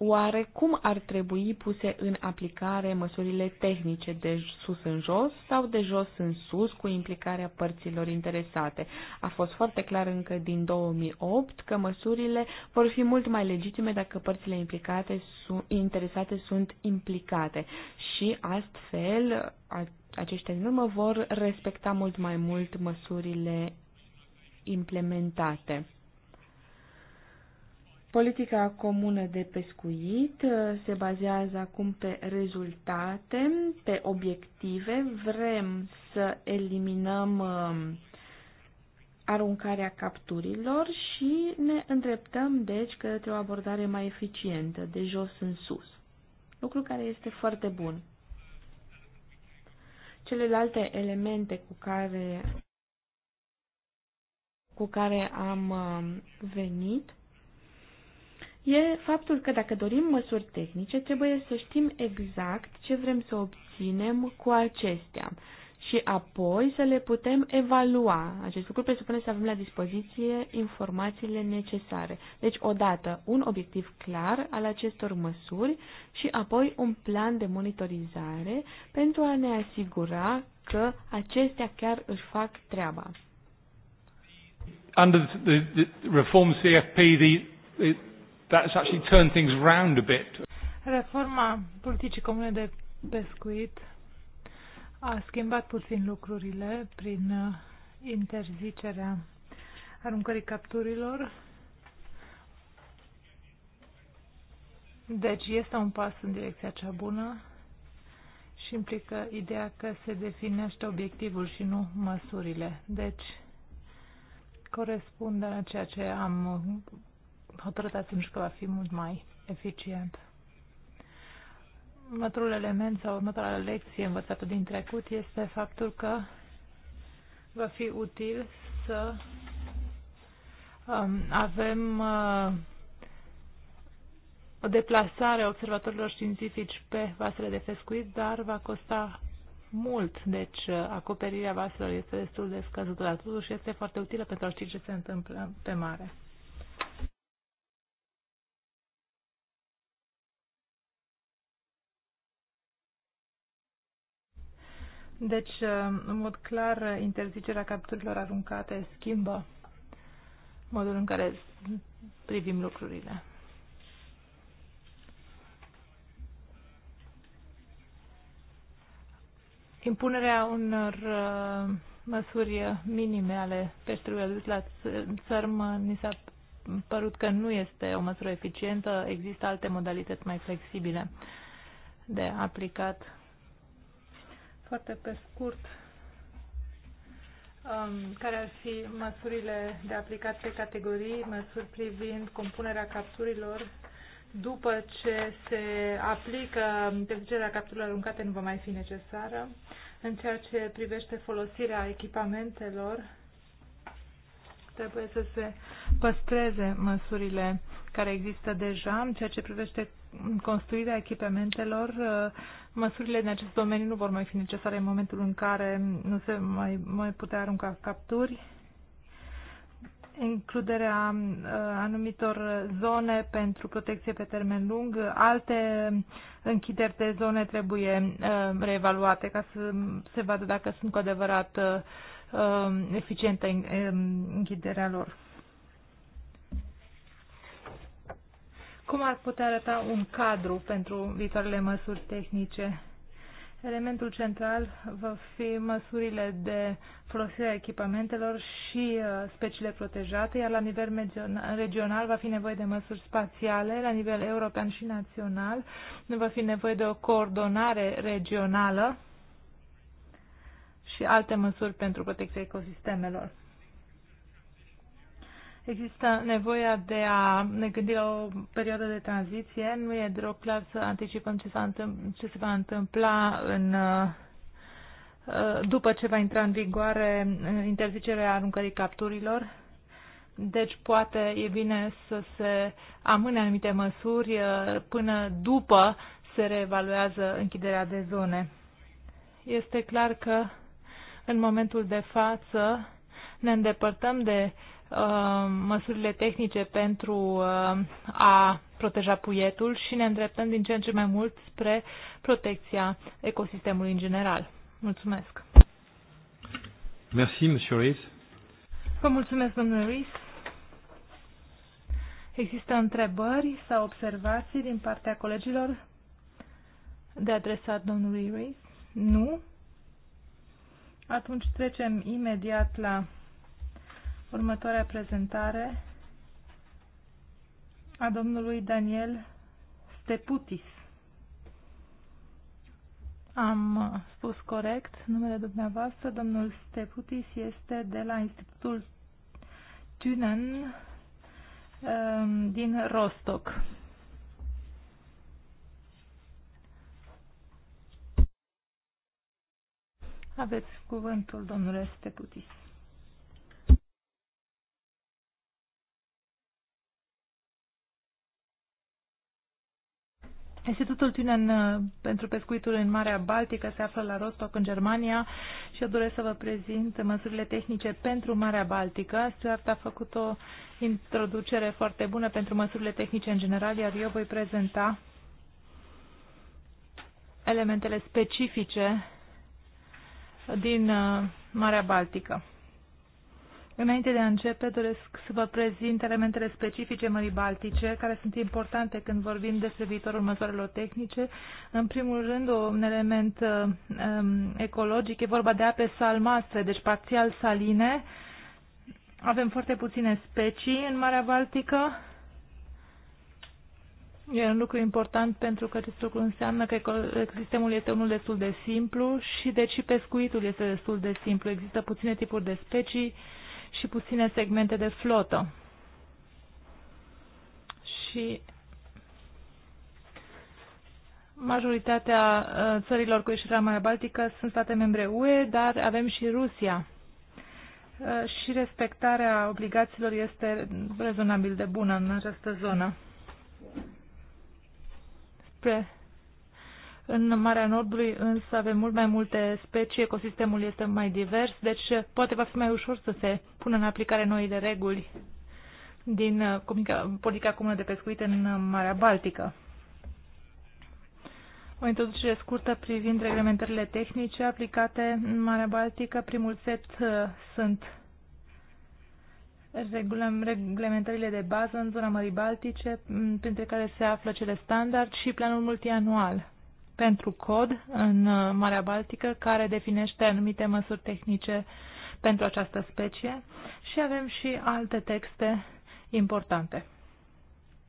S4: Oare cum ar trebui puse în aplicare măsurile tehnice de sus în jos sau de jos în sus cu implicarea părților interesate? A fost foarte clar încă din 2008 că măsurile vor fi mult mai legitime dacă părțile implicate sunt, interesate sunt implicate și astfel aceștia din urmă vor respecta mult mai mult măsurile implementate. Politica comună de pescuit uh, se bazează acum pe rezultate, pe obiective. Vrem să eliminăm um, aruncarea capturilor și ne îndreptăm, deci, către o abordare mai eficientă, de jos în sus. Lucru care este foarte bun. Celelalte elemente cu care, cu care am um, venit e faptul că dacă dorim măsuri tehnice, trebuie să știm exact ce vrem să obținem cu acestea și apoi să le putem evalua. Acest lucru presupune să avem la dispoziție informațiile necesare. Deci, odată, un obiectiv clar al acestor măsuri și apoi un plan de monitorizare pentru a ne asigura că acestea chiar își fac treaba.
S1: Under the, the reform CFP, the, the that's actually turned things round a bit.
S5: Reforma politicii comune de pescuit a schimbat puțin lucrurile prin uh, interzicerea aruncării capturilor. Deci este un pas în direcția cea bună și implică ideea că se definește obiectivul și nu măsurile. Deci corespunde la ceea ce am hotărât atunci că va fi mult mai eficient. Următorul element sau următoarea lecție învățată din trecut este faptul că va fi util să um, avem uh, o deplasare a observatorilor științifici pe vasele de pescuit, dar va costa mult, deci uh, acoperirea vaselor este destul de scăzută, dar totuși este foarte utilă pentru a ști ce se întâmplă pe mare. Deci, uh, în mod clar, interzicerea capturilor aruncate schimbă modul în care privim lucrurile. Impunerea unor uh, măsuri minime ale peștrului adus la țărmă ni s-a părut că nu este o măsură eficientă, există alte modalități mai flexibile de aplicat foarte pe scurt, um, care ar fi măsurile de aplicat pe categorii, măsuri privind compunerea capturilor. După ce se aplică interzicerea capturilor aruncate nu va mai fi necesară. În ceea ce privește folosirea echipamentelor, trebuie să se păstreze măsurile care există deja. În ceea ce privește construirea echipamentelor, uh, măsurile în acest domeniu nu vor mai fi necesare în momentul în care nu se mai, mai putea arunca capturi. Includerea uh, anumitor zone pentru protecție pe termen lung, alte închideri de zone trebuie uh, reevaluate ca să se vadă dacă sunt cu adevărat uh, uh eficientă uh, închiderea lor. Cum ar putea arăta un cadru pentru viitoarele măsuri tehnice? Elementul central va fi măsurile de folosire a echipamentelor și uh, speciile protejate, iar la nivel regional va fi nevoie de măsuri spațiale, la nivel european și național nu va fi nevoie de o coordonare regională și alte măsuri pentru protecția ecosistemelor. Există nevoia de a ne gândi la o perioadă de tranziție. Nu e deloc clar să anticipăm ce, ce se va întâmpla în, uh, după ce va intra în vigoare uh, interzicerea aruncării capturilor. Deci poate e bine să se amâne anumite măsuri uh, până după se reevaluează închiderea de zone. Este clar că în momentul de față ne îndepărtăm de uh, Uh, măsurile tehnice pentru uh, a proteja puietul și ne îndreptăm din ce în ce mai mult spre protecția ecosistemului în general. Mulțumesc!
S1: Merci, Monsieur Rees.
S5: Vă mulțumesc, domnule Rees. Există întrebări sau observații din partea colegilor de adresat domnului Rees? Nu? Atunci trecem imediat la Următoarea prezentare a domnului Daniel Steputis. Am spus corect numele dumneavoastră. Domnul Steputis este de la Institutul Tunen um, din Rostock. Aveți cuvântul, domnule Steputis. Institutul Tinen pentru pescuitul în Marea Baltică se află la Rostock, în Germania și eu doresc să vă prezint măsurile tehnice pentru Marea Baltică. Stuart a făcut o introducere foarte bună pentru măsurile tehnice în general, iar eu voi prezenta elementele specifice din uh, Marea Baltică. Înainte de a începe, doresc să vă prezint elementele specifice Mării Baltice, care sunt importante când vorbim despre viitorul măsoarelor tehnice. În primul rând, un element um, um, ecologic, e vorba de ape salmastre, deci parțial saline. Avem foarte puține specii în Marea Baltică. E un lucru important pentru că acest lucru înseamnă că sistemul este unul destul de simplu și deci și pescuitul este destul de simplu. Există puține tipuri de specii și puține segmente de flotă. Și majoritatea uh, țărilor cu ieșirea mai Baltică sunt state membre UE, dar avem și Rusia. Uh, și respectarea obligațiilor este rezonabil de bună în această zonă. Spre în Marea Nordului însă avem mult mai multe specii, ecosistemul este mai divers, deci uh, poate va fi mai ușor să se pună în aplicare noile reguli din uh, politica comună de pescuit în uh, Marea Baltică. O introducere scurtă privind reglementările tehnice aplicate în Marea Baltică. Primul set sunt reglementările de bază în zona Mării Baltice, printre care se află cele standard și planul multianual pentru cod în uh, Marea Baltică, care definește anumite măsuri tehnice pentru această specie și avem și alte texte importante.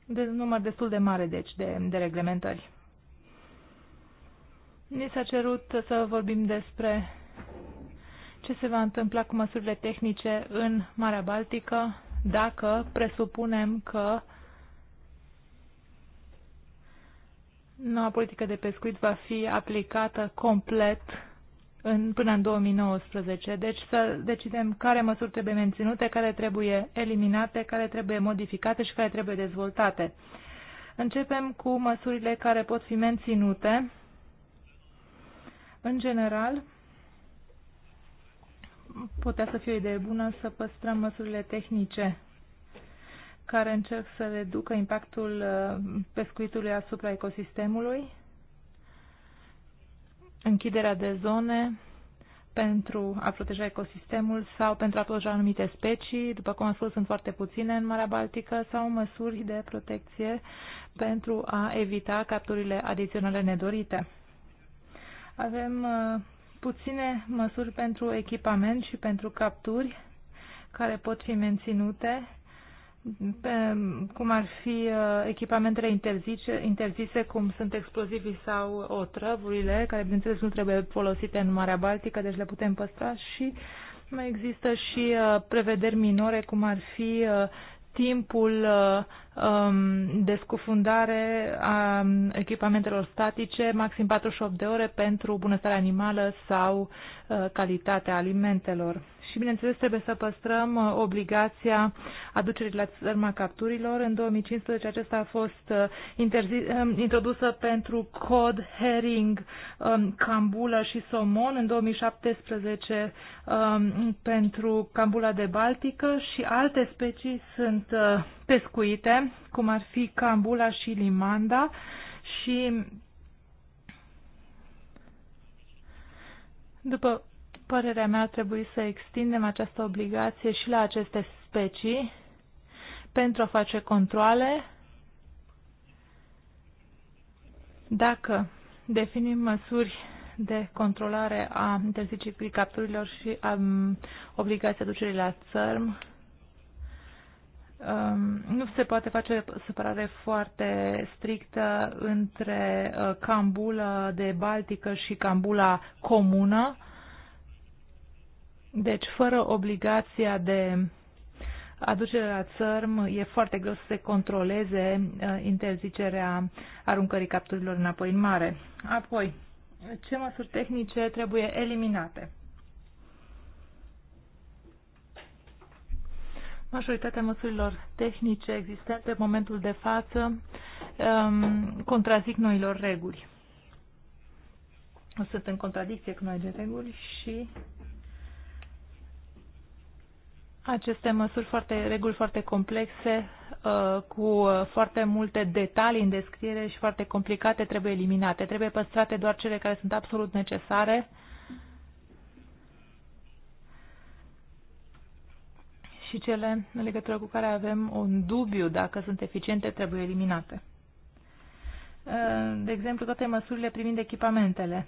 S5: De număr destul de mare, deci, de, de reglementări. Ni s-a cerut să vorbim despre ce se va întâmpla cu măsurile tehnice în Marea Baltică dacă presupunem că Noua politică de pescuit va fi aplicată complet în, până în 2019. Deci să decidem care măsuri trebuie menținute, care trebuie eliminate, care trebuie modificate și care trebuie dezvoltate. Începem cu măsurile care pot fi menținute. În general, putea să fie o idee bună să păstrăm măsurile tehnice care încerc să reducă impactul uh, pescuitului asupra ecosistemului, închiderea de zone pentru a proteja ecosistemul sau pentru a proteja anumite specii, după cum am spus, sunt foarte puține în Marea Baltică, sau măsuri de protecție pentru a evita capturile adiționale nedorite. Avem uh, puține măsuri pentru echipament și pentru capturi care pot fi menținute pe, cum ar fi uh, echipamentele interzice, interzise, cum sunt explozivii sau otrăvurile, care bineînțeles nu trebuie folosite în Marea Baltică, deci le putem păstra și mai există și uh, prevederi minore, cum ar fi uh, timpul um, de scufundare a um, echipamentelor statice, maxim 48 de ore pentru bunăstarea animală sau calitatea alimentelor și, bineînțeles, trebuie să păstrăm uh, obligația aducerii la țărma capturilor. În 2015 acesta a fost uh, um, introdusă pentru cod, herring, um, cambulă și somon, în 2017 um, pentru cambula de baltică și alte specii sunt uh, pescuite, cum ar fi cambula și limanda și după părerea mea, ar trebui să extindem această obligație și la aceste specii pentru a face controle. Dacă definim măsuri de controlare a interzicii capturilor și a obligației aducerii la țărm, Um, nu se poate face separare foarte strictă între uh, cambula de Baltică și cambula comună. Deci, fără obligația de aducere la țărm, e foarte greu să se controleze uh, interzicerea aruncării capturilor înapoi în mare. Apoi, ce măsuri tehnice trebuie eliminate? Majoritatea măsurilor tehnice existente în momentul de față um, contrazic noilor reguli. Sunt în contradicție cu noile reguli și aceste măsuri foarte, reguli foarte complexe, uh, cu foarte multe detalii în descriere și foarte complicate, trebuie eliminate. Trebuie păstrate doar cele care sunt absolut necesare. Și cele în legătură cu care avem un dubiu dacă sunt eficiente trebuie eliminate. Uh, de exemplu, toate măsurile privind echipamentele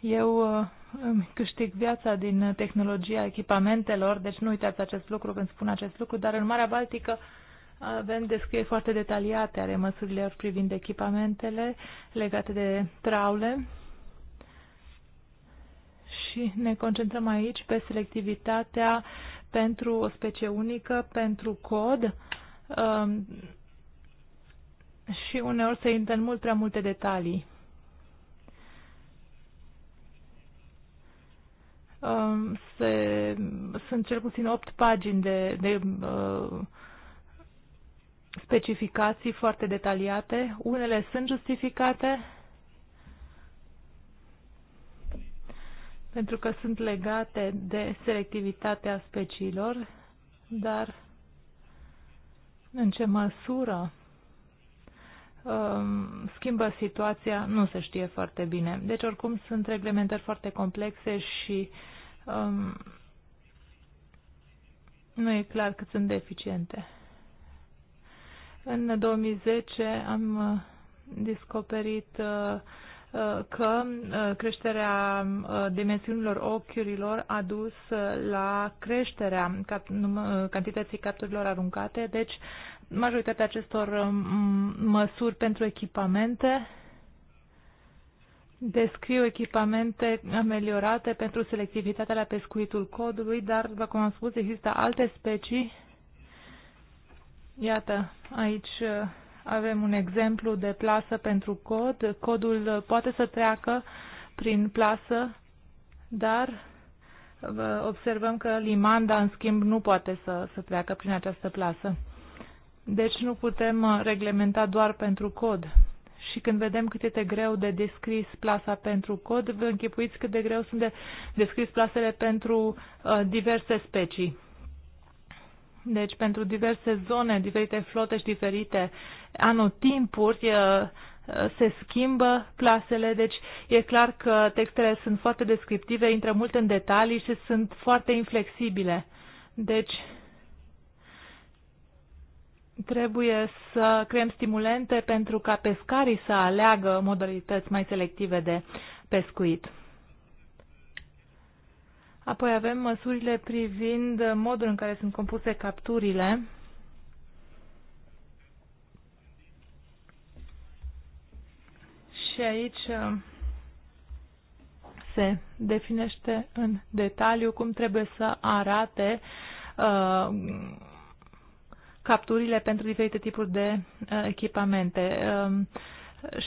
S5: eu uh, îmi câștig viața din tehnologia echipamentelor, deci nu uitați acest lucru când spun acest lucru, dar în Marea Baltică avem descrieri foarte detaliate ale măsurilor privind echipamentele legate de traule și ne concentrăm aici pe selectivitatea pentru o specie unică, pentru cod um, și uneori se intră în mult prea multe detalii. Um, se, sunt cel puțin 8 pagini de, de uh, specificații foarte detaliate. Unele sunt justificate pentru că sunt legate de selectivitatea speciilor, dar în ce măsură Um, schimbă situația, nu se știe foarte bine. Deci, oricum, sunt reglementări foarte complexe și um, nu e clar cât sunt deficiente. În 2010 am uh, descoperit uh, uh, că creșterea dimensiunilor ochiurilor a dus la creșterea cantității capturilor aruncate, deci majoritatea acestor um, măsuri pentru echipamente descriu echipamente ameliorate pentru selectivitatea la pescuitul codului, dar, după cum am spus, există alte specii. Iată, aici uh, avem un exemplu de plasă pentru cod. Codul uh, poate să treacă prin plasă, dar uh, observăm că limanda, în schimb, nu poate să, să treacă prin această plasă. Deci nu putem uh, reglementa doar pentru cod. Și când vedem cât este greu de descris plasa pentru cod, vă închipuiți cât de greu sunt de descris plasele pentru uh, diverse specii. Deci pentru diverse zone, diferite flote și diferite anotimpuri uh, uh se schimbă plasele, deci e clar că textele sunt foarte descriptive, intră mult în detalii și sunt foarte inflexibile. Deci Trebuie să creăm stimulente pentru ca pescarii să aleagă modalități mai selective de pescuit. Apoi avem măsurile privind modul în care sunt compuse capturile. Și aici uh, se definește în detaliu cum trebuie să arate uh, capturile pentru diferite tipuri de uh, echipamente. Uh,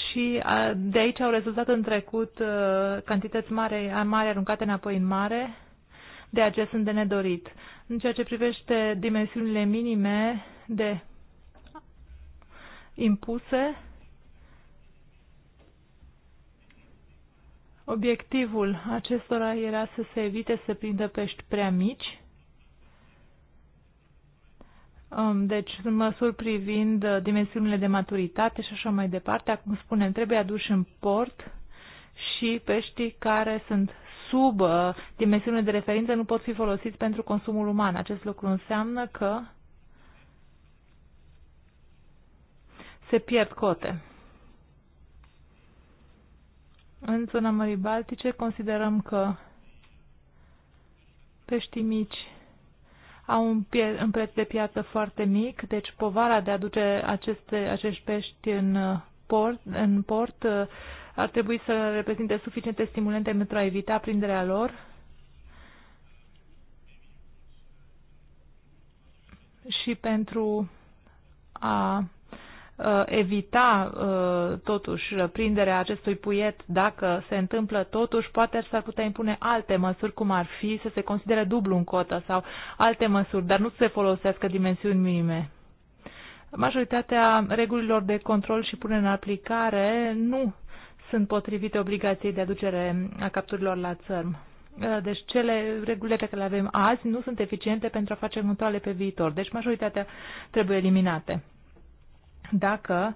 S5: și uh, de aici au rezultat în trecut uh, cantități mari, mari aruncate înapoi în mare, de aceea sunt de nedorit. În ceea ce privește dimensiunile minime de impuse, obiectivul acestora era să se evite să prindă pești prea mici, Um, deci sunt măsuri privind uh, dimensiunile de maturitate și așa mai departe. Acum spunem, trebuie aduși în port și peștii care sunt sub uh, dimensiunile de referință nu pot fi folosiți pentru consumul uman. Acest lucru înseamnă că se pierd cote. În zona Mării Baltice considerăm că peștii mici au un, pie- un preț de piață foarte mic, deci povara de a duce aceste, acești pești în uh, port, în port uh, ar trebui să reprezinte suficiente stimulente pentru a evita prinderea lor și pentru a Uh, evita uh, totuși prinderea acestui puiet dacă se întâmplă totuși, poate s-ar putea impune alte măsuri, cum ar fi să se considere dublu în cotă sau alte măsuri, dar nu să se folosească dimensiuni minime. Majoritatea regulilor de control și punere în aplicare nu sunt potrivite obligației de aducere a capturilor la țărm. Uh, deci cele regulile pe care le avem azi nu sunt eficiente pentru a face controle pe viitor. Deci majoritatea trebuie eliminate dacă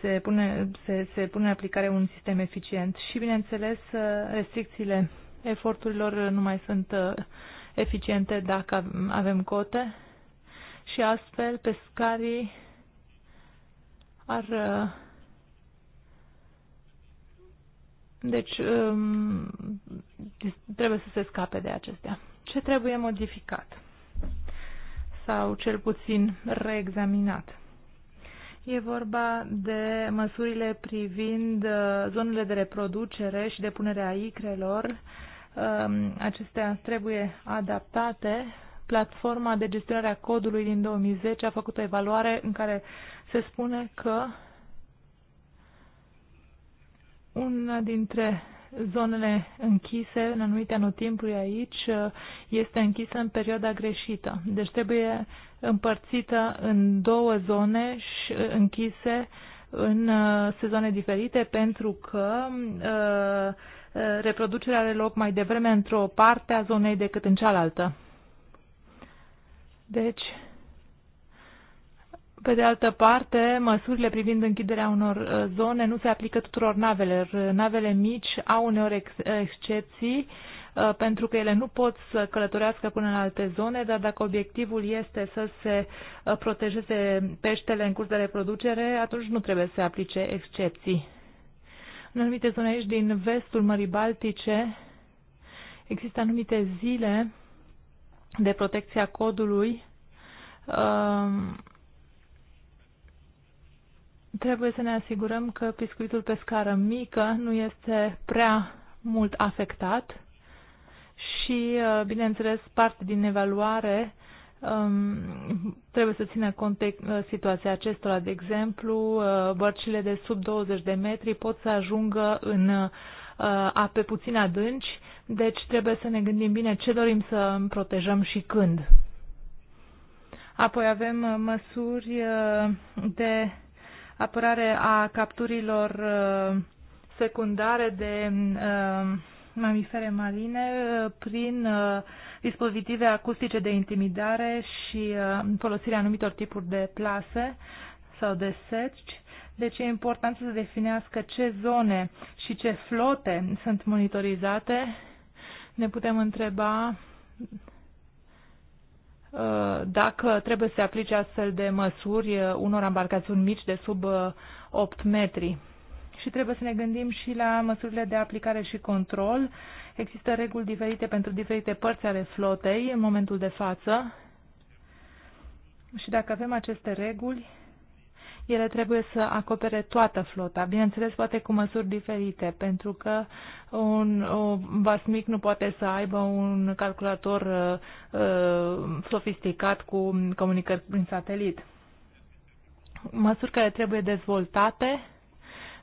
S5: se pune, se, se pune în aplicare un sistem eficient. Și, bineînțeles, restricțiile eforturilor nu mai sunt uh, eficiente dacă avem cote și astfel pescarii ar uh, deci um, trebuie să se scape de acestea. Ce trebuie modificat? Sau cel puțin reexaminat? E vorba de măsurile privind uh, zonele de reproducere și depunerea icrelor. Um, acestea trebuie adaptate. Platforma de gestionare a codului din 2010 a făcut o evaluare în care se spune că una dintre zonele închise în anumite anotimpuri aici este închisă în perioada greșită. Deci trebuie împărțită în două zone și uh, închise în uh, sezoane diferite pentru că uh, reproducerea are loc mai devreme într-o parte a zonei decât în cealaltă. Deci, pe de altă parte, măsurile privind închiderea unor uh, zone nu se aplică tuturor navelor. Navele mici au uneori ex excepții uh, pentru că ele nu pot să călătorească până în alte zone, dar dacă obiectivul este să se uh, protejeze peștele în curs de reproducere, atunci nu trebuie să aplice excepții. În anumite zone aici din vestul Mării Baltice există anumite zile de protecția codului trebuie să ne asigurăm că pescuitul pe scară mică nu este prea mult afectat și, uh, bineînțeles, parte din evaluare um, trebuie să țină cont de uh, situația acestora. De exemplu, uh, bărcile de sub 20 de metri pot să ajungă în ape puțin adânci, deci trebuie să ne gândim bine ce dorim să protejăm și când. Apoi avem măsuri de apărare a capturilor uh, secundare de uh, mamifere marine uh, prin dispozitive acustice de intimidare și folosirea anumitor tipuri de plase sau de seci. Deci e important să se definească ce zone și ce flote sunt monitorizate. Ne putem întreba Uh, dacă trebuie să se aplice astfel de măsuri uh, unor embarcațiuni mici de sub 8 uh, metri. Și trebuie să ne gândim și la măsurile de aplicare și control. Există reguli diferite pentru diferite părți ale flotei în momentul de față. Și dacă avem aceste reguli, ele trebuie să acopere toată flota, bineînțeles poate cu măsuri diferite, pentru că un, un vas mic nu poate să aibă un calculator uh, uh, sofisticat cu comunicări prin satelit. Măsuri care trebuie dezvoltate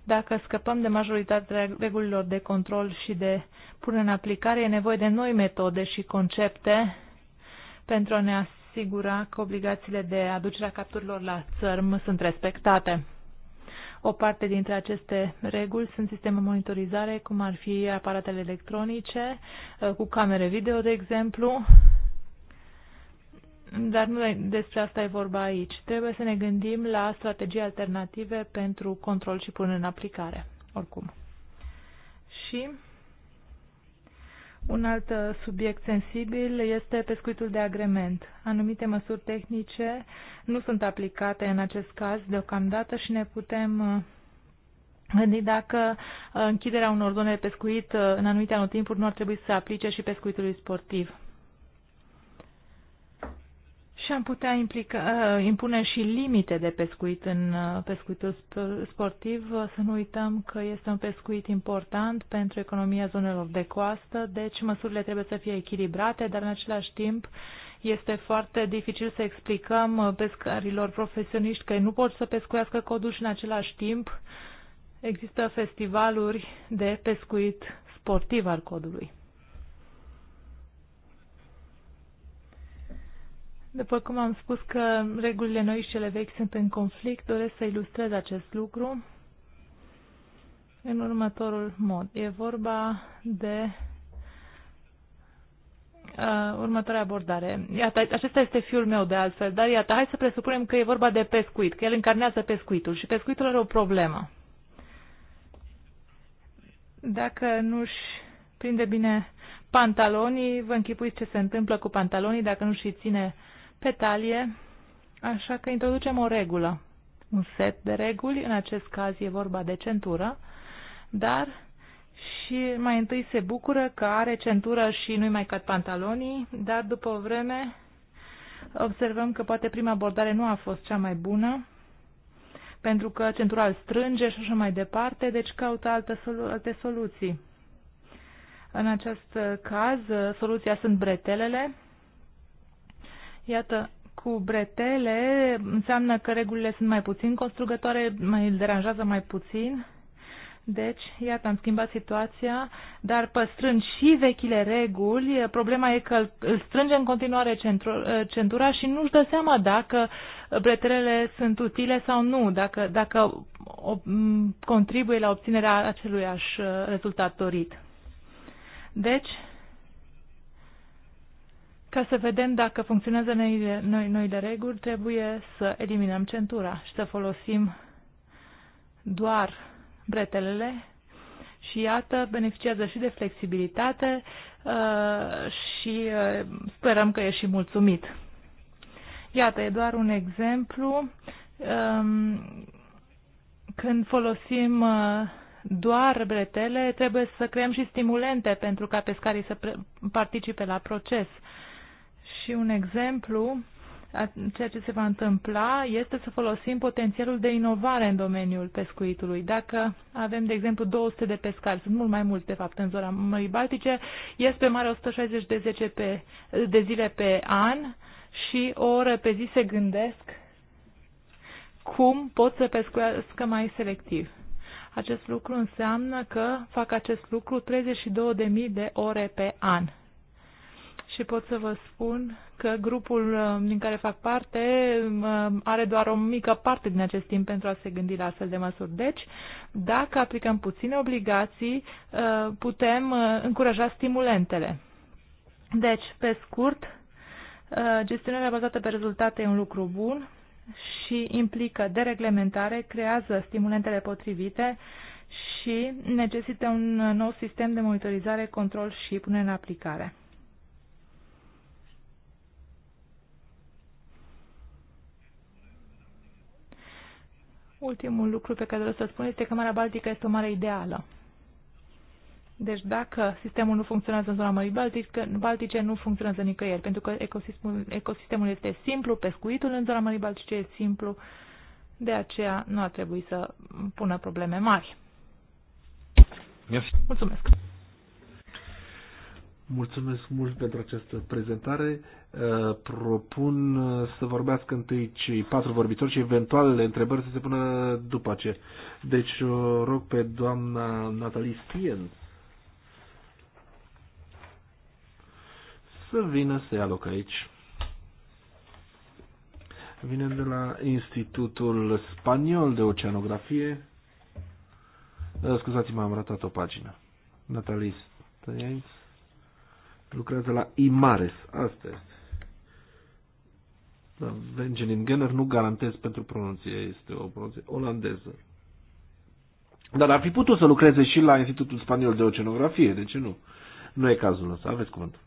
S5: dacă scăpăm de majoritatea regulilor de control și de punere în aplicare, e nevoie de noi metode și concepte pentru a ne asigura asigura că obligațiile de aducere a capturilor la țărm sunt respectate. O parte dintre aceste reguli sunt sisteme monitorizare, cum ar fi aparatele electronice, uh, cu camere video, de exemplu, dar nu despre asta e vorba aici. Trebuie să ne gândim la strategii alternative pentru control și punere în aplicare, oricum. Și un alt uh, subiect sensibil este pescuitul de agrement. Anumite măsuri tehnice nu sunt aplicate în acest caz deocamdată și ne putem uh, gândi dacă uh, închiderea unor zone de pescuit în anumite anotimpuri nu ar trebui să se aplice și pescuitului sportiv și am putea implica, uh, impune și limite de pescuit în uh, pescuitul sportiv. Să nu uităm că este un pescuit important pentru economia zonelor de coastă, deci măsurile trebuie să fie echilibrate, dar în același timp este foarte dificil să explicăm uh, pescarilor profesioniști că nu pot să pescuiască codul și în același timp există festivaluri de pescuit sportiv al codului. După cum am spus că regulile noi și cele vechi sunt în conflict, doresc să ilustrez acest lucru în următorul mod. E vorba de uh, următoarea abordare. Iată, acesta este fiul meu de altfel, dar iată, hai să presupunem că e vorba de pescuit, că el încarnează pescuitul și pescuitul are o problemă. Dacă nu-și prinde bine pantalonii, vă închipuiți ce se întâmplă cu pantalonii dacă nu și ține uh, pe talie, așa că introducem o regulă, un set de reguli, în acest caz e vorba de centură, dar și mai întâi se bucură că are centură și nu-i mai cad pantalonii, dar după o vreme observăm că poate prima abordare nu a fost cea mai bună, pentru că centura îl strânge și așa mai departe, deci caută alte, solu- alte soluții. În acest caz, soluția sunt bretelele, Iată, cu bretele înseamnă că regulile sunt mai puțin construgătoare, mai îl deranjează mai puțin. Deci, iată, am schimbat situația, dar păstrând și vechile reguli, problema e că îl strânge în continuare centru, centura și nu-și dă seama dacă bretelele sunt utile sau nu, dacă, dacă contribuie la obținerea acelui uh, rezultat dorit. Deci, ca să vedem dacă funcționează noile, noi, noile reguli, trebuie să eliminăm centura și să folosim doar bretelele și iată, beneficiază și de flexibilitate uh, și uh, sperăm că e și mulțumit. Iată, e doar un exemplu. Um, când folosim uh, doar bretele, trebuie să creăm și stimulente pentru ca pescarii să participe la proces. Și un exemplu a ceea ce se va întâmpla este să folosim potențialul de inovare în domeniul pescuitului. Dacă avem, de exemplu, 200 de pescari, sunt mult mai mulți, de fapt, în zona Mării Baltice, ies pe mare 160 de, 10 pe, de zile pe an și o oră pe zi se gândesc cum pot să pescuiască mai selectiv. Acest lucru înseamnă că fac acest lucru 32.000 de ore pe an și pot să vă spun că grupul uh, din care fac parte uh, are doar o mică parte din acest timp pentru a se gândi la astfel de măsuri. Deci, dacă aplicăm puține obligații, uh, putem încuraja stimulentele. Deci, pe scurt, gestionarea bazată pe rezultate e un lucru bun și implică dereglementare, creează stimulentele potrivite și necesită un nou sistem de monitorizare, control și punere în aplicare. Ultimul lucru pe care vreau să spun este că Marea Baltică este o mare ideală. Deci dacă sistemul nu funcționează în zona Mării Baltice, Baltice nu funcționează nicăieri, pentru că ecosistemul, ecosistemul este simplu, pescuitul în zona Mării Baltice este simplu, de aceea nu ar trebui să pună probleme mari. Mulțumesc!
S3: Mulțumesc mult pentru această prezentare. Uh, propun uh, să vorbească întâi cei patru vorbitori și eventualele întrebări să se pună după aceea. Deci o rog pe doamna Natalie Stien să vină să ia loc aici. Vine de la Institutul Spaniol de Oceanografie. Uh, scuzați-mă, am ratat o pagină. Natalie Stien lucrează la IMARES astăzi. Da, Benjamin Genner nu garantez pentru pronunție, este o pronunție olandeză. Dar ar fi putut să lucreze și la Institutul Spaniol de Oceanografie, de ce nu? Nu e cazul ăsta, aveți cuvântul.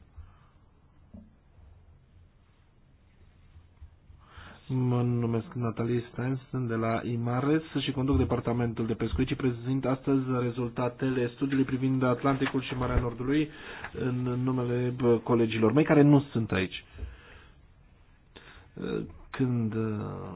S3: Mă numesc Natalie Stenson de la Imares și conduc departamentul de pescuit și prezint astăzi rezultatele studiului privind Atlanticul și Marea Nordului în numele colegilor mei care nu sunt aici când uh,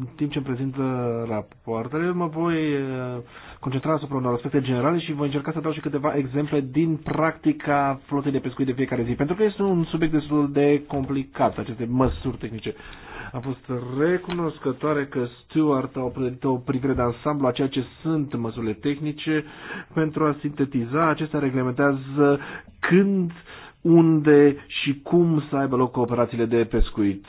S3: în timp ce îmi prezintă rapoartele, mă voi uh, concentra asupra unor aspecte generale și voi încerca să dau și câteva exemple din practica flotei de pescuit de fiecare zi, pentru că este un subiect destul de complicat, aceste măsuri tehnice. Am fost recunoscătoare că Stewart a oprit o privire de ansamblu a ceea ce sunt măsurile tehnice pentru a sintetiza. Acestea reglementează când uh, unde și cum să aibă loc operațiile de pescuit.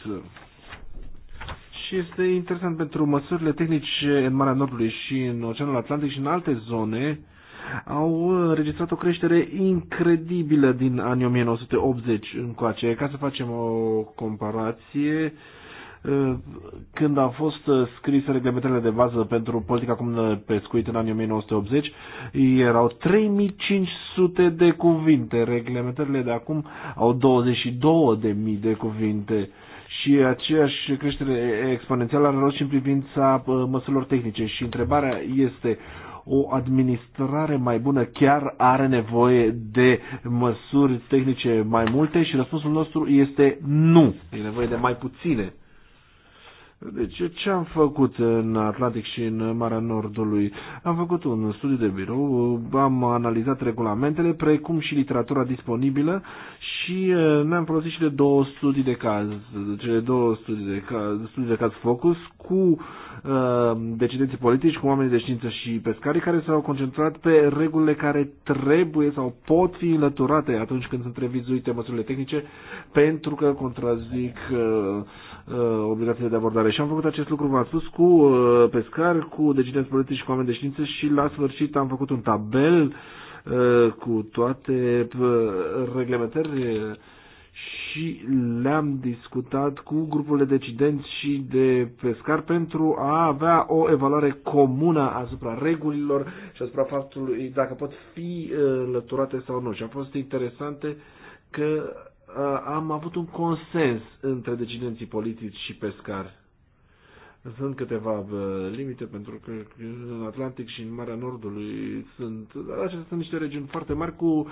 S3: Și este interesant pentru măsurile tehnice în Marea Nordului și în Oceanul Atlantic și în alte zone au înregistrat o creștere incredibilă din anii 1980 încoace. Ca să facem o comparație, Eh, când a fost eh, scrise reglementările de bază pentru politica comună de pescuit în anii 1980, erau 3500 de cuvinte. Reglementările de acum au 22.000 de cuvinte și aceeași creștere exponențială are rost și în privința eh, măsurilor tehnice. Și întrebarea este, o administrare mai bună chiar are nevoie de măsuri tehnice mai multe și răspunsul nostru este nu, e nevoie de mai puține. Deci ce am făcut în Atlantic și în Marea Nordului? Am făcut un studiu de birou, am analizat regulamentele, precum și literatura disponibilă și eh, ne-am folosit și de două studii de caz, cele două studii de caz, studii de caz focus cu uh, decidenții politici, cu oamenii de știință și pescarii care s-au concentrat pe regulile care trebuie sau pot fi înlăturate atunci când sunt revizuite măsurile tehnice pentru că contrazic uh, Uh, obligațiile de abordare. Și am făcut acest lucru, v-am spus, cu uh, pescari, cu decidenți politici și cu oameni de știință și la sfârșit am făcut un tabel uh, cu toate reglementări și le-am discutat cu grupurile decidenți și de pescar pentru a avea o evaluare comună asupra regulilor și asupra faptului dacă pot fi lăturate sau nu. Și a fost interesante că Uh, am avut un consens între decidenții politici și pescari. Sunt câteva uh, limite pentru că în Atlantic și în Marea Nordului sunt, acestea sunt niște regiuni foarte mari cu uh,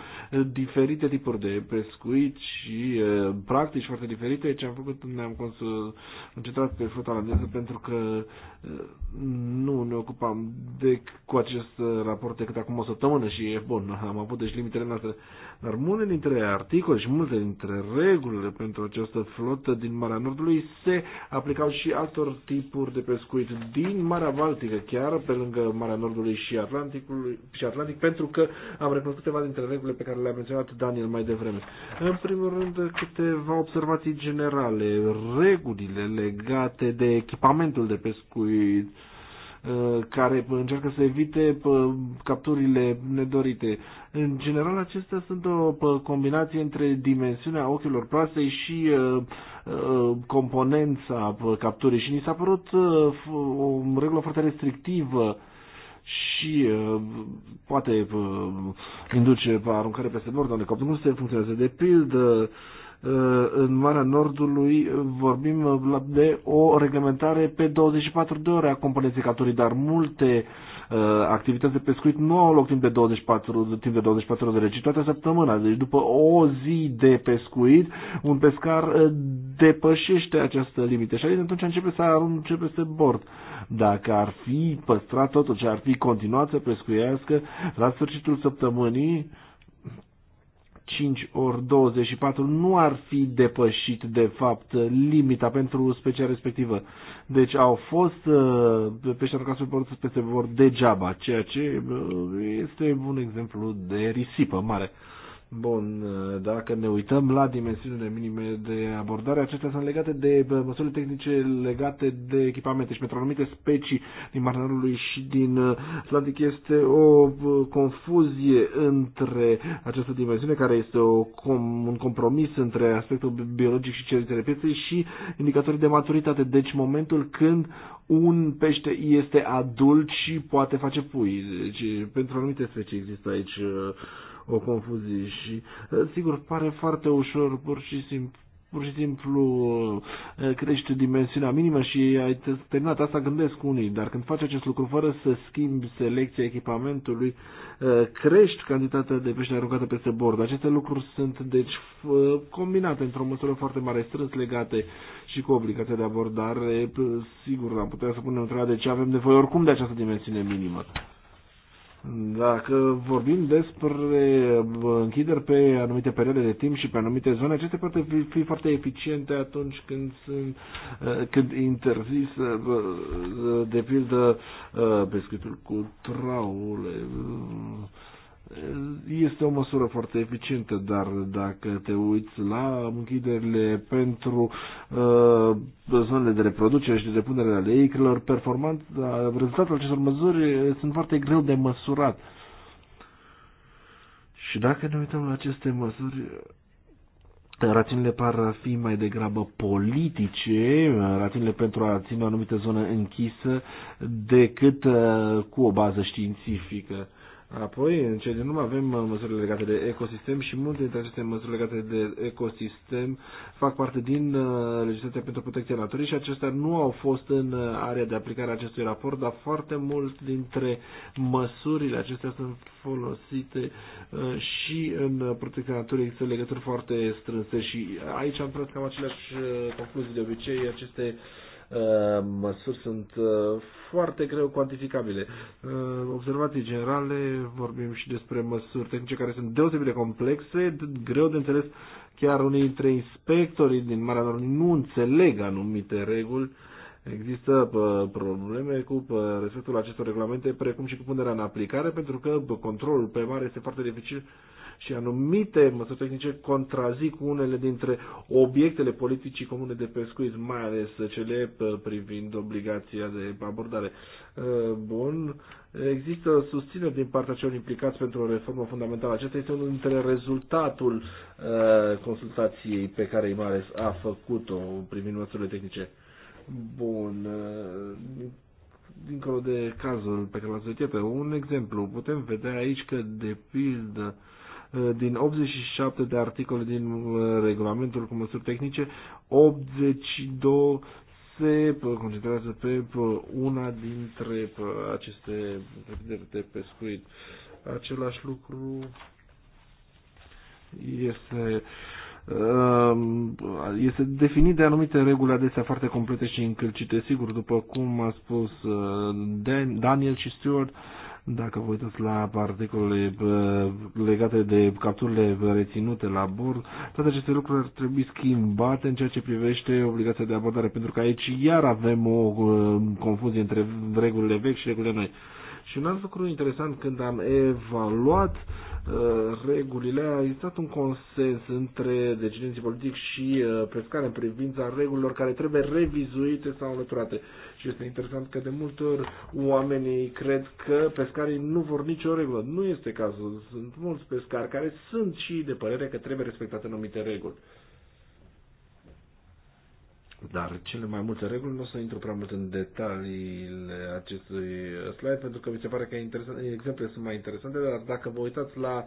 S3: diferite tipuri de pescuit și practici foarte diferite. Ce am făcut, ne-am concentrat pe flota olandeză pentru că nu ne ocupam de, cu acest raport decât acum o săptămână și e bun, am avut deci limitele noastre. Dar multe dintre articole și multe dintre regulile pentru această flotă din Marea Nordului se aplicau și altor tipuri de pescuit din Marea Baltică, chiar pe lângă Marea Nordului și, Atlanticului, și Atlantic, pentru că am recunoscut câteva dintre regulile pe care le-a menționat Daniel mai devreme. În primul rând, câteva observații generale, regulile legate de echipamentul de pescuit Uh, care încearcă să evite uh, capturile nedorite. În general, acestea sunt o uh, combinație între dimensiunea ochilor plasei și componența capturii și ni s-a părut o regulă foarte restrictivă și poate induce aruncare peste bord, unde capturile nu se funcționează. De pildă, Eh, în Marea Nordului eh, vorbim eh, de o reglementare pe 24 de ore a componenței catorii, dar multe activități de pescuit nu au loc timp de 24, timp de 24 de ore, ci toată săptămâna. Deci după o zi de pescuit, un pescar depășește această limită și atunci începe să arunce peste bord. Dacă ar fi păstrat totul ce ar fi continuat să pescuiască, la sfârșitul săptămânii, 5 ori 24 nu ar fi depășit, de fapt, limita pentru specia respectivă. Deci au fost pești aruncați pe peste vor degeaba, ceea ce uh, este un exemplu de risipă mare. Bun, dacă ne uităm la dimensiunile minime de abordare, acestea sunt legate de măsurile tehnice legate de echipamente și pentru anumite specii din Marnarului și din uh, Atlantic este o confuzie între această dimensiune care este o, com, un compromis între aspectul biologic și cerințele pieței și indicatorii de maturitate. Deci momentul când un pește este adult și poate face pui. Deci pentru anumite specii există aici uh, o confuzie și eh, sigur pare foarte ușor pur și simplu pur și simplu eh, crește dimensiunea minimă și ai terminat asta gândesc unii, dar când faci acest lucru fără să schimbi selecția echipamentului, eh, crești cantitatea de pește aruncată peste bord. Aceste lucruri sunt deci combinate într-o măsură foarte mare, strâns legate și cu obligația de abordare. Sigur, am putea să punem întrebarea de ce avem nevoie oricum de această dimensiune minimă. Dacă vorbim despre închideri pe anumite perioade de timp și pe anumite zone, acestea poate fi, fi foarte eficiente atunci când sunt ă, când interzis ă, ă, de pildă pescuitul cu traule este o măsură foarte eficientă, dar dacă te uiți la închiderile pentru uh, zonele de reproducere și de depunere ale eicilor, performanța, uh, rezultatele acestor măsuri uh, sunt foarte greu de măsurat. Și dacă ne uităm la aceste măsuri, uh, rațiunile par a fi mai degrabă politice, rațiunile pentru a ține o anumită zonă închisă, decât uh, cu o bază științifică. Apoi, în cele din urmă, avem uh, măsurile legate de ecosistem și multe dintre aceste măsuri legate de ecosistem fac parte din uh, legislația pentru protecția naturii și acestea nu au fost în uh, area de aplicare a acestui raport, dar foarte mult dintre măsurile acestea sunt folosite și în protecția naturii există legături foarte strânse și aici am tras cam aceleași concluzii de obicei, aceste uh, Uh, măsuri sunt uh, foarte greu cuantificabile. Uh, observații generale, vorbim și despre măsuri tehnice care sunt deosebit de complexe, greu de înțeles, chiar unii dintre inspectorii din Marea Nordului nu înțeleg anumite reguli Există probleme cu respectul acestor regulamente, precum și cu punerea în aplicare, pentru că controlul pe mare este foarte dificil și anumite măsuri tehnice contrazic unele dintre obiectele politicii comune de pescuit, mai ales cele uh, privind obligația de abordare. Uh, bun, există susținere din partea celor implicați pentru o reformă fundamentală. Acesta este unul dintre rezultatul uh, consultației pe care Imares a făcut-o privind măsurile tehnice. Bun, dincolo de cazul pe care l-ați văzut, un exemplu, putem vedea aici că, de pildă, din 87 de articole din uh, regulamentul cu măsuri tehnice, 82 se uh, concentrează pe uh, una dintre aceste prevederi de pescuit. Același lucru este um, este definit de anumite reguli adesea foarte complete și încălcite. Sigur, după cum a spus Daniel și Stewart, dacă vă uitați la articolele legate de capturile reținute la bord, toate aceste lucruri ar trebui schimbate în ceea ce privește obligația de abordare, pentru că aici iar avem o uh, confuzie între regulile vechi și regulile noi. Și un alt lucru interesant, când am evaluat uh, regulile, a existat un consens între decidenții politici și uh, pescare în privința regulilor care trebuie revizuite sau înlăturate. Și este interesant că de multe ori oamenii cred că pescarii nu vor nicio regulă. Nu este cazul. Sunt mulți pescari care sunt și de părere că trebuie respectate anumite reguli dar cele mai multe reguli, nu o să intru prea mult în detaliile acestui slide, pentru că mi se pare că interesant, exemplele sunt mai interesante, dar dacă vă uitați la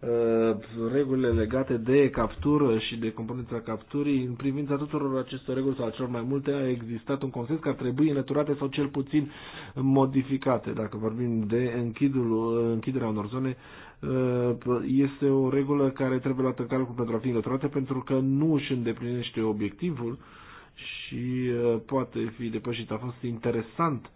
S3: uh, regulile legate de captură și de componența capturii, în privința tuturor acestor reguli sau celor mai multe, a existat un consens că ar trebui înlăturate sau cel puțin modificate. Dacă vorbim de închidul, închiderea unor zone, uh, este o regulă care trebuie luată în calcul pentru a fi înlăturată pentru că nu își îndeplinește obiectivul uh, și uh, poate fi depășit. A fost interesant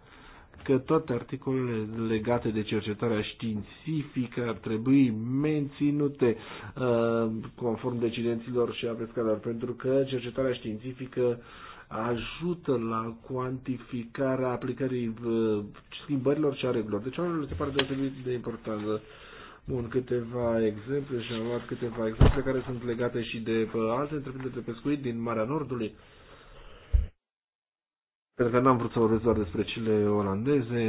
S3: că toate articolele legate de cercetarea științifică ar trebui menținute uh, conform decidenților și a pescarilor, pentru că cercetarea științifică ajută la cuantificarea aplicării uh, schimbărilor și a regulilor. Deci, oamenilor se pare deosebit de importantă. Bun, câteva exemple și am luat câteva exemple care sunt legate și de uh, alte întreprinderi de pescuit din Marea Nordului. Uh, pentru că n-am vrut să vorbesc doar despre cele olandeze.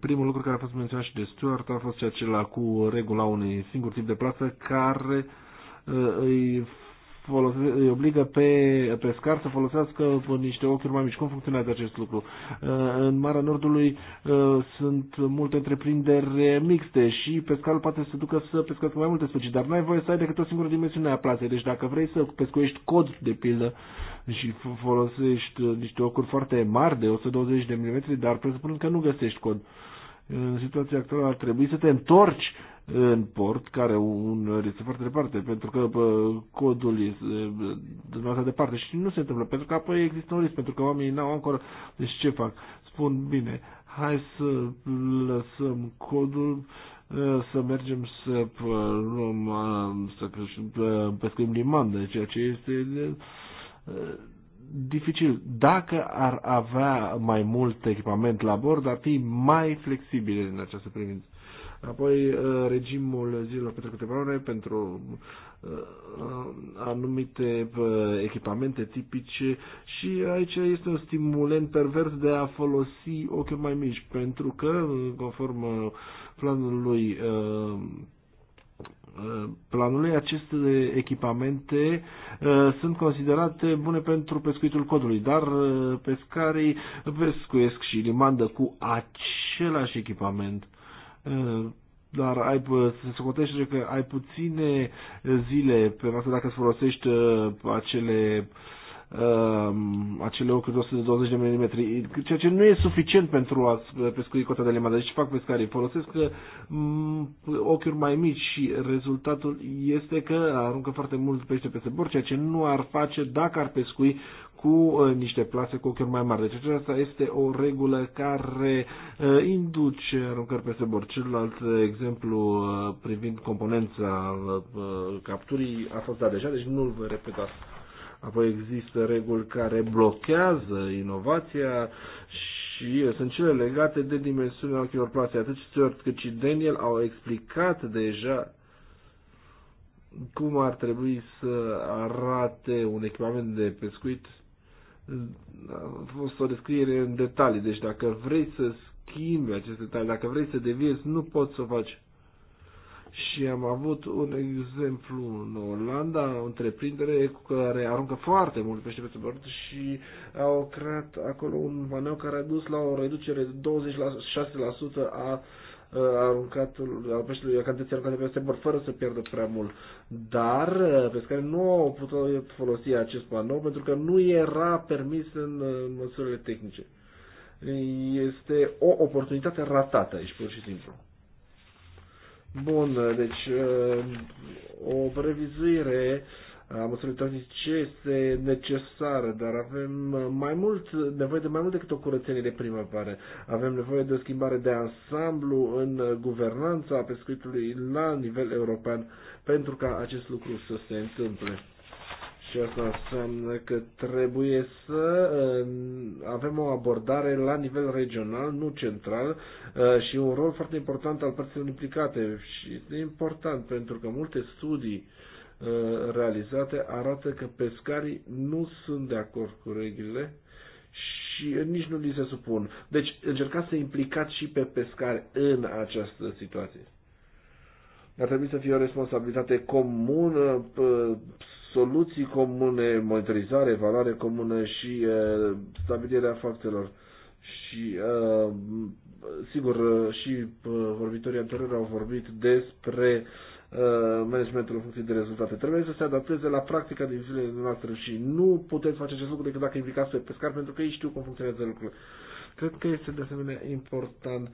S3: Primul lucru care a fost menționat și de Stuart a fost ceea ce la cu regula unui singur tip de plată care uh, îi, folose, îi obligă pe pescar să folosească niște ochiuri mai mici. Cum funcționează acest lucru? Uh, în Marea Nordului uh, sunt multe întreprinderi mixte și pescarul poate să ducă să pescuiască mai multe specii, dar n-ai voie să ai decât o singură dimensiune a plasei. Deci dacă vrei să pescuiești cod, de pildă, și folosești uh, niște ocuri foarte mari de 120 de mm, dar presupun că nu găsești cod. În situația actuală ar trebui să te întorci în port, care un este foarte departe, pentru că bă, codul este de departe și nu se întâmplă, pentru că apoi există un risc, pentru că oamenii n-au ancoră. Deci ce fac? Spun, bine, hai să lăsăm codul, uh, să mergem să luăm, uh, să pescuim liman, de ceea ce este dificil. Dacă ar avea mai mult echipament la bord, ar fi mai flexibile în această privință. Apoi uh, regimul zilelor petrecute pe ore pentru uh, anumite uh, echipamente tipice și aici este un stimulent pervers de a folosi ochi mai mici pentru că conform planului Eh, planului, aceste echipamente eh, sunt considerate bune pentru pescuitul codului, dar eh, pescarii pescuiesc și limandă cu același echipament dar ai, se socotește că ai puține zile pe masă dacă îți folosești acele Ehm, acele ochi de 120 de mm, ceea ce nu e suficient pentru a pescui cota de limadă. Deci fac pescarii, folosesc mm, ochiuri mai mici și rezultatul este că aruncă foarte mult pește peste bord, ceea ce nu ar face dacă ar pescui cu eh, niște plase cu ochiuri mai mari. Deci aceasta este o regulă care eh, induce aruncări peste bord. Celălalt exemplu eh, privind componența capturii a fost dat deja, deci nu-l voi repeta apoi există reguli care blochează inovația și sunt cele legate de dimensiunea ochilor plase. Atât Stuart cât și Daniel au explicat deja cum ar trebui să arate un echipament de pescuit. A fost o descriere în detalii, deci dacă vrei să schimbi aceste detalii, dacă vrei să deviezi, nu poți să o faci și am avut un exemplu în Olanda, o întreprindere care aruncă foarte mult pește pe bord și au creat acolo un maneu care a dus la o reducere de 26% a aruncatul, a peștelui, a cantității aruncate peste bord, fără să pierdă prea mult. Dar pescarii nu au putut folosi acest panou pentru că nu era permis în măsurile tehnice. Este o oportunitate ratată aici, pur și simplu. Bun, deci uh, o revizuire a măsurilor ce este necesară, dar avem uh, mai mult, nevoie de mai mult decât o curățenie de primăvară. Avem nevoie de o schimbare de ansamblu în guvernanța pescuitului la nivel european pentru ca acest lucru să se întâmple. Și asta înseamnă că trebuie să uh, avem o abordare la nivel regional, nu central, uh, și un rol foarte important al părților implicate. Și este important pentru că multe studii uh, realizate arată că pescarii nu sunt de acord cu regulile și nici nu li se supun. Deci încercați să implicați și pe pescari în această situație ar trebui să fie o responsabilitate comună, soluții comune, monitorizare, evaluare comună și uh, stabilirea faptelor. Și, uh, sigur, uh, și vorbitorii anteriori au vorbit despre managementul în funcție de rezultate. Trebuie să se adapteze la practica din zilele noastre și nu puteți face acest lucru decât dacă implicați pe pescar, pentru că ei știu cum funcționează lucrurile. Cred că este de asemenea important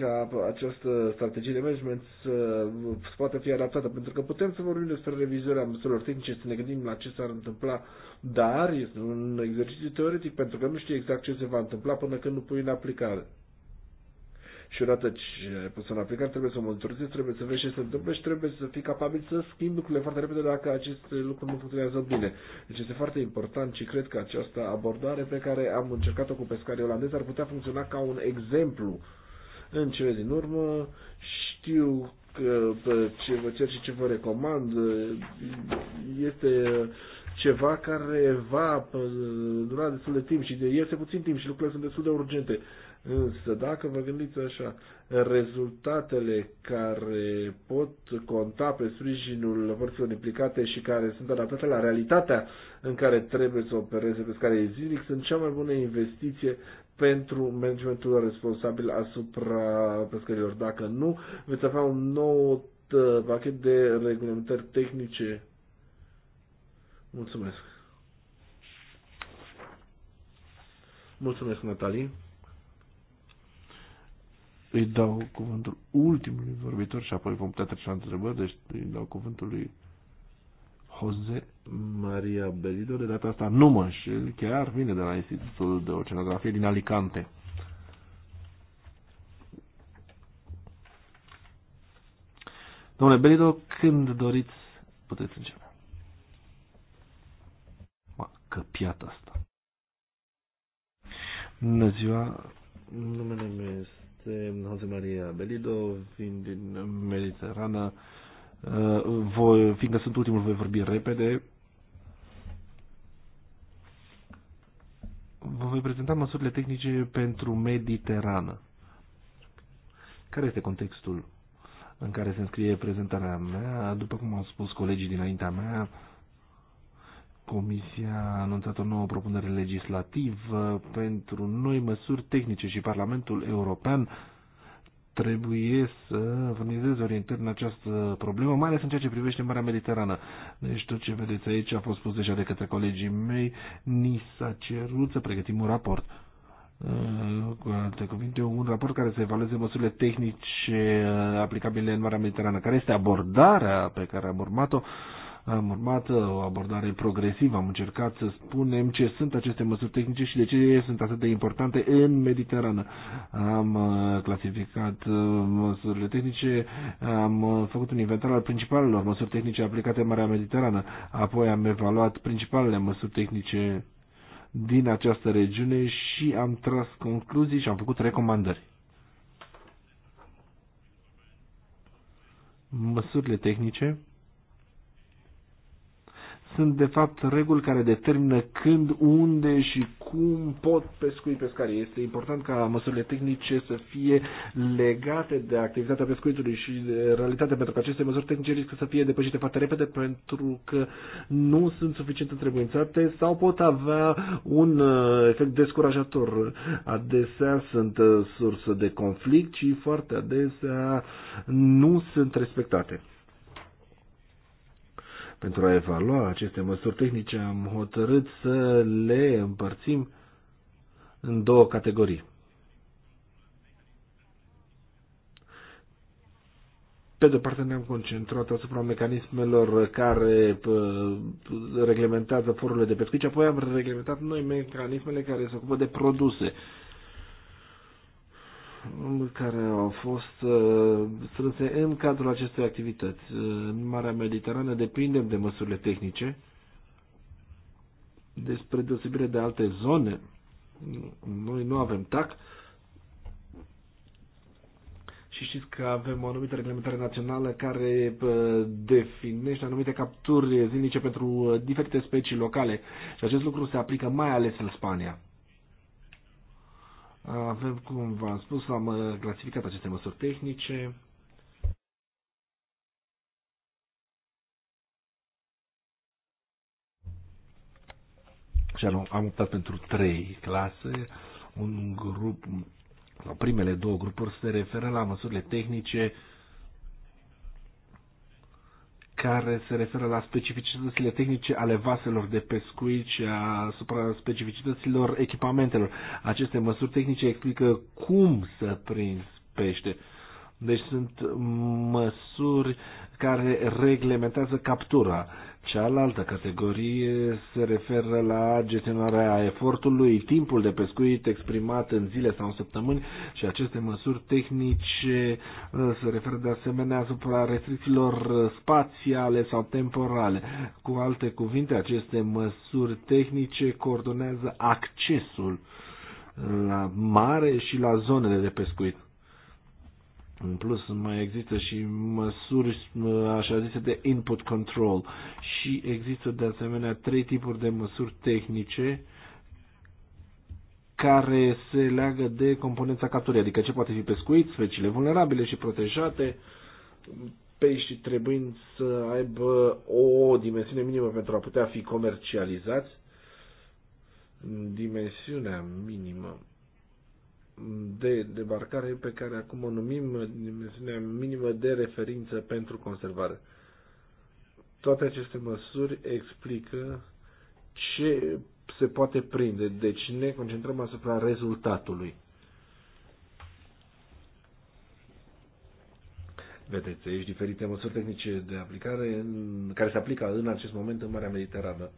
S3: ca această strategie de management să, să poată fi adaptată, pentru că putem să vorbim despre revizuirea măsurilor tehnice, să ne gândim la ce s-ar întâmpla, dar este un exercițiu teoretic, pentru că nu știi exact ce se va întâmpla până când nu pui în aplicare. Și odată ce poți să în aplicare, trebuie să monitorizezi, trebuie să vezi ce se întâmplă și trebuie să fii capabil să schimbi lucrurile foarte repede dacă aceste lucruri nu funcționează bine. Deci este foarte important și cred că această abordare pe care am încercat-o cu pescarii olandezi ar putea funcționa ca un exemplu uh, în cele din urmă știu că ce vă cer și ce vă recomand este ceva care va dura destul de timp și de este puțin timp și lucrurile sunt destul de urgente. Însă dacă vă gândiți așa, rezultatele care pot conta pe sprijinul părților implicate și care sunt adaptate la realitatea în care trebuie să opereze pe scară zilnic sunt cea mai bună investiție pentru managementul responsabil asupra pescărilor. Dacă nu, veți avea un nou uh, pachet de reglementări tehnice. Mulțumesc. Mulțumesc, Natalie. Îi dau cuvântul ultimului vorbitor și apoi vom putea trece la întrebări, deci îi dau cuvântul lui Jose Maria Belido de data asta nu mă înșel, chiar vine de la Institutul de Oceanografie din Alicante. Domnule Belido, când doriți, puteți începe. Mă, căpiat asta. Bună ziua, numele meu este Jose Maria Belido, vin din Mediterana. Uh, voi, fiindcă sunt ultimul, voi vorbi repede. vă voi prezenta măsurile tehnice pentru Mediterană. Care este contextul în care se înscrie prezentarea mea? După cum au spus colegii dinaintea mea, Comisia a anunțat o nouă propunere legislativă pentru noi măsuri tehnice și Parlamentul European trebuie să furnizeze orientări în această problemă, mai ales în ceea ce privește Marea Mediterană. Deci tot ce vedeți aici a fost spus deja de către colegii mei, ni s-a cerut să pregătim un raport uh, cu alte cuvinte, un raport care să evalueze măsurile tehnice uh, aplicabile în Marea Mediterană, care este abordarea pe care am urmat-o am urmat uh, o abordare progresivă, am încercat să spunem ce sunt aceste măsuri tehnice și de ce sunt atât de importante în Mediterană. Am uh, clasificat uh, măsurile tehnice, am făcut un inventar al principalelor măsuri tehnice aplicate în Marea Mediterană, apoi am evaluat principalele măsuri tehnice din această regiune și am tras concluzii și am făcut recomandări. Măsurile tehnice sunt de fapt reguli care determină când, unde și cum pot pescui pescarii. Este important ca măsurile tehnice să fie legate de activitatea pescuitului și de realitate, pentru că aceste măsuri tehnice riscă să fie depășite foarte repede pentru că nu sunt suficient întrebuințate sau pot avea un uh, efect descurajator. Adesea sunt uh, sursă de conflict și foarte adesea nu sunt respectate. Pentru a evalua aceste măsuri tehnice am hotărât să le împărțim în două categorii. Pe de parte ne-am concentrat asupra mecanismelor care uh, reglementează forurile de pescuit și apoi am reglementat noi mecanismele care se ocupă de produse care au fost uh, strânse în cadrul acestei activități. Uh, în Marea Mediterană depindem de măsurile tehnice, despre deosebire de alte zone. Noi nu avem TAC și știți că avem o anumită reglementare națională care uh, definește anumite capturi zilnice pentru diferite specii locale și acest lucru se aplică mai ales în Spania avem, cum v-am spus, am uh, clasificat aceste măsuri tehnice. Și am, optat pentru trei clase. Un grup, primele două grupuri se referă la măsurile tehnice uh, care se referă la specificitățile tehnice ale vaselor de pescuit și asupra specificităților echipamentelor. Aceste măsuri tehnice explică cum să prinzi pește. Deci sunt măsuri care reglementează captura Cealaltă categorie se referă la gestionarea efortului, timpul de pescuit exprimat în zile sau în săptămâni și aceste măsuri tehnice uh, se referă de asemenea asupra restricțiilor spațiale sau temporale. Cu alte cuvinte, aceste măsuri tehnice coordonează accesul la mare și la zonele de pescuit în plus, mai există și măsuri, așa zise, de input control și există de asemenea trei tipuri de măsuri tehnice care se leagă de componența caturii, adică ce poate fi pescuit, speciile vulnerabile și protejate, pești trebuind să aibă o dimensiune minimă pentru a putea fi comercializați, dimensiunea minimă de debarcare pe care acum o numim dimensiunea minimă de referință pentru conservare. Toate aceste măsuri explică ce se poate prinde, deci ne concentrăm asupra rezultatului. Vedeți aici diferite măsuri tehnice de aplicare în, care se aplică în acest moment în Marea Mediterană.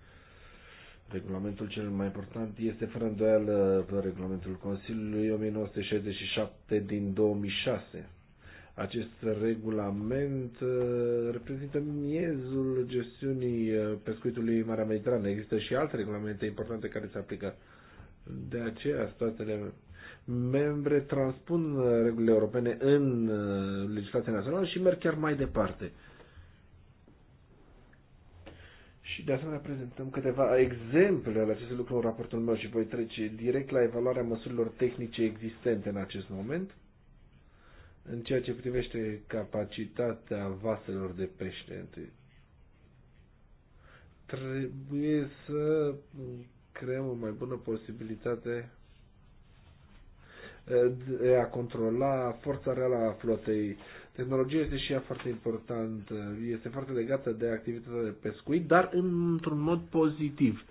S3: Regulamentul cel mai important este fără îndoială regulamentul Consiliului 1967 din 2006. Acest regulament uh, reprezintă miezul gestiunii uh, pescuitului Marea Mediterană. Există și alte regulamente importante care se aplică. De aceea, statele membre transpun uh, regulile europene în legislația națională și merg chiar mai departe. Și de asemenea prezentăm câteva exemple ale acestui lucru în raportul meu și voi trece direct la evaluarea măsurilor tehnice existente în acest moment în ceea ce privește capacitatea vaselor de pește. Trebuie să creăm o mai bună posibilitate de a controla forța reală a flotei Tehnologia este și ea foarte importantă, este foarte legată de activitatea de pescuit, dar într-un mod pozitiv.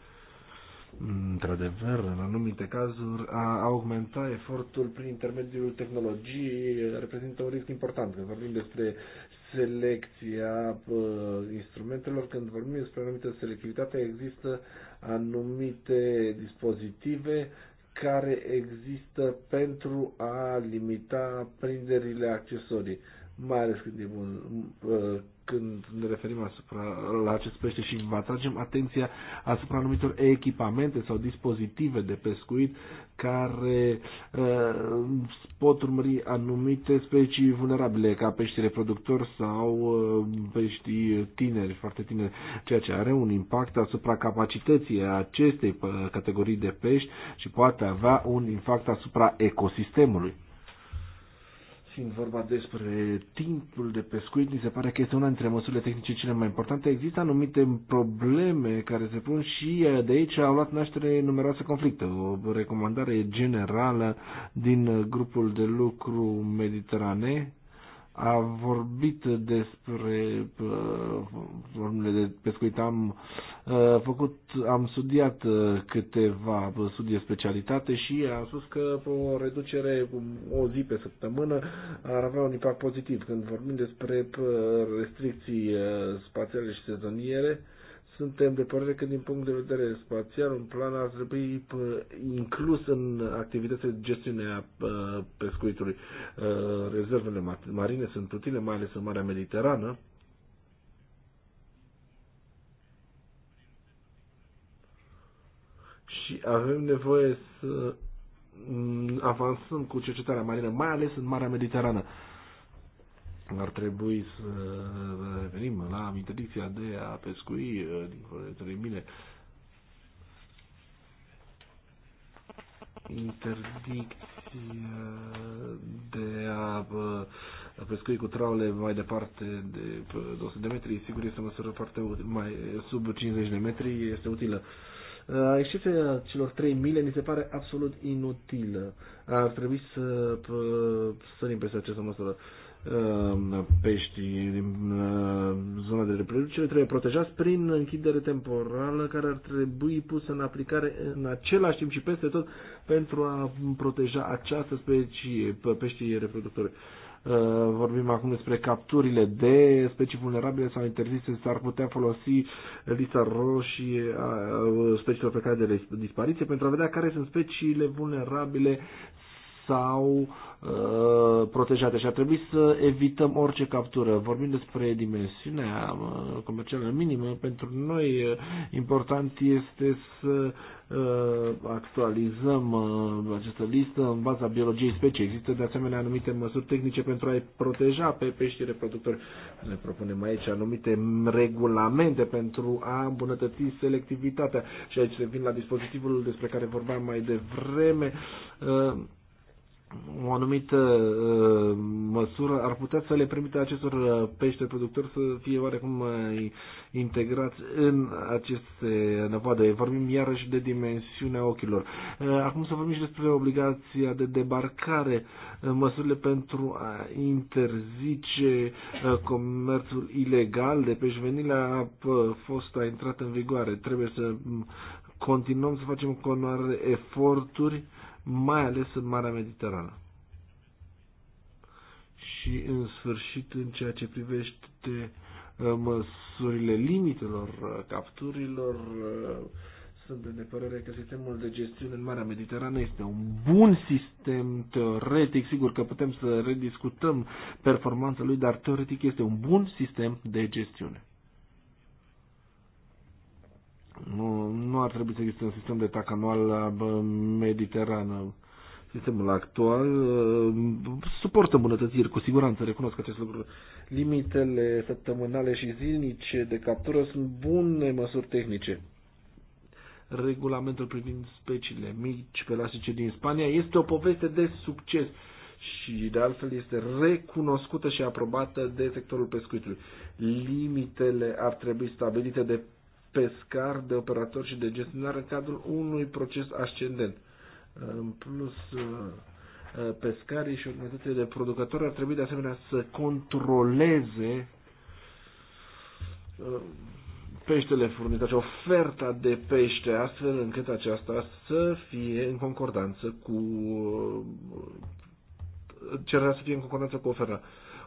S3: Într-adevăr, în anumite cazuri, a augmenta efortul prin intermediul tehnologiei reprezintă un risc important. Când vorbim despre selecția uh, instrumentelor, când vorbim despre anumită selectivitate, există anumite dispozitive care există pentru a limita prinderile accesorii mai ales când, e bun, uh, când ne referim asupra, la acest pește și vă atragem atenția asupra anumitor echipamente sau dispozitive de pescuit care uh, pot urmări anumite specii vulnerabile ca pești reproductori sau uh, pești tineri, foarte tineri, ceea ce are un impact asupra capacității acestei uh, categorii de pești și poate avea un impact asupra ecosistemului fiind vorba despre timpul de pescuit, mi se pare că este una dintre măsurile tehnice cele mai importante. Există anumite probleme care se pun și de aici au luat naștere numeroase conflicte. O recomandare generală din grupul de lucru mediterane a vorbit despre uh, formele de pescuit. Am uh, făcut, am studiat uh, câteva studii specialitate și am spus că o reducere um, o zi pe săptămână ar avea un impact pozitiv. Când vorbim despre restricții spațiale și sezoniere, suntem de părere că din punct de vedere spațial un plan ar trebui uh, inclus în activitățile de gestiune a uh, pescuitului. Uh, rezervele marine sunt utile, mai ales în Marea Mediterană, și avem nevoie să mm, avansăm cu cercetarea marină, mai ales în Marea Mediterană ar trebui să revenim la interdicția de a pescui uh, din forestele mine. Interdicția de uh, a pescui cu traule mai departe de 200 uh, de metri, sigur este măsură foarte mai sub 50 de metri, este utilă. Excepția celor 3 mile mi se pare absolut inutilă. Ar trebui să sărim peste această măsură. Ehm, pești, din ehm, zona de reproducere trebuie protejați prin închidere temporală care ar trebui pusă în aplicare în același timp și peste tot pentru a proteja această specie, peștii reproductori. Ehm, vorbim acum despre capturile de specii vulnerabile sau interzise. S-ar putea folosi lista roșie a speciilor pe care de dispariție pentru a vedea care sunt speciile vulnerabile sau uh, protejate și ar trebui să evităm orice captură. Vorbim despre dimensiunea uh, comercială minimă. Pentru noi uh, important este să actualizăm această listă în baza biologiei specii. Există de asemenea anumite măsuri tehnice pentru a-i proteja pe peștii reproductori. Ne propunem aici anumite regulamente pentru a îmbunătăți selectivitatea. Și aici se vin la dispozitivul despre care vorbeam mai devreme o anumită uh, măsură ar putea să le permită acestor uh, pește productori să fie oarecum mai uh, integrați în aceste năvoade. Vorbim iarăși de dimensiunea ochilor. Uh, acum să vorbim și despre obligația de debarcare, uh, măsurile pentru a interzice uh, comerțul ilegal de pești la a fost a intrat în vigoare. Trebuie să mm, continuăm să facem cu eforturi mai ales în Marea Mediterană. Și, în sfârșit, în ceea ce privește uh, măsurile limitelor uh, capturilor, uh, sunt de părere că sistemul de gestiune în Marea Mediterană este un bun sistem teoretic, sigur că putem să rediscutăm performanța lui, dar teoretic este un bun sistem de gestiune. Nu, nu ar trebui să existe un sistem de atac anual la Mediterană. Sistemul actual uh, suportă îmbunătățiri, cu siguranță recunosc acest lucru. Limitele săptămânale și zilnice de captură sunt bune măsuri tehnice regulamentul privind speciile mici pelasice din Spania este o poveste de succes și de altfel este recunoscută și aprobată de sectorul pescuitului. Limitele ar trebui stabilite de pescar, de operator și de gestionare în cadrul unui proces ascendent. În plus, uh, uh, pescarii și organizațiile de producători ar trebui de asemenea să controleze uh, peștele furnizat, oferta de pește, astfel încât aceasta să fie în concordanță cu cererea să fie în concordanță cu oferta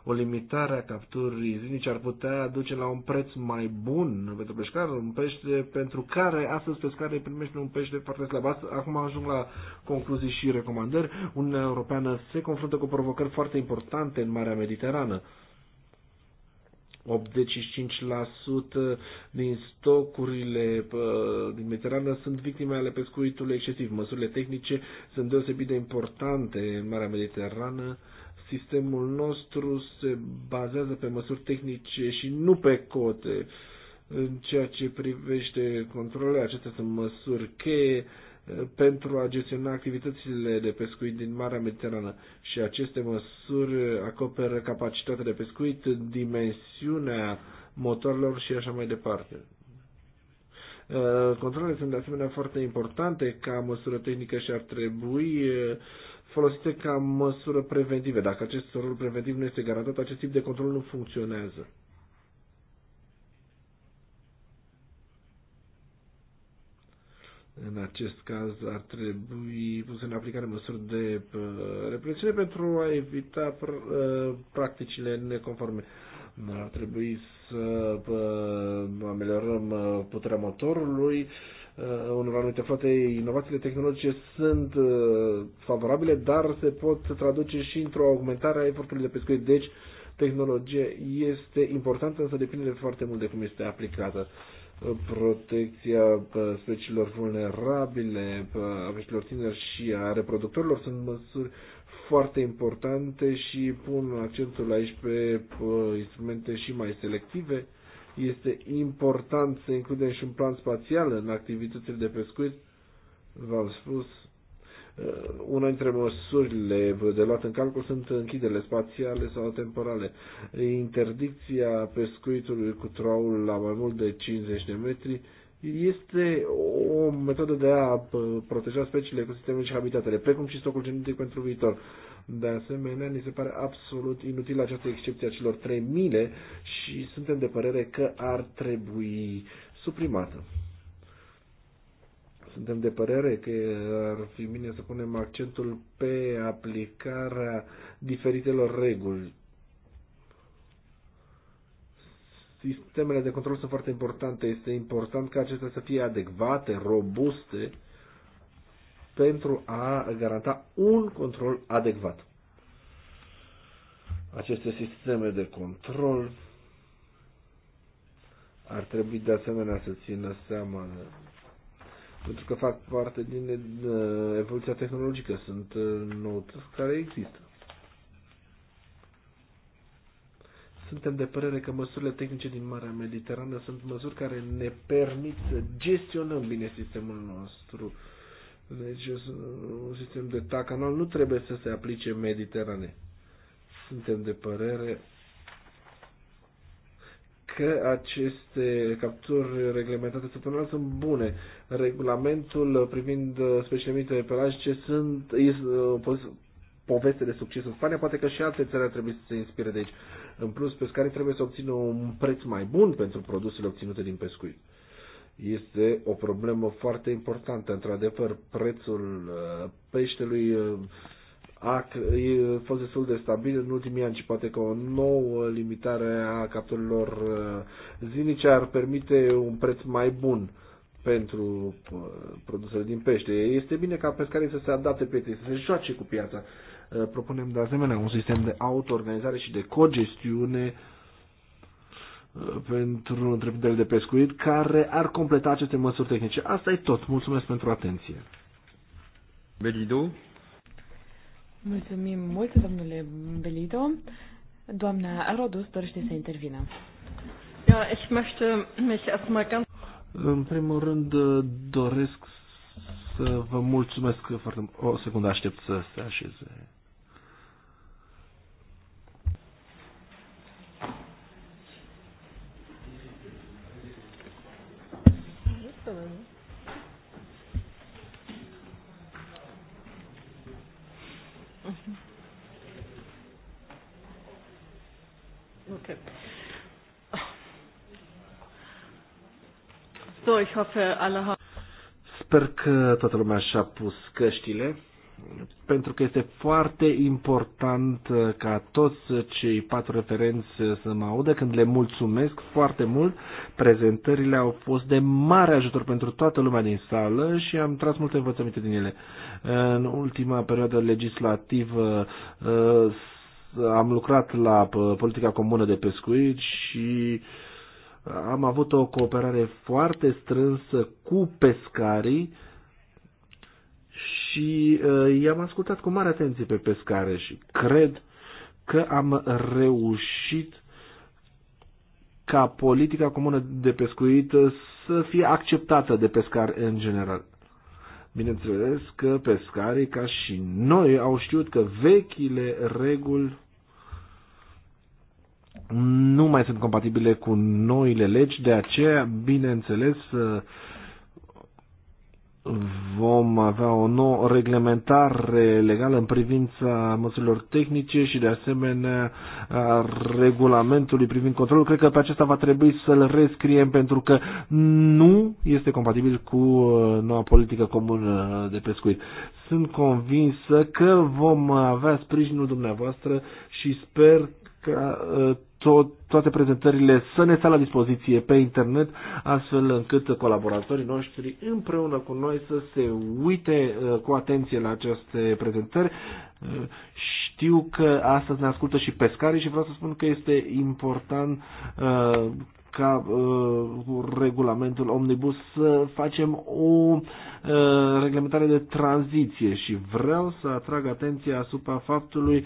S3: o limitare a capturii zilnice ar putea duce la un preț mai bun pentru pescar, un pește pentru care astăzi pescare primește un pește foarte slab. Acum ajung la concluzii și recomandări. Uniunea Europeană se confruntă cu provocări foarte importante în Marea Mediterană. 85% din stocurile din Mediterană sunt victime ale pescuitului excesiv. Măsurile tehnice sunt deosebit de importante în Marea Mediterană sistemul nostru se bazează pe măsuri tehnice și nu pe cote. În ceea ce privește controlele, acestea sunt măsuri cheie eh, pentru a gestiona activitățile de pescuit din Marea Mediterană și aceste măsuri acoperă capacitatea de pescuit, dimensiunea motorilor și așa mai departe. Eh, controlele sunt de asemenea foarte importante ca măsură tehnică și ar trebui eh, folosite ca măsură preventivă. Dacă acest rol preventiv nu este garantat, acest tip de control nu funcționează. În acest caz ar trebui pus în aplicare măsuri de uh, represiune pentru a evita uh, practicile neconforme. Ar trebui să uh, ameliorăm puterea motorului, Uh, unor anumite flote, inovațiile tehnologice sunt uh, favorabile, dar se pot traduce și într-o augmentare a eforturilor de pescuit. Deci, tehnologie este importantă, însă depinde foarte mult de cum este aplicată uh, protecția speciilor vulnerabile, a veștilor tineri și a reproductorilor sunt măsuri foarte importante și pun accentul aici pe instrumente și mai selective este important să includem și un plan spațial în activitățile de pescuit. V-am spus, uh, una dintre măsurile de luat în calcul sunt închiderile spațiale sau temporale. Interdicția pescuitului cu traul la mai mult de 50 de metri este o metodă de a uh, proteja speciile, ecosistemele și habitatele, precum și stocul genetic pentru viitor. De asemenea, ni se pare absolut inutil această excepție a celor 3000 și suntem de părere că ar trebui suprimată. Suntem de părere că ar fi bine să punem accentul pe aplicarea diferitelor reguli sistemele de control sunt foarte importante. Este important ca acestea să fie adecvate, robuste pentru a garanta un control adecvat. Aceste sisteme de control ar trebui de asemenea să țină seama pentru că fac parte din uh, evoluția tehnologică, sunt uh, noutăți care există. Suntem de părere că măsurile tehnice din Marea Mediterană sunt măsuri care ne permit să gestionăm bine sistemul nostru deci un sistem de tac anual nu trebuie să se aplice mediterane. Suntem de părere că aceste capturi reglementate săptămânal sunt bune. Regulamentul privind speciile de pelagice sunt poveste de succes în Spania, poate că și alte țări ar trebui să se inspire de aici. În plus, pescarii trebuie să obțină un preț mai bun pentru produsele obținute din pescuit este o problemă foarte importantă. Într-adevăr, prețul uh, peștelui uh, a uh, fost destul de stabil în ultimii ani și poate că o nouă limitare a capturilor zilnice ar permite un preț mai bun pentru produsele din pește. Este bine ca pescarii să se adapte pieței, să se joace cu piața. Propunem de asemenea un sistem de autoorganizare și de cogestiune uh, pentru întreprinderile de pescuit care ar completa aceste măsuri tehnice. Asta e tot. Mulțumesc pentru atenție.
S1: Belido.
S4: Mulțumim mult, domnule Belido. Doamna Rodus dorește să intervină. Ja,
S5: ich möchte mich erstmal ganz
S3: în primul rând uh, doresc să vă mulțumesc foarte mult. O secundă aștept să se așeze.
S2: ich hoffe, alle haben...
S3: Sper că toată lumea și-a pus căștile, pentru că este foarte important ca toți cei patru referenți să mă audă. Când le mulțumesc foarte mult, prezentările au fost de mare ajutor pentru toată lumea din sală și am tras multe învățăminte din ele. În ultima perioadă legislativă uh, am lucrat la uh, politica comună de pescuit și uh, am avut o cooperare foarte strânsă cu pescarii și uh, i-am ascultat cu mare atenție pe pescare și cred că am reușit ca politica comună de pescuit să fie acceptată de pescari în general. Bineînțeles că pescarii, ca și noi, au știut că vechile reguli nu mai sunt compatibile cu noile legi, de aceea, bineînțeles, vom avea o nouă reglementare legală în privința măsurilor tehnice și de asemenea a regulamentului privind controlul. Cred că pe acesta va trebui să-l rescriem pentru că
S1: nu
S3: este compatibil cu uh, noua politică comună de pescuit. Sunt convinsă că vom avea sprijinul dumneavoastră și sper că tot, toate prezentările să ne stea la dispoziție pe internet, astfel încât colaboratorii noștri împreună cu noi să se uite uh, cu atenție la aceste prezentări. Uh, știu că astăzi ne ascultă și pescarii și vreau să spun că este important uh, ca uh, regulamentul omnibus să facem o uh, reglementare de tranziție și vreau să atrag atenția asupra faptului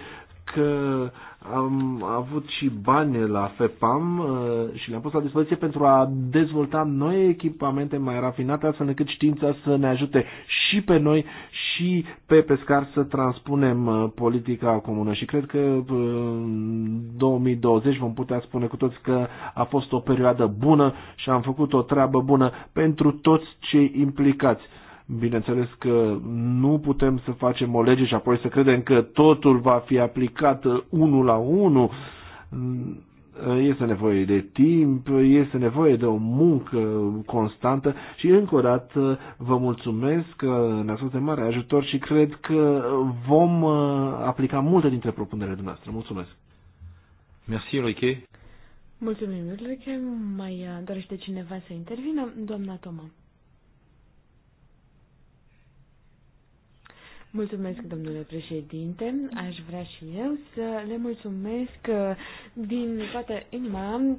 S3: că am avut și bani la FEPAM uh, și le-am pus la dispoziție pentru a dezvolta noi echipamente mai rafinate, astfel încât știința să ne ajute și pe noi și pe pescar să transpunem uh, politica comună. Și cred că uh, în 2020 vom putea spune cu toți că a fost o perioadă bună și am făcut o treabă bună pentru toți cei implicați Bineînțeles că nu putem să facem o lege și apoi să credem că totul va fi aplicat uh, unul la unul. Mm, este nevoie de timp, este nevoie de o muncă constantă și încă o dată uh, vă mulțumesc că ne-a fost de mare ajutor și cred că vom uh, aplica multe dintre propunerile dumneavoastră. Mulțumesc!
S1: Mersi, Enrique!
S4: Mulțumim, Enrique! Mai dorește cineva să intervină? Doamna Toma. Mulțumesc, domnule președinte. Aș vrea și eu să le mulțumesc uh, din toată inima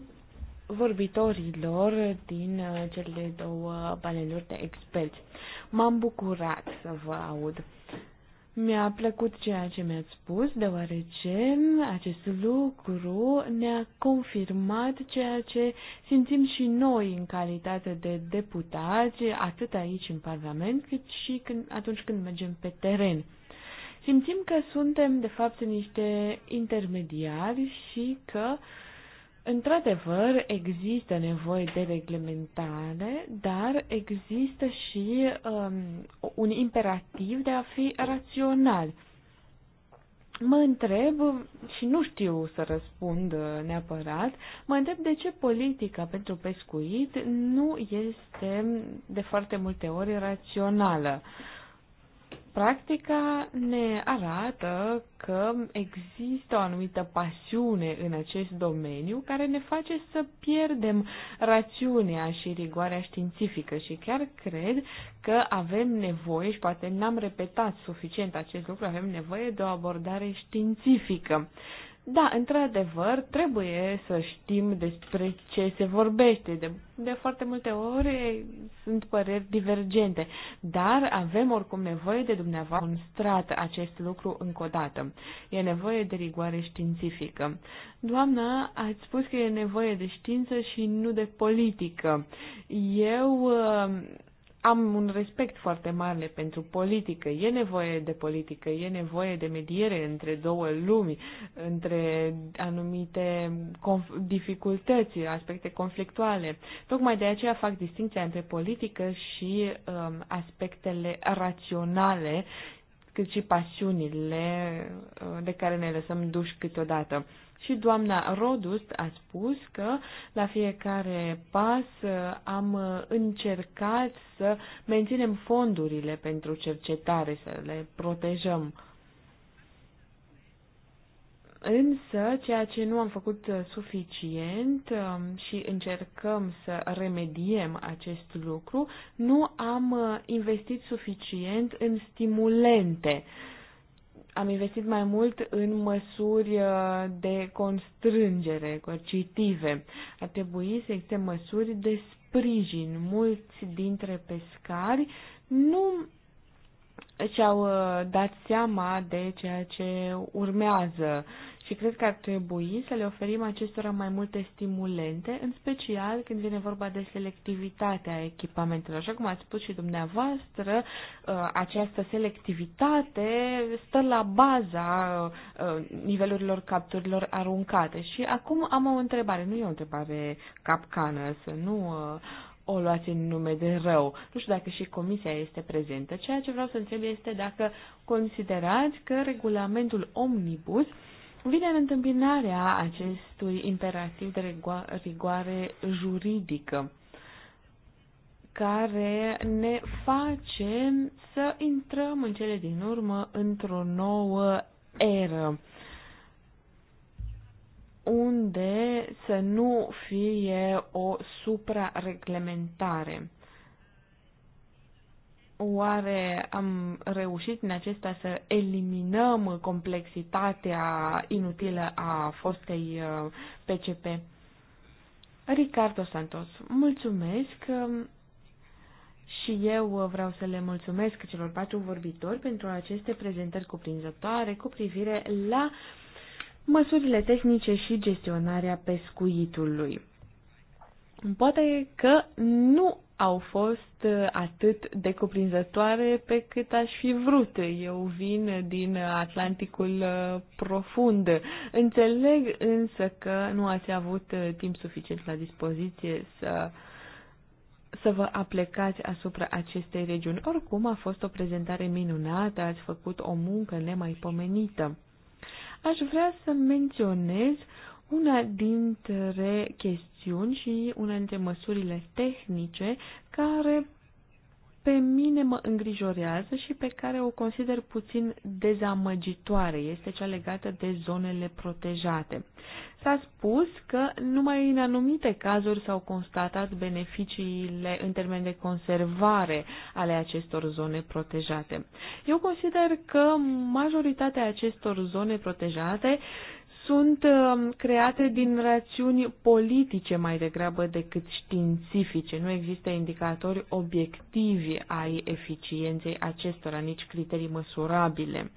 S4: vorbitorilor din uh, cele două paneluri de experți. M-am bucurat să vă aud. Mi-a plăcut ceea ce mi-ați spus, deoarece acest lucru ne-a confirmat ceea ce simțim și noi în calitate de deputați, atât aici în Parlament, cât și când, atunci când mergem pe teren. Simțim că suntem, de fapt, niște intermediari și că uh, Într-adevăr, există nevoie de reglementare, dar există și um, un imperativ de a fi rațional. Mă întreb, și nu știu să răspund neapărat, mă întreb de ce politica pentru pescuit nu este de foarte multe ori rațională. Uh, Practica ne arată că există o anumită pasiune în acest domeniu care ne face să pierdem rațiunea și rigoarea științifică și chiar cred că avem nevoie și poate n-am repetat suficient acest lucru, avem nevoie de o abordare științifică. Da, într-adevăr, trebuie să știm despre ce se vorbește. De, de foarte multe ori sunt păreri divergente, dar avem oricum nevoie de dumneavoastră un strat acest lucru încă o dată. E nevoie de rigoare științifică. Doamna, ați spus că e nevoie de știință și nu de politică. Eu am un respect foarte mare pentru politică. E nevoie de politică, e nevoie de mediere între două lumi, între anumite dificultăți, aspecte conflictuale. Tocmai de aceea fac distinția între politică și um, aspectele raționale, cât și pasiunile uh, de care ne lăsăm duși câteodată. Și doamna Rodust a spus că la fiecare pas uh, am uh, încercat să menținem fondurile pentru cercetare, să le protejăm. Însă, ceea ce nu am făcut uh, suficient um, și încercăm să remediem acest lucru, nu am investit suficient în stimulente am investit mai mult în măsuri uh, de constrângere coercitive. Ar trebui să existe măsuri de sprijin. Mulți dintre pescari nu și-au uh, dat seama de ceea ce urmează și cred că ar trebui să le oferim acestora mai multe stimulente, în special când vine vorba de selectivitatea echipamentelor. Așa cum ați spus și dumneavoastră, uh, această selectivitate stă la baza uh, nivelurilor capturilor aruncate. Și acum am o întrebare, nu e o întrebare capcană, să nu uh, o luați în nume de rău. Nu știu dacă și comisia este prezentă. Ceea ce vreau să întreb este dacă considerați că regulamentul omnibus uh, vine în întâmpinarea acestui imperativ de rigoare juridică care ne face să intrăm în cele din urmă într-o nouă eră unde să nu fie o suprareglementare. Oare am reușit în acesta să eliminăm complexitatea inutilă a fostei PCP? Uh, Ricardo Santos, mulțumesc um, și eu vreau să le mulțumesc celor patru vorbitori pentru aceste prezentări cuprinzătoare cu privire la măsurile tehnice și gestionarea pescuitului. Poate că nu au fost uh, atât de cuprinzătoare pe cât aș fi vrut. Eu vin din Atlanticul uh, profund. Înțeleg însă că nu ați avut uh, timp suficient la dispoziție să să vă aplecați asupra acestei regiuni. Oricum, a fost o prezentare minunată, ați făcut o muncă nemaipomenită. Aș vrea să menționez una dintre chestiuni și una dintre măsurile tehnice care pe mine mă îngrijorează și pe care o consider puțin dezamăgitoare este cea legată de zonele protejate. S-a spus că numai în anumite cazuri s-au constatat beneficiile în termen de conservare ale acestor zone protejate. Eu consider că majoritatea acestor zone protejate sunt um, create din rațiuni politice mai degrabă decât științifice. Nu există indicatori obiectivi ai eficienței acestora, nici criterii măsurabile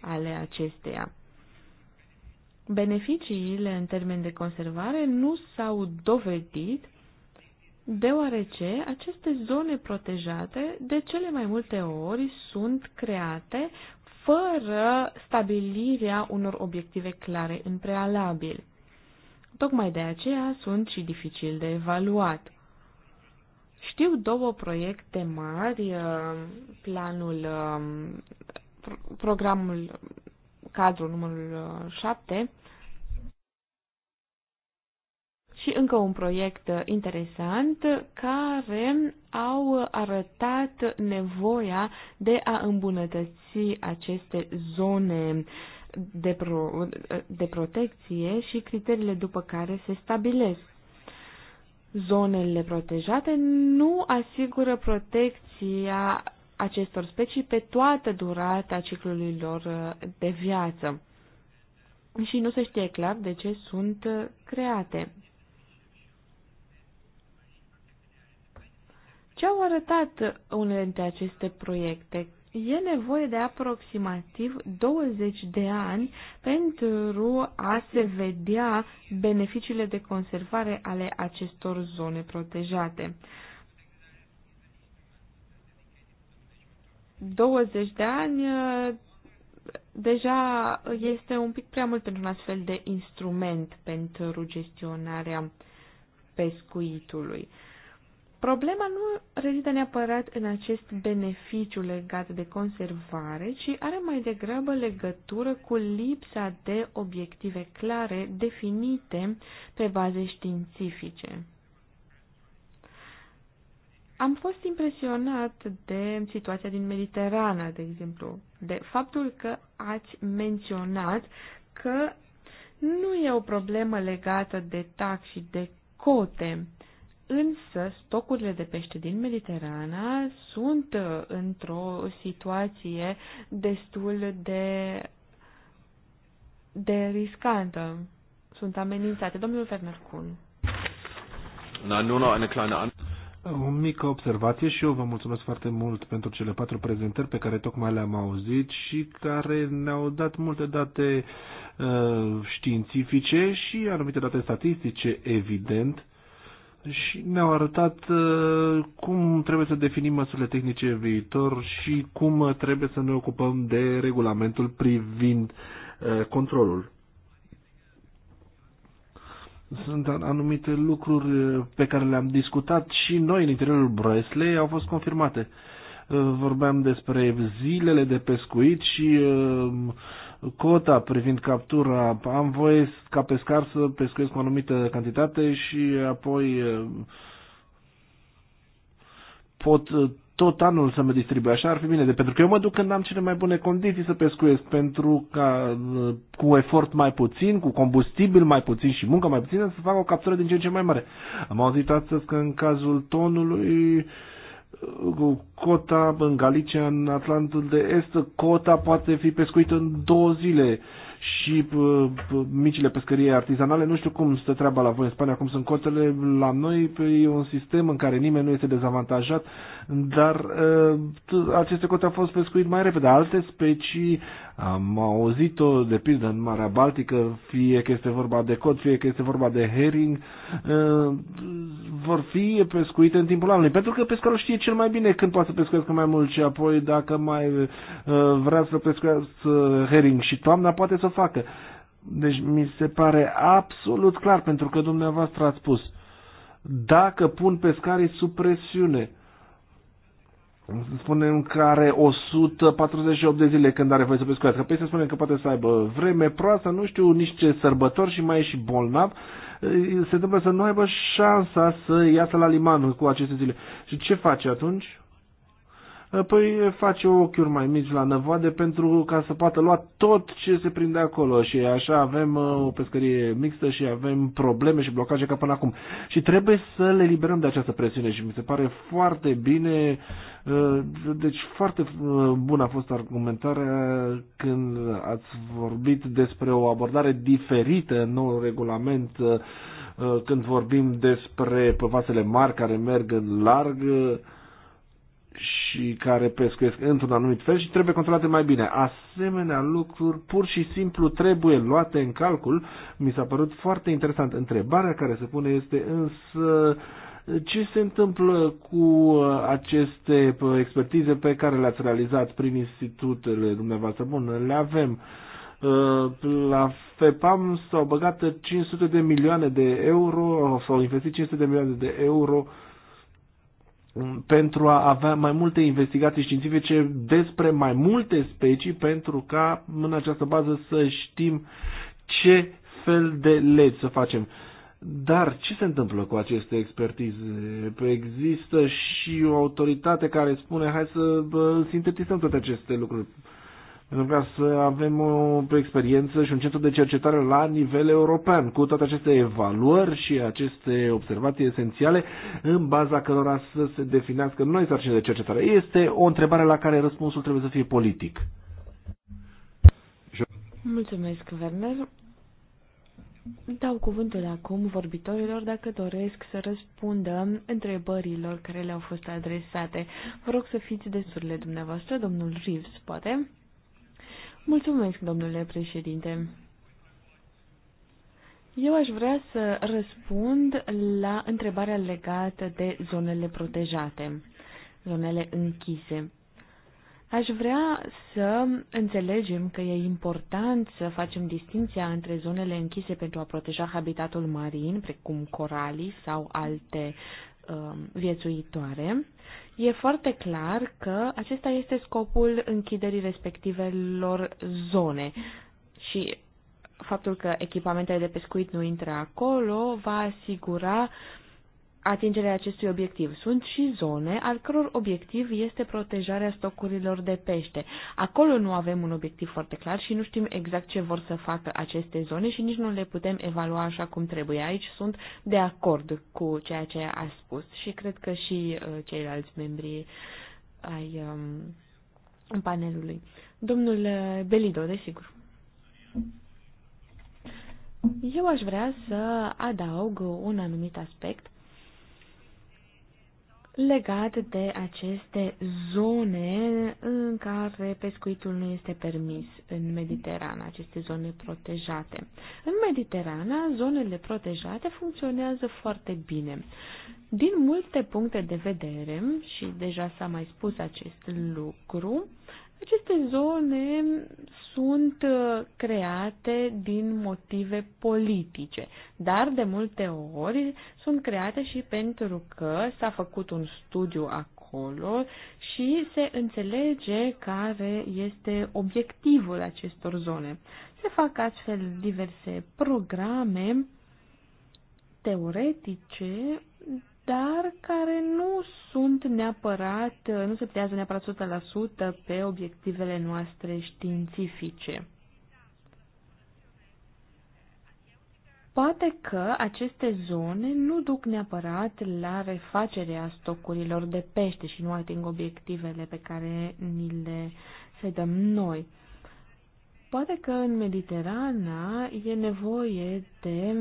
S4: ale acesteia. Beneficiile în termen de conservare nu s-au dovedit deoarece aceste zone protejate de cele mai multe ori sunt create fără stabilirea unor obiective clare în prealabil. Tocmai de aceea sunt și dificil de evaluat. Știu două proiecte mari, uh, planul, uh, programul cadru numărul 7 uh, și încă un proiect interesant care au arătat nevoia de a îmbunătăți aceste zone de, pro, de protecție și criteriile după care se stabilesc. Zonele protejate nu asigură protecția acestor specii pe toată durata ciclului lor de viață și nu se știe clar de ce sunt create. Ce au arătat unele dintre aceste proiecte? E nevoie de aproximativ 20 de ani pentru a se vedea beneficiile de conservare ale acestor zone protejate. 20 de ani uh, deja este un pic prea mult pentru un astfel de instrument pentru gestionarea pescuitului. Problema nu rezidă neapărat în acest beneficiu legat de conservare, ci are mai degrabă legătură cu lipsa de obiective clare definite pe baze științifice. Am fost impresionat de situația din Mediterana, de exemplu, de faptul că ați menționat că nu e o problemă legată de tax și de cote, însă stocurile de pește din Mediterana sunt uh, într-o situație destul de, de riscantă. Sunt amenințate. Domnul Werner Kuhn.
S3: Na, nu, nu, eine kleine an o mică observație și eu vă mulțumesc foarte mult pentru cele patru prezentări pe care tocmai le-am auzit și care ne-au dat multe date uh, științifice și anumite date statistice, evident, și ne-au arătat uh, cum trebuie să definim măsurile tehnice în viitor și cum uh, trebuie să ne ocupăm de regulamentul privind uh, controlul. Sunt anumite lucruri pe care le-am discutat și noi în interiorul Bresley au fost confirmate vorbeam despre zilele de pescuit și cota privind captura. Am voie ca pescar să pescuiesc o anumită cantitate și apoi eh, pot eh, tot anul să mă distribui. Așa ar fi bine, de pentru că eu mă duc când am cele mai bune condiții să pescuiesc, pentru ca eh, cu efort mai puțin, cu combustibil mai puțin și muncă mai puțină să fac o captură din ce în ce mai mare. Am auzit astăzi că în cazul tonului uh, cota în Galicia, în Atlantul de Est, cota poate fi pescuită în două zile și uh, micile pescării artizanale, nu știu cum stă treaba la voi în Spania, cum sunt cotele la noi, e un sistem în care nimeni nu este dezavantajat, dar uh, aceste cote au fost pescuit mai repede. Alte specii am auzit-o, de pildă, în Marea Baltică, fie că este vorba de cod, fie că este vorba de herring, ă, vor fi pescuite în timpul anului, pentru că pescarul știe cel mai bine când poate să pescuiască mai mult și apoi dacă mai ă, vrea să pescuiască herring și toamna poate să o facă. Deci mi se pare absolut clar, pentru că dumneavoastră ați spus, dacă pun pescarii sub presiune, spunem că are 148 de zile când are voie să pescuiască. Păi să spunem că poate să aibă vreme proastă, nu știu nici ce sărbători și mai e și bolnav. Se întâmplă să nu aibă șansa să iasă la liman cu aceste zile. Și ce face atunci? Eh, păi face ochiuri mai mici la năvoade pentru ca să poată lua tot ce se prinde acolo și așa avem eh, o pescărie mixtă și avem probleme și blocaje ca până acum. Și trebuie să le liberăm de această presiune și mi se pare foarte bine, eh, deci foarte bună a fost argumentarea când ați vorbit despre o abordare diferită în nou regulament când vorbim despre păvasele mari care merg în larg, și care pescuiesc într-un anumit fel și trebuie controlate mai bine. Asemenea lucruri pur și simplu trebuie luate în calcul. Mi s-a părut foarte interesant. Întrebarea care se pune este însă ce se întâmplă cu uh, aceste uh, expertize pe care le-ați realizat prin institutele dumneavoastră? Bun, le avem uh, la FEPAM s-au băgat 500 de milioane de euro, s-au investit 500 de milioane de euro Um, pentru a avea mai multe investigații științifice despre mai multe specii pentru ca în această bază să știm ce fel de legi să facem. Dar ce se întâmplă cu aceste expertize? Există și o autoritate care spune hai să sintetizăm toate aceste lucruri pentru ca să avem o experiență și un centru de cercetare la nivel european, cu toate aceste evaluări și aceste observații esențiale, în baza cărora să se definească noi sarcini de cercetare. Este o întrebare la care răspunsul trebuie să fie politic.
S4: Mulțumesc, Werner. Dau cuvântul acum vorbitorilor dacă doresc să răspundă întrebărilor care le-au fost adresate. Vă rog să fiți desurile dumneavoastră, domnul Reeves, poate. Mulțumesc, domnule președinte. Eu aș vrea să răspund la întrebarea legată de zonele protejate, zonele închise. Aș vrea să înțelegem că e important să facem distinția între zonele închise pentru a proteja habitatul marin, precum coralii sau alte uh, viețuitoare, e foarte clar că acesta este scopul închiderii respectivelor zone și faptul că echipamentele de pescuit nu intră acolo va asigura atingerea acestui obiectiv. Sunt și zone al căror obiectiv este protejarea stocurilor de pește. Acolo nu avem un obiectiv foarte clar și nu știm exact ce vor să facă aceste zone și nici nu le putem evalua așa cum trebuie. Aici sunt de acord cu ceea ce a spus și cred că și uh, ceilalți membri ai um, panelului. Domnul uh, Belido, desigur. Eu aș vrea să adaug un anumit aspect legat de aceste zone în care pescuitul nu este permis în Mediterana, aceste zone protejate. În Mediterana, zonele protejate funcționează foarte bine. Din multe puncte de vedere, și deja s-a mai spus acest lucru, aceste zone sunt uh, create din motive politice, dar de multe ori sunt create și pentru că s-a făcut un studiu acolo și se înțelege care este obiectivul acestor zone. Se fac astfel diverse programe teoretice dar care nu sunt neapărat, nu se plează neapărat 100% pe obiectivele noastre științifice. Poate că aceste zone nu duc neapărat la refacerea stocurilor de pește și nu ating obiectivele pe care ni le setăm noi. Poate că în Mediterana e nevoie de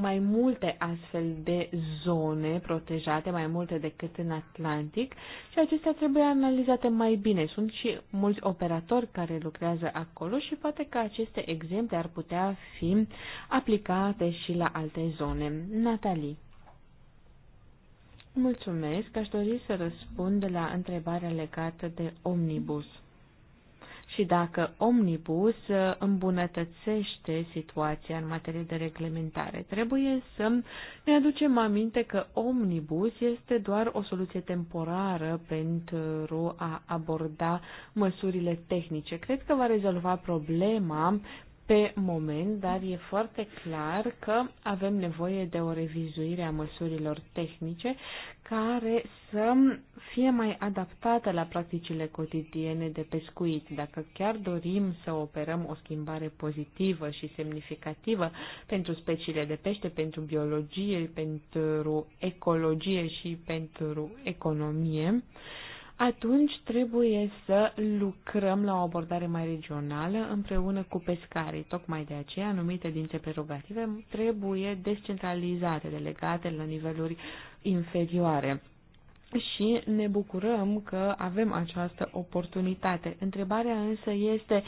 S4: mai multe astfel de zone protejate, mai multe decât în Atlantic, și acestea trebuie analizate mai bine. Sunt și mulți operatori care lucrează acolo și poate că aceste exemple ar putea fi aplicate și la alte zone. Natalie. Mulțumesc, aș dori să răspund la întrebarea legată de omnibus și dacă omnibus uh, îmbunătățește situația în materie de reglementare. Trebuie să ne aducem aminte că omnibus este doar o soluție temporară pentru a aborda măsurile tehnice. Cred că va rezolva problema pe moment, dar e foarte clar că avem nevoie de o revizuire a măsurilor tehnice care să fie mai adaptată la practicile cotidiene de pescuit. Dacă chiar dorim să operăm o schimbare pozitivă și semnificativă pentru speciile de pește, pentru biologie, pentru ecologie și pentru economie, uh, atunci trebuie să lucrăm la o abordare mai regională împreună cu pescarii. Tocmai de aceea, anumite dintre prerogative trebuie descentralizate, delegate la niveluri inferioare. Și ne bucurăm că avem această oportunitate. Întrebarea însă este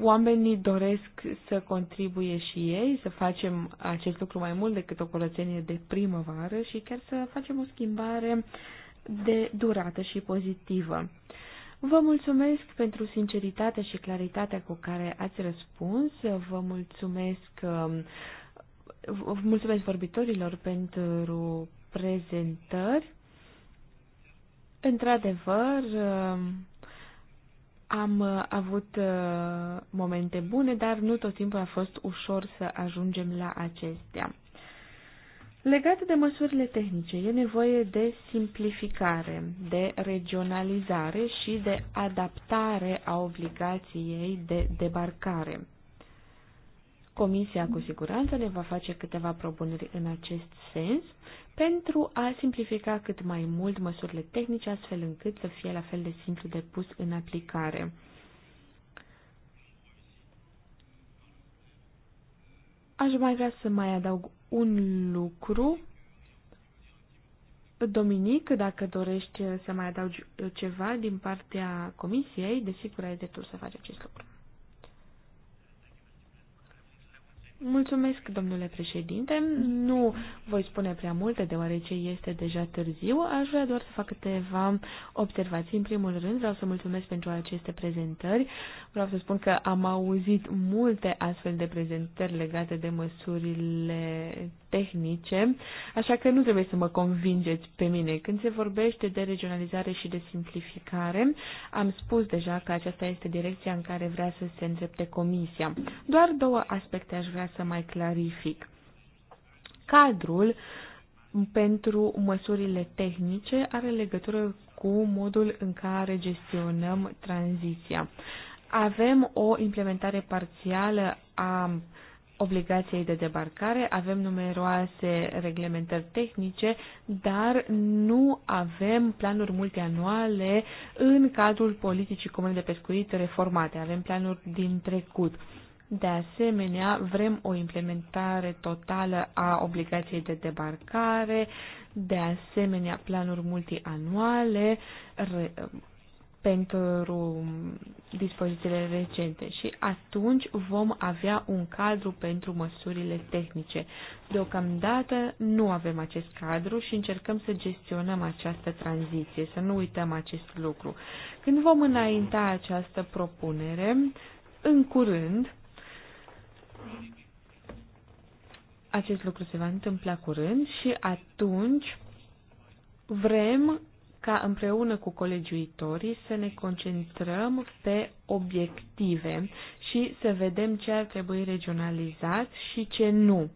S4: oamenii doresc să contribuie și ei, să facem acest lucru mai mult decât o curățenie de primăvară și chiar să facem o schimbare uh, de durată și pozitivă. Vă mulțumesc pentru sinceritatea și claritatea cu care ați răspuns. Vă mulțumesc, um, vă mulțumesc vorbitorilor pentru prezentări. Într-adevăr, um, am avut uh, momente bune, dar nu tot timpul a fost ușor să ajungem la acestea. Legat de măsurile tehnice, e nevoie de simplificare, de regionalizare și de adaptare a obligației de debarcare. Comisia cu siguranță ne va face câteva propuneri în acest sens pentru a simplifica cât mai mult măsurile tehnice astfel încât să fie la fel de simplu de pus în aplicare. Aș mai vrea să mai adaug un lucru. Dominic, dacă dorești să mai adaugi ceva din partea comisiei, desigur ai dreptul să faci acest lucru. Mulțumesc, domnule președinte. Nu voi spune prea multe, deoarece este deja târziu. Aș vrea doar să fac câteva observații. În primul rând, vreau să mulțumesc pentru aceste prezentări. Vreau să spun că am auzit multe astfel de prezentări legate de măsurile tehnice, așa că nu trebuie să mă convingeți pe mine. Când se vorbește de regionalizare și de simplificare, am spus deja că aceasta este direcția în care vrea să se îndrepte Comisia. Doar două aspecte aș vrea să mai clarific. Cadrul pentru măsurile tehnice are legătură cu modul în care gestionăm tranziția. Avem o implementare parțială a obligației de debarcare, avem numeroase reglementări tehnice, dar nu avem planuri multianuale în cadrul politicii comune de pescuit reformate. Avem planuri din trecut. De asemenea, vrem o implementare totală a obligației de debarcare, de asemenea planuri multianuale, pentru dispozițiile recente și atunci vom avea un cadru pentru măsurile tehnice. Deocamdată nu avem acest cadru și încercăm să gestionăm această tranziție, să nu uităm acest lucru. Când vom înainta această propunere, în curând, acest lucru se va întâmpla curând și atunci vrem ca împreună cu colegiuitorii să ne concentrăm pe obiective și să vedem ce ar trebui regionalizat și ce nu.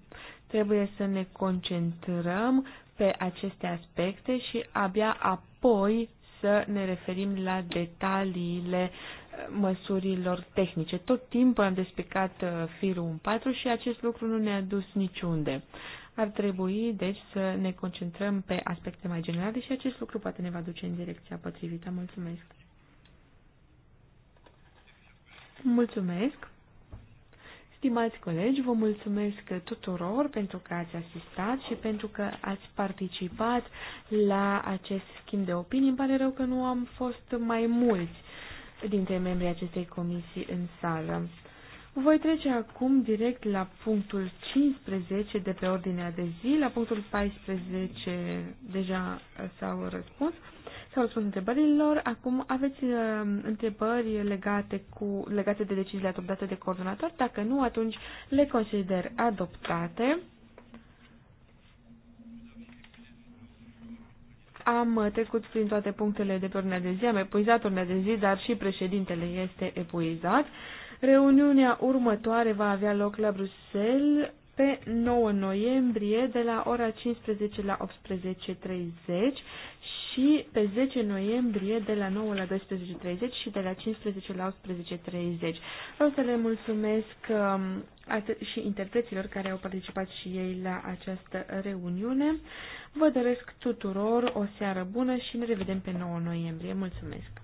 S4: Trebuie să ne concentrăm pe aceste aspecte și abia apoi să ne referim la detaliile uh, măsurilor tehnice. Tot timpul am despicat uh, firul 1-4 și acest lucru nu ne-a dus niciunde. Ar trebui, deci, să ne concentrăm pe aspecte mai generale și acest lucru poate ne va duce în direcția potrivită. Mulțumesc! Mulțumesc! Stimați colegi, vă mulțumesc tuturor pentru că ați asistat și pentru că ați participat la acest schimb de opinii. Îmi pare rău că nu am fost mai mulți dintre membrii acestei comisii în sală. Voi trece acum direct la punctul 15 de pe ordinea de zi. La punctul 14 deja s-au răspuns, s-au răspuns întrebărilor. Acum aveți uh, întrebări legate, cu, legate de deciziile adoptate de coordonator? Dacă nu, atunci le consider adoptate. Am trecut prin toate punctele de pe ordinea de zi, am epuizat ordinea de zi, dar și președintele este epuizat. Uh, Reuniunea următoare va avea loc la Bruxelles pe 9 noiembrie de la ora 15 la 18.30 și pe 10 noiembrie de la 9 la 12.30 și de la 15 la 18.30. Vreau să le mulțumesc um, și interpreților care au participat și ei la această reuniune. Vă doresc tuturor o seară bună și ne revedem pe 9 noiembrie. Mulțumesc!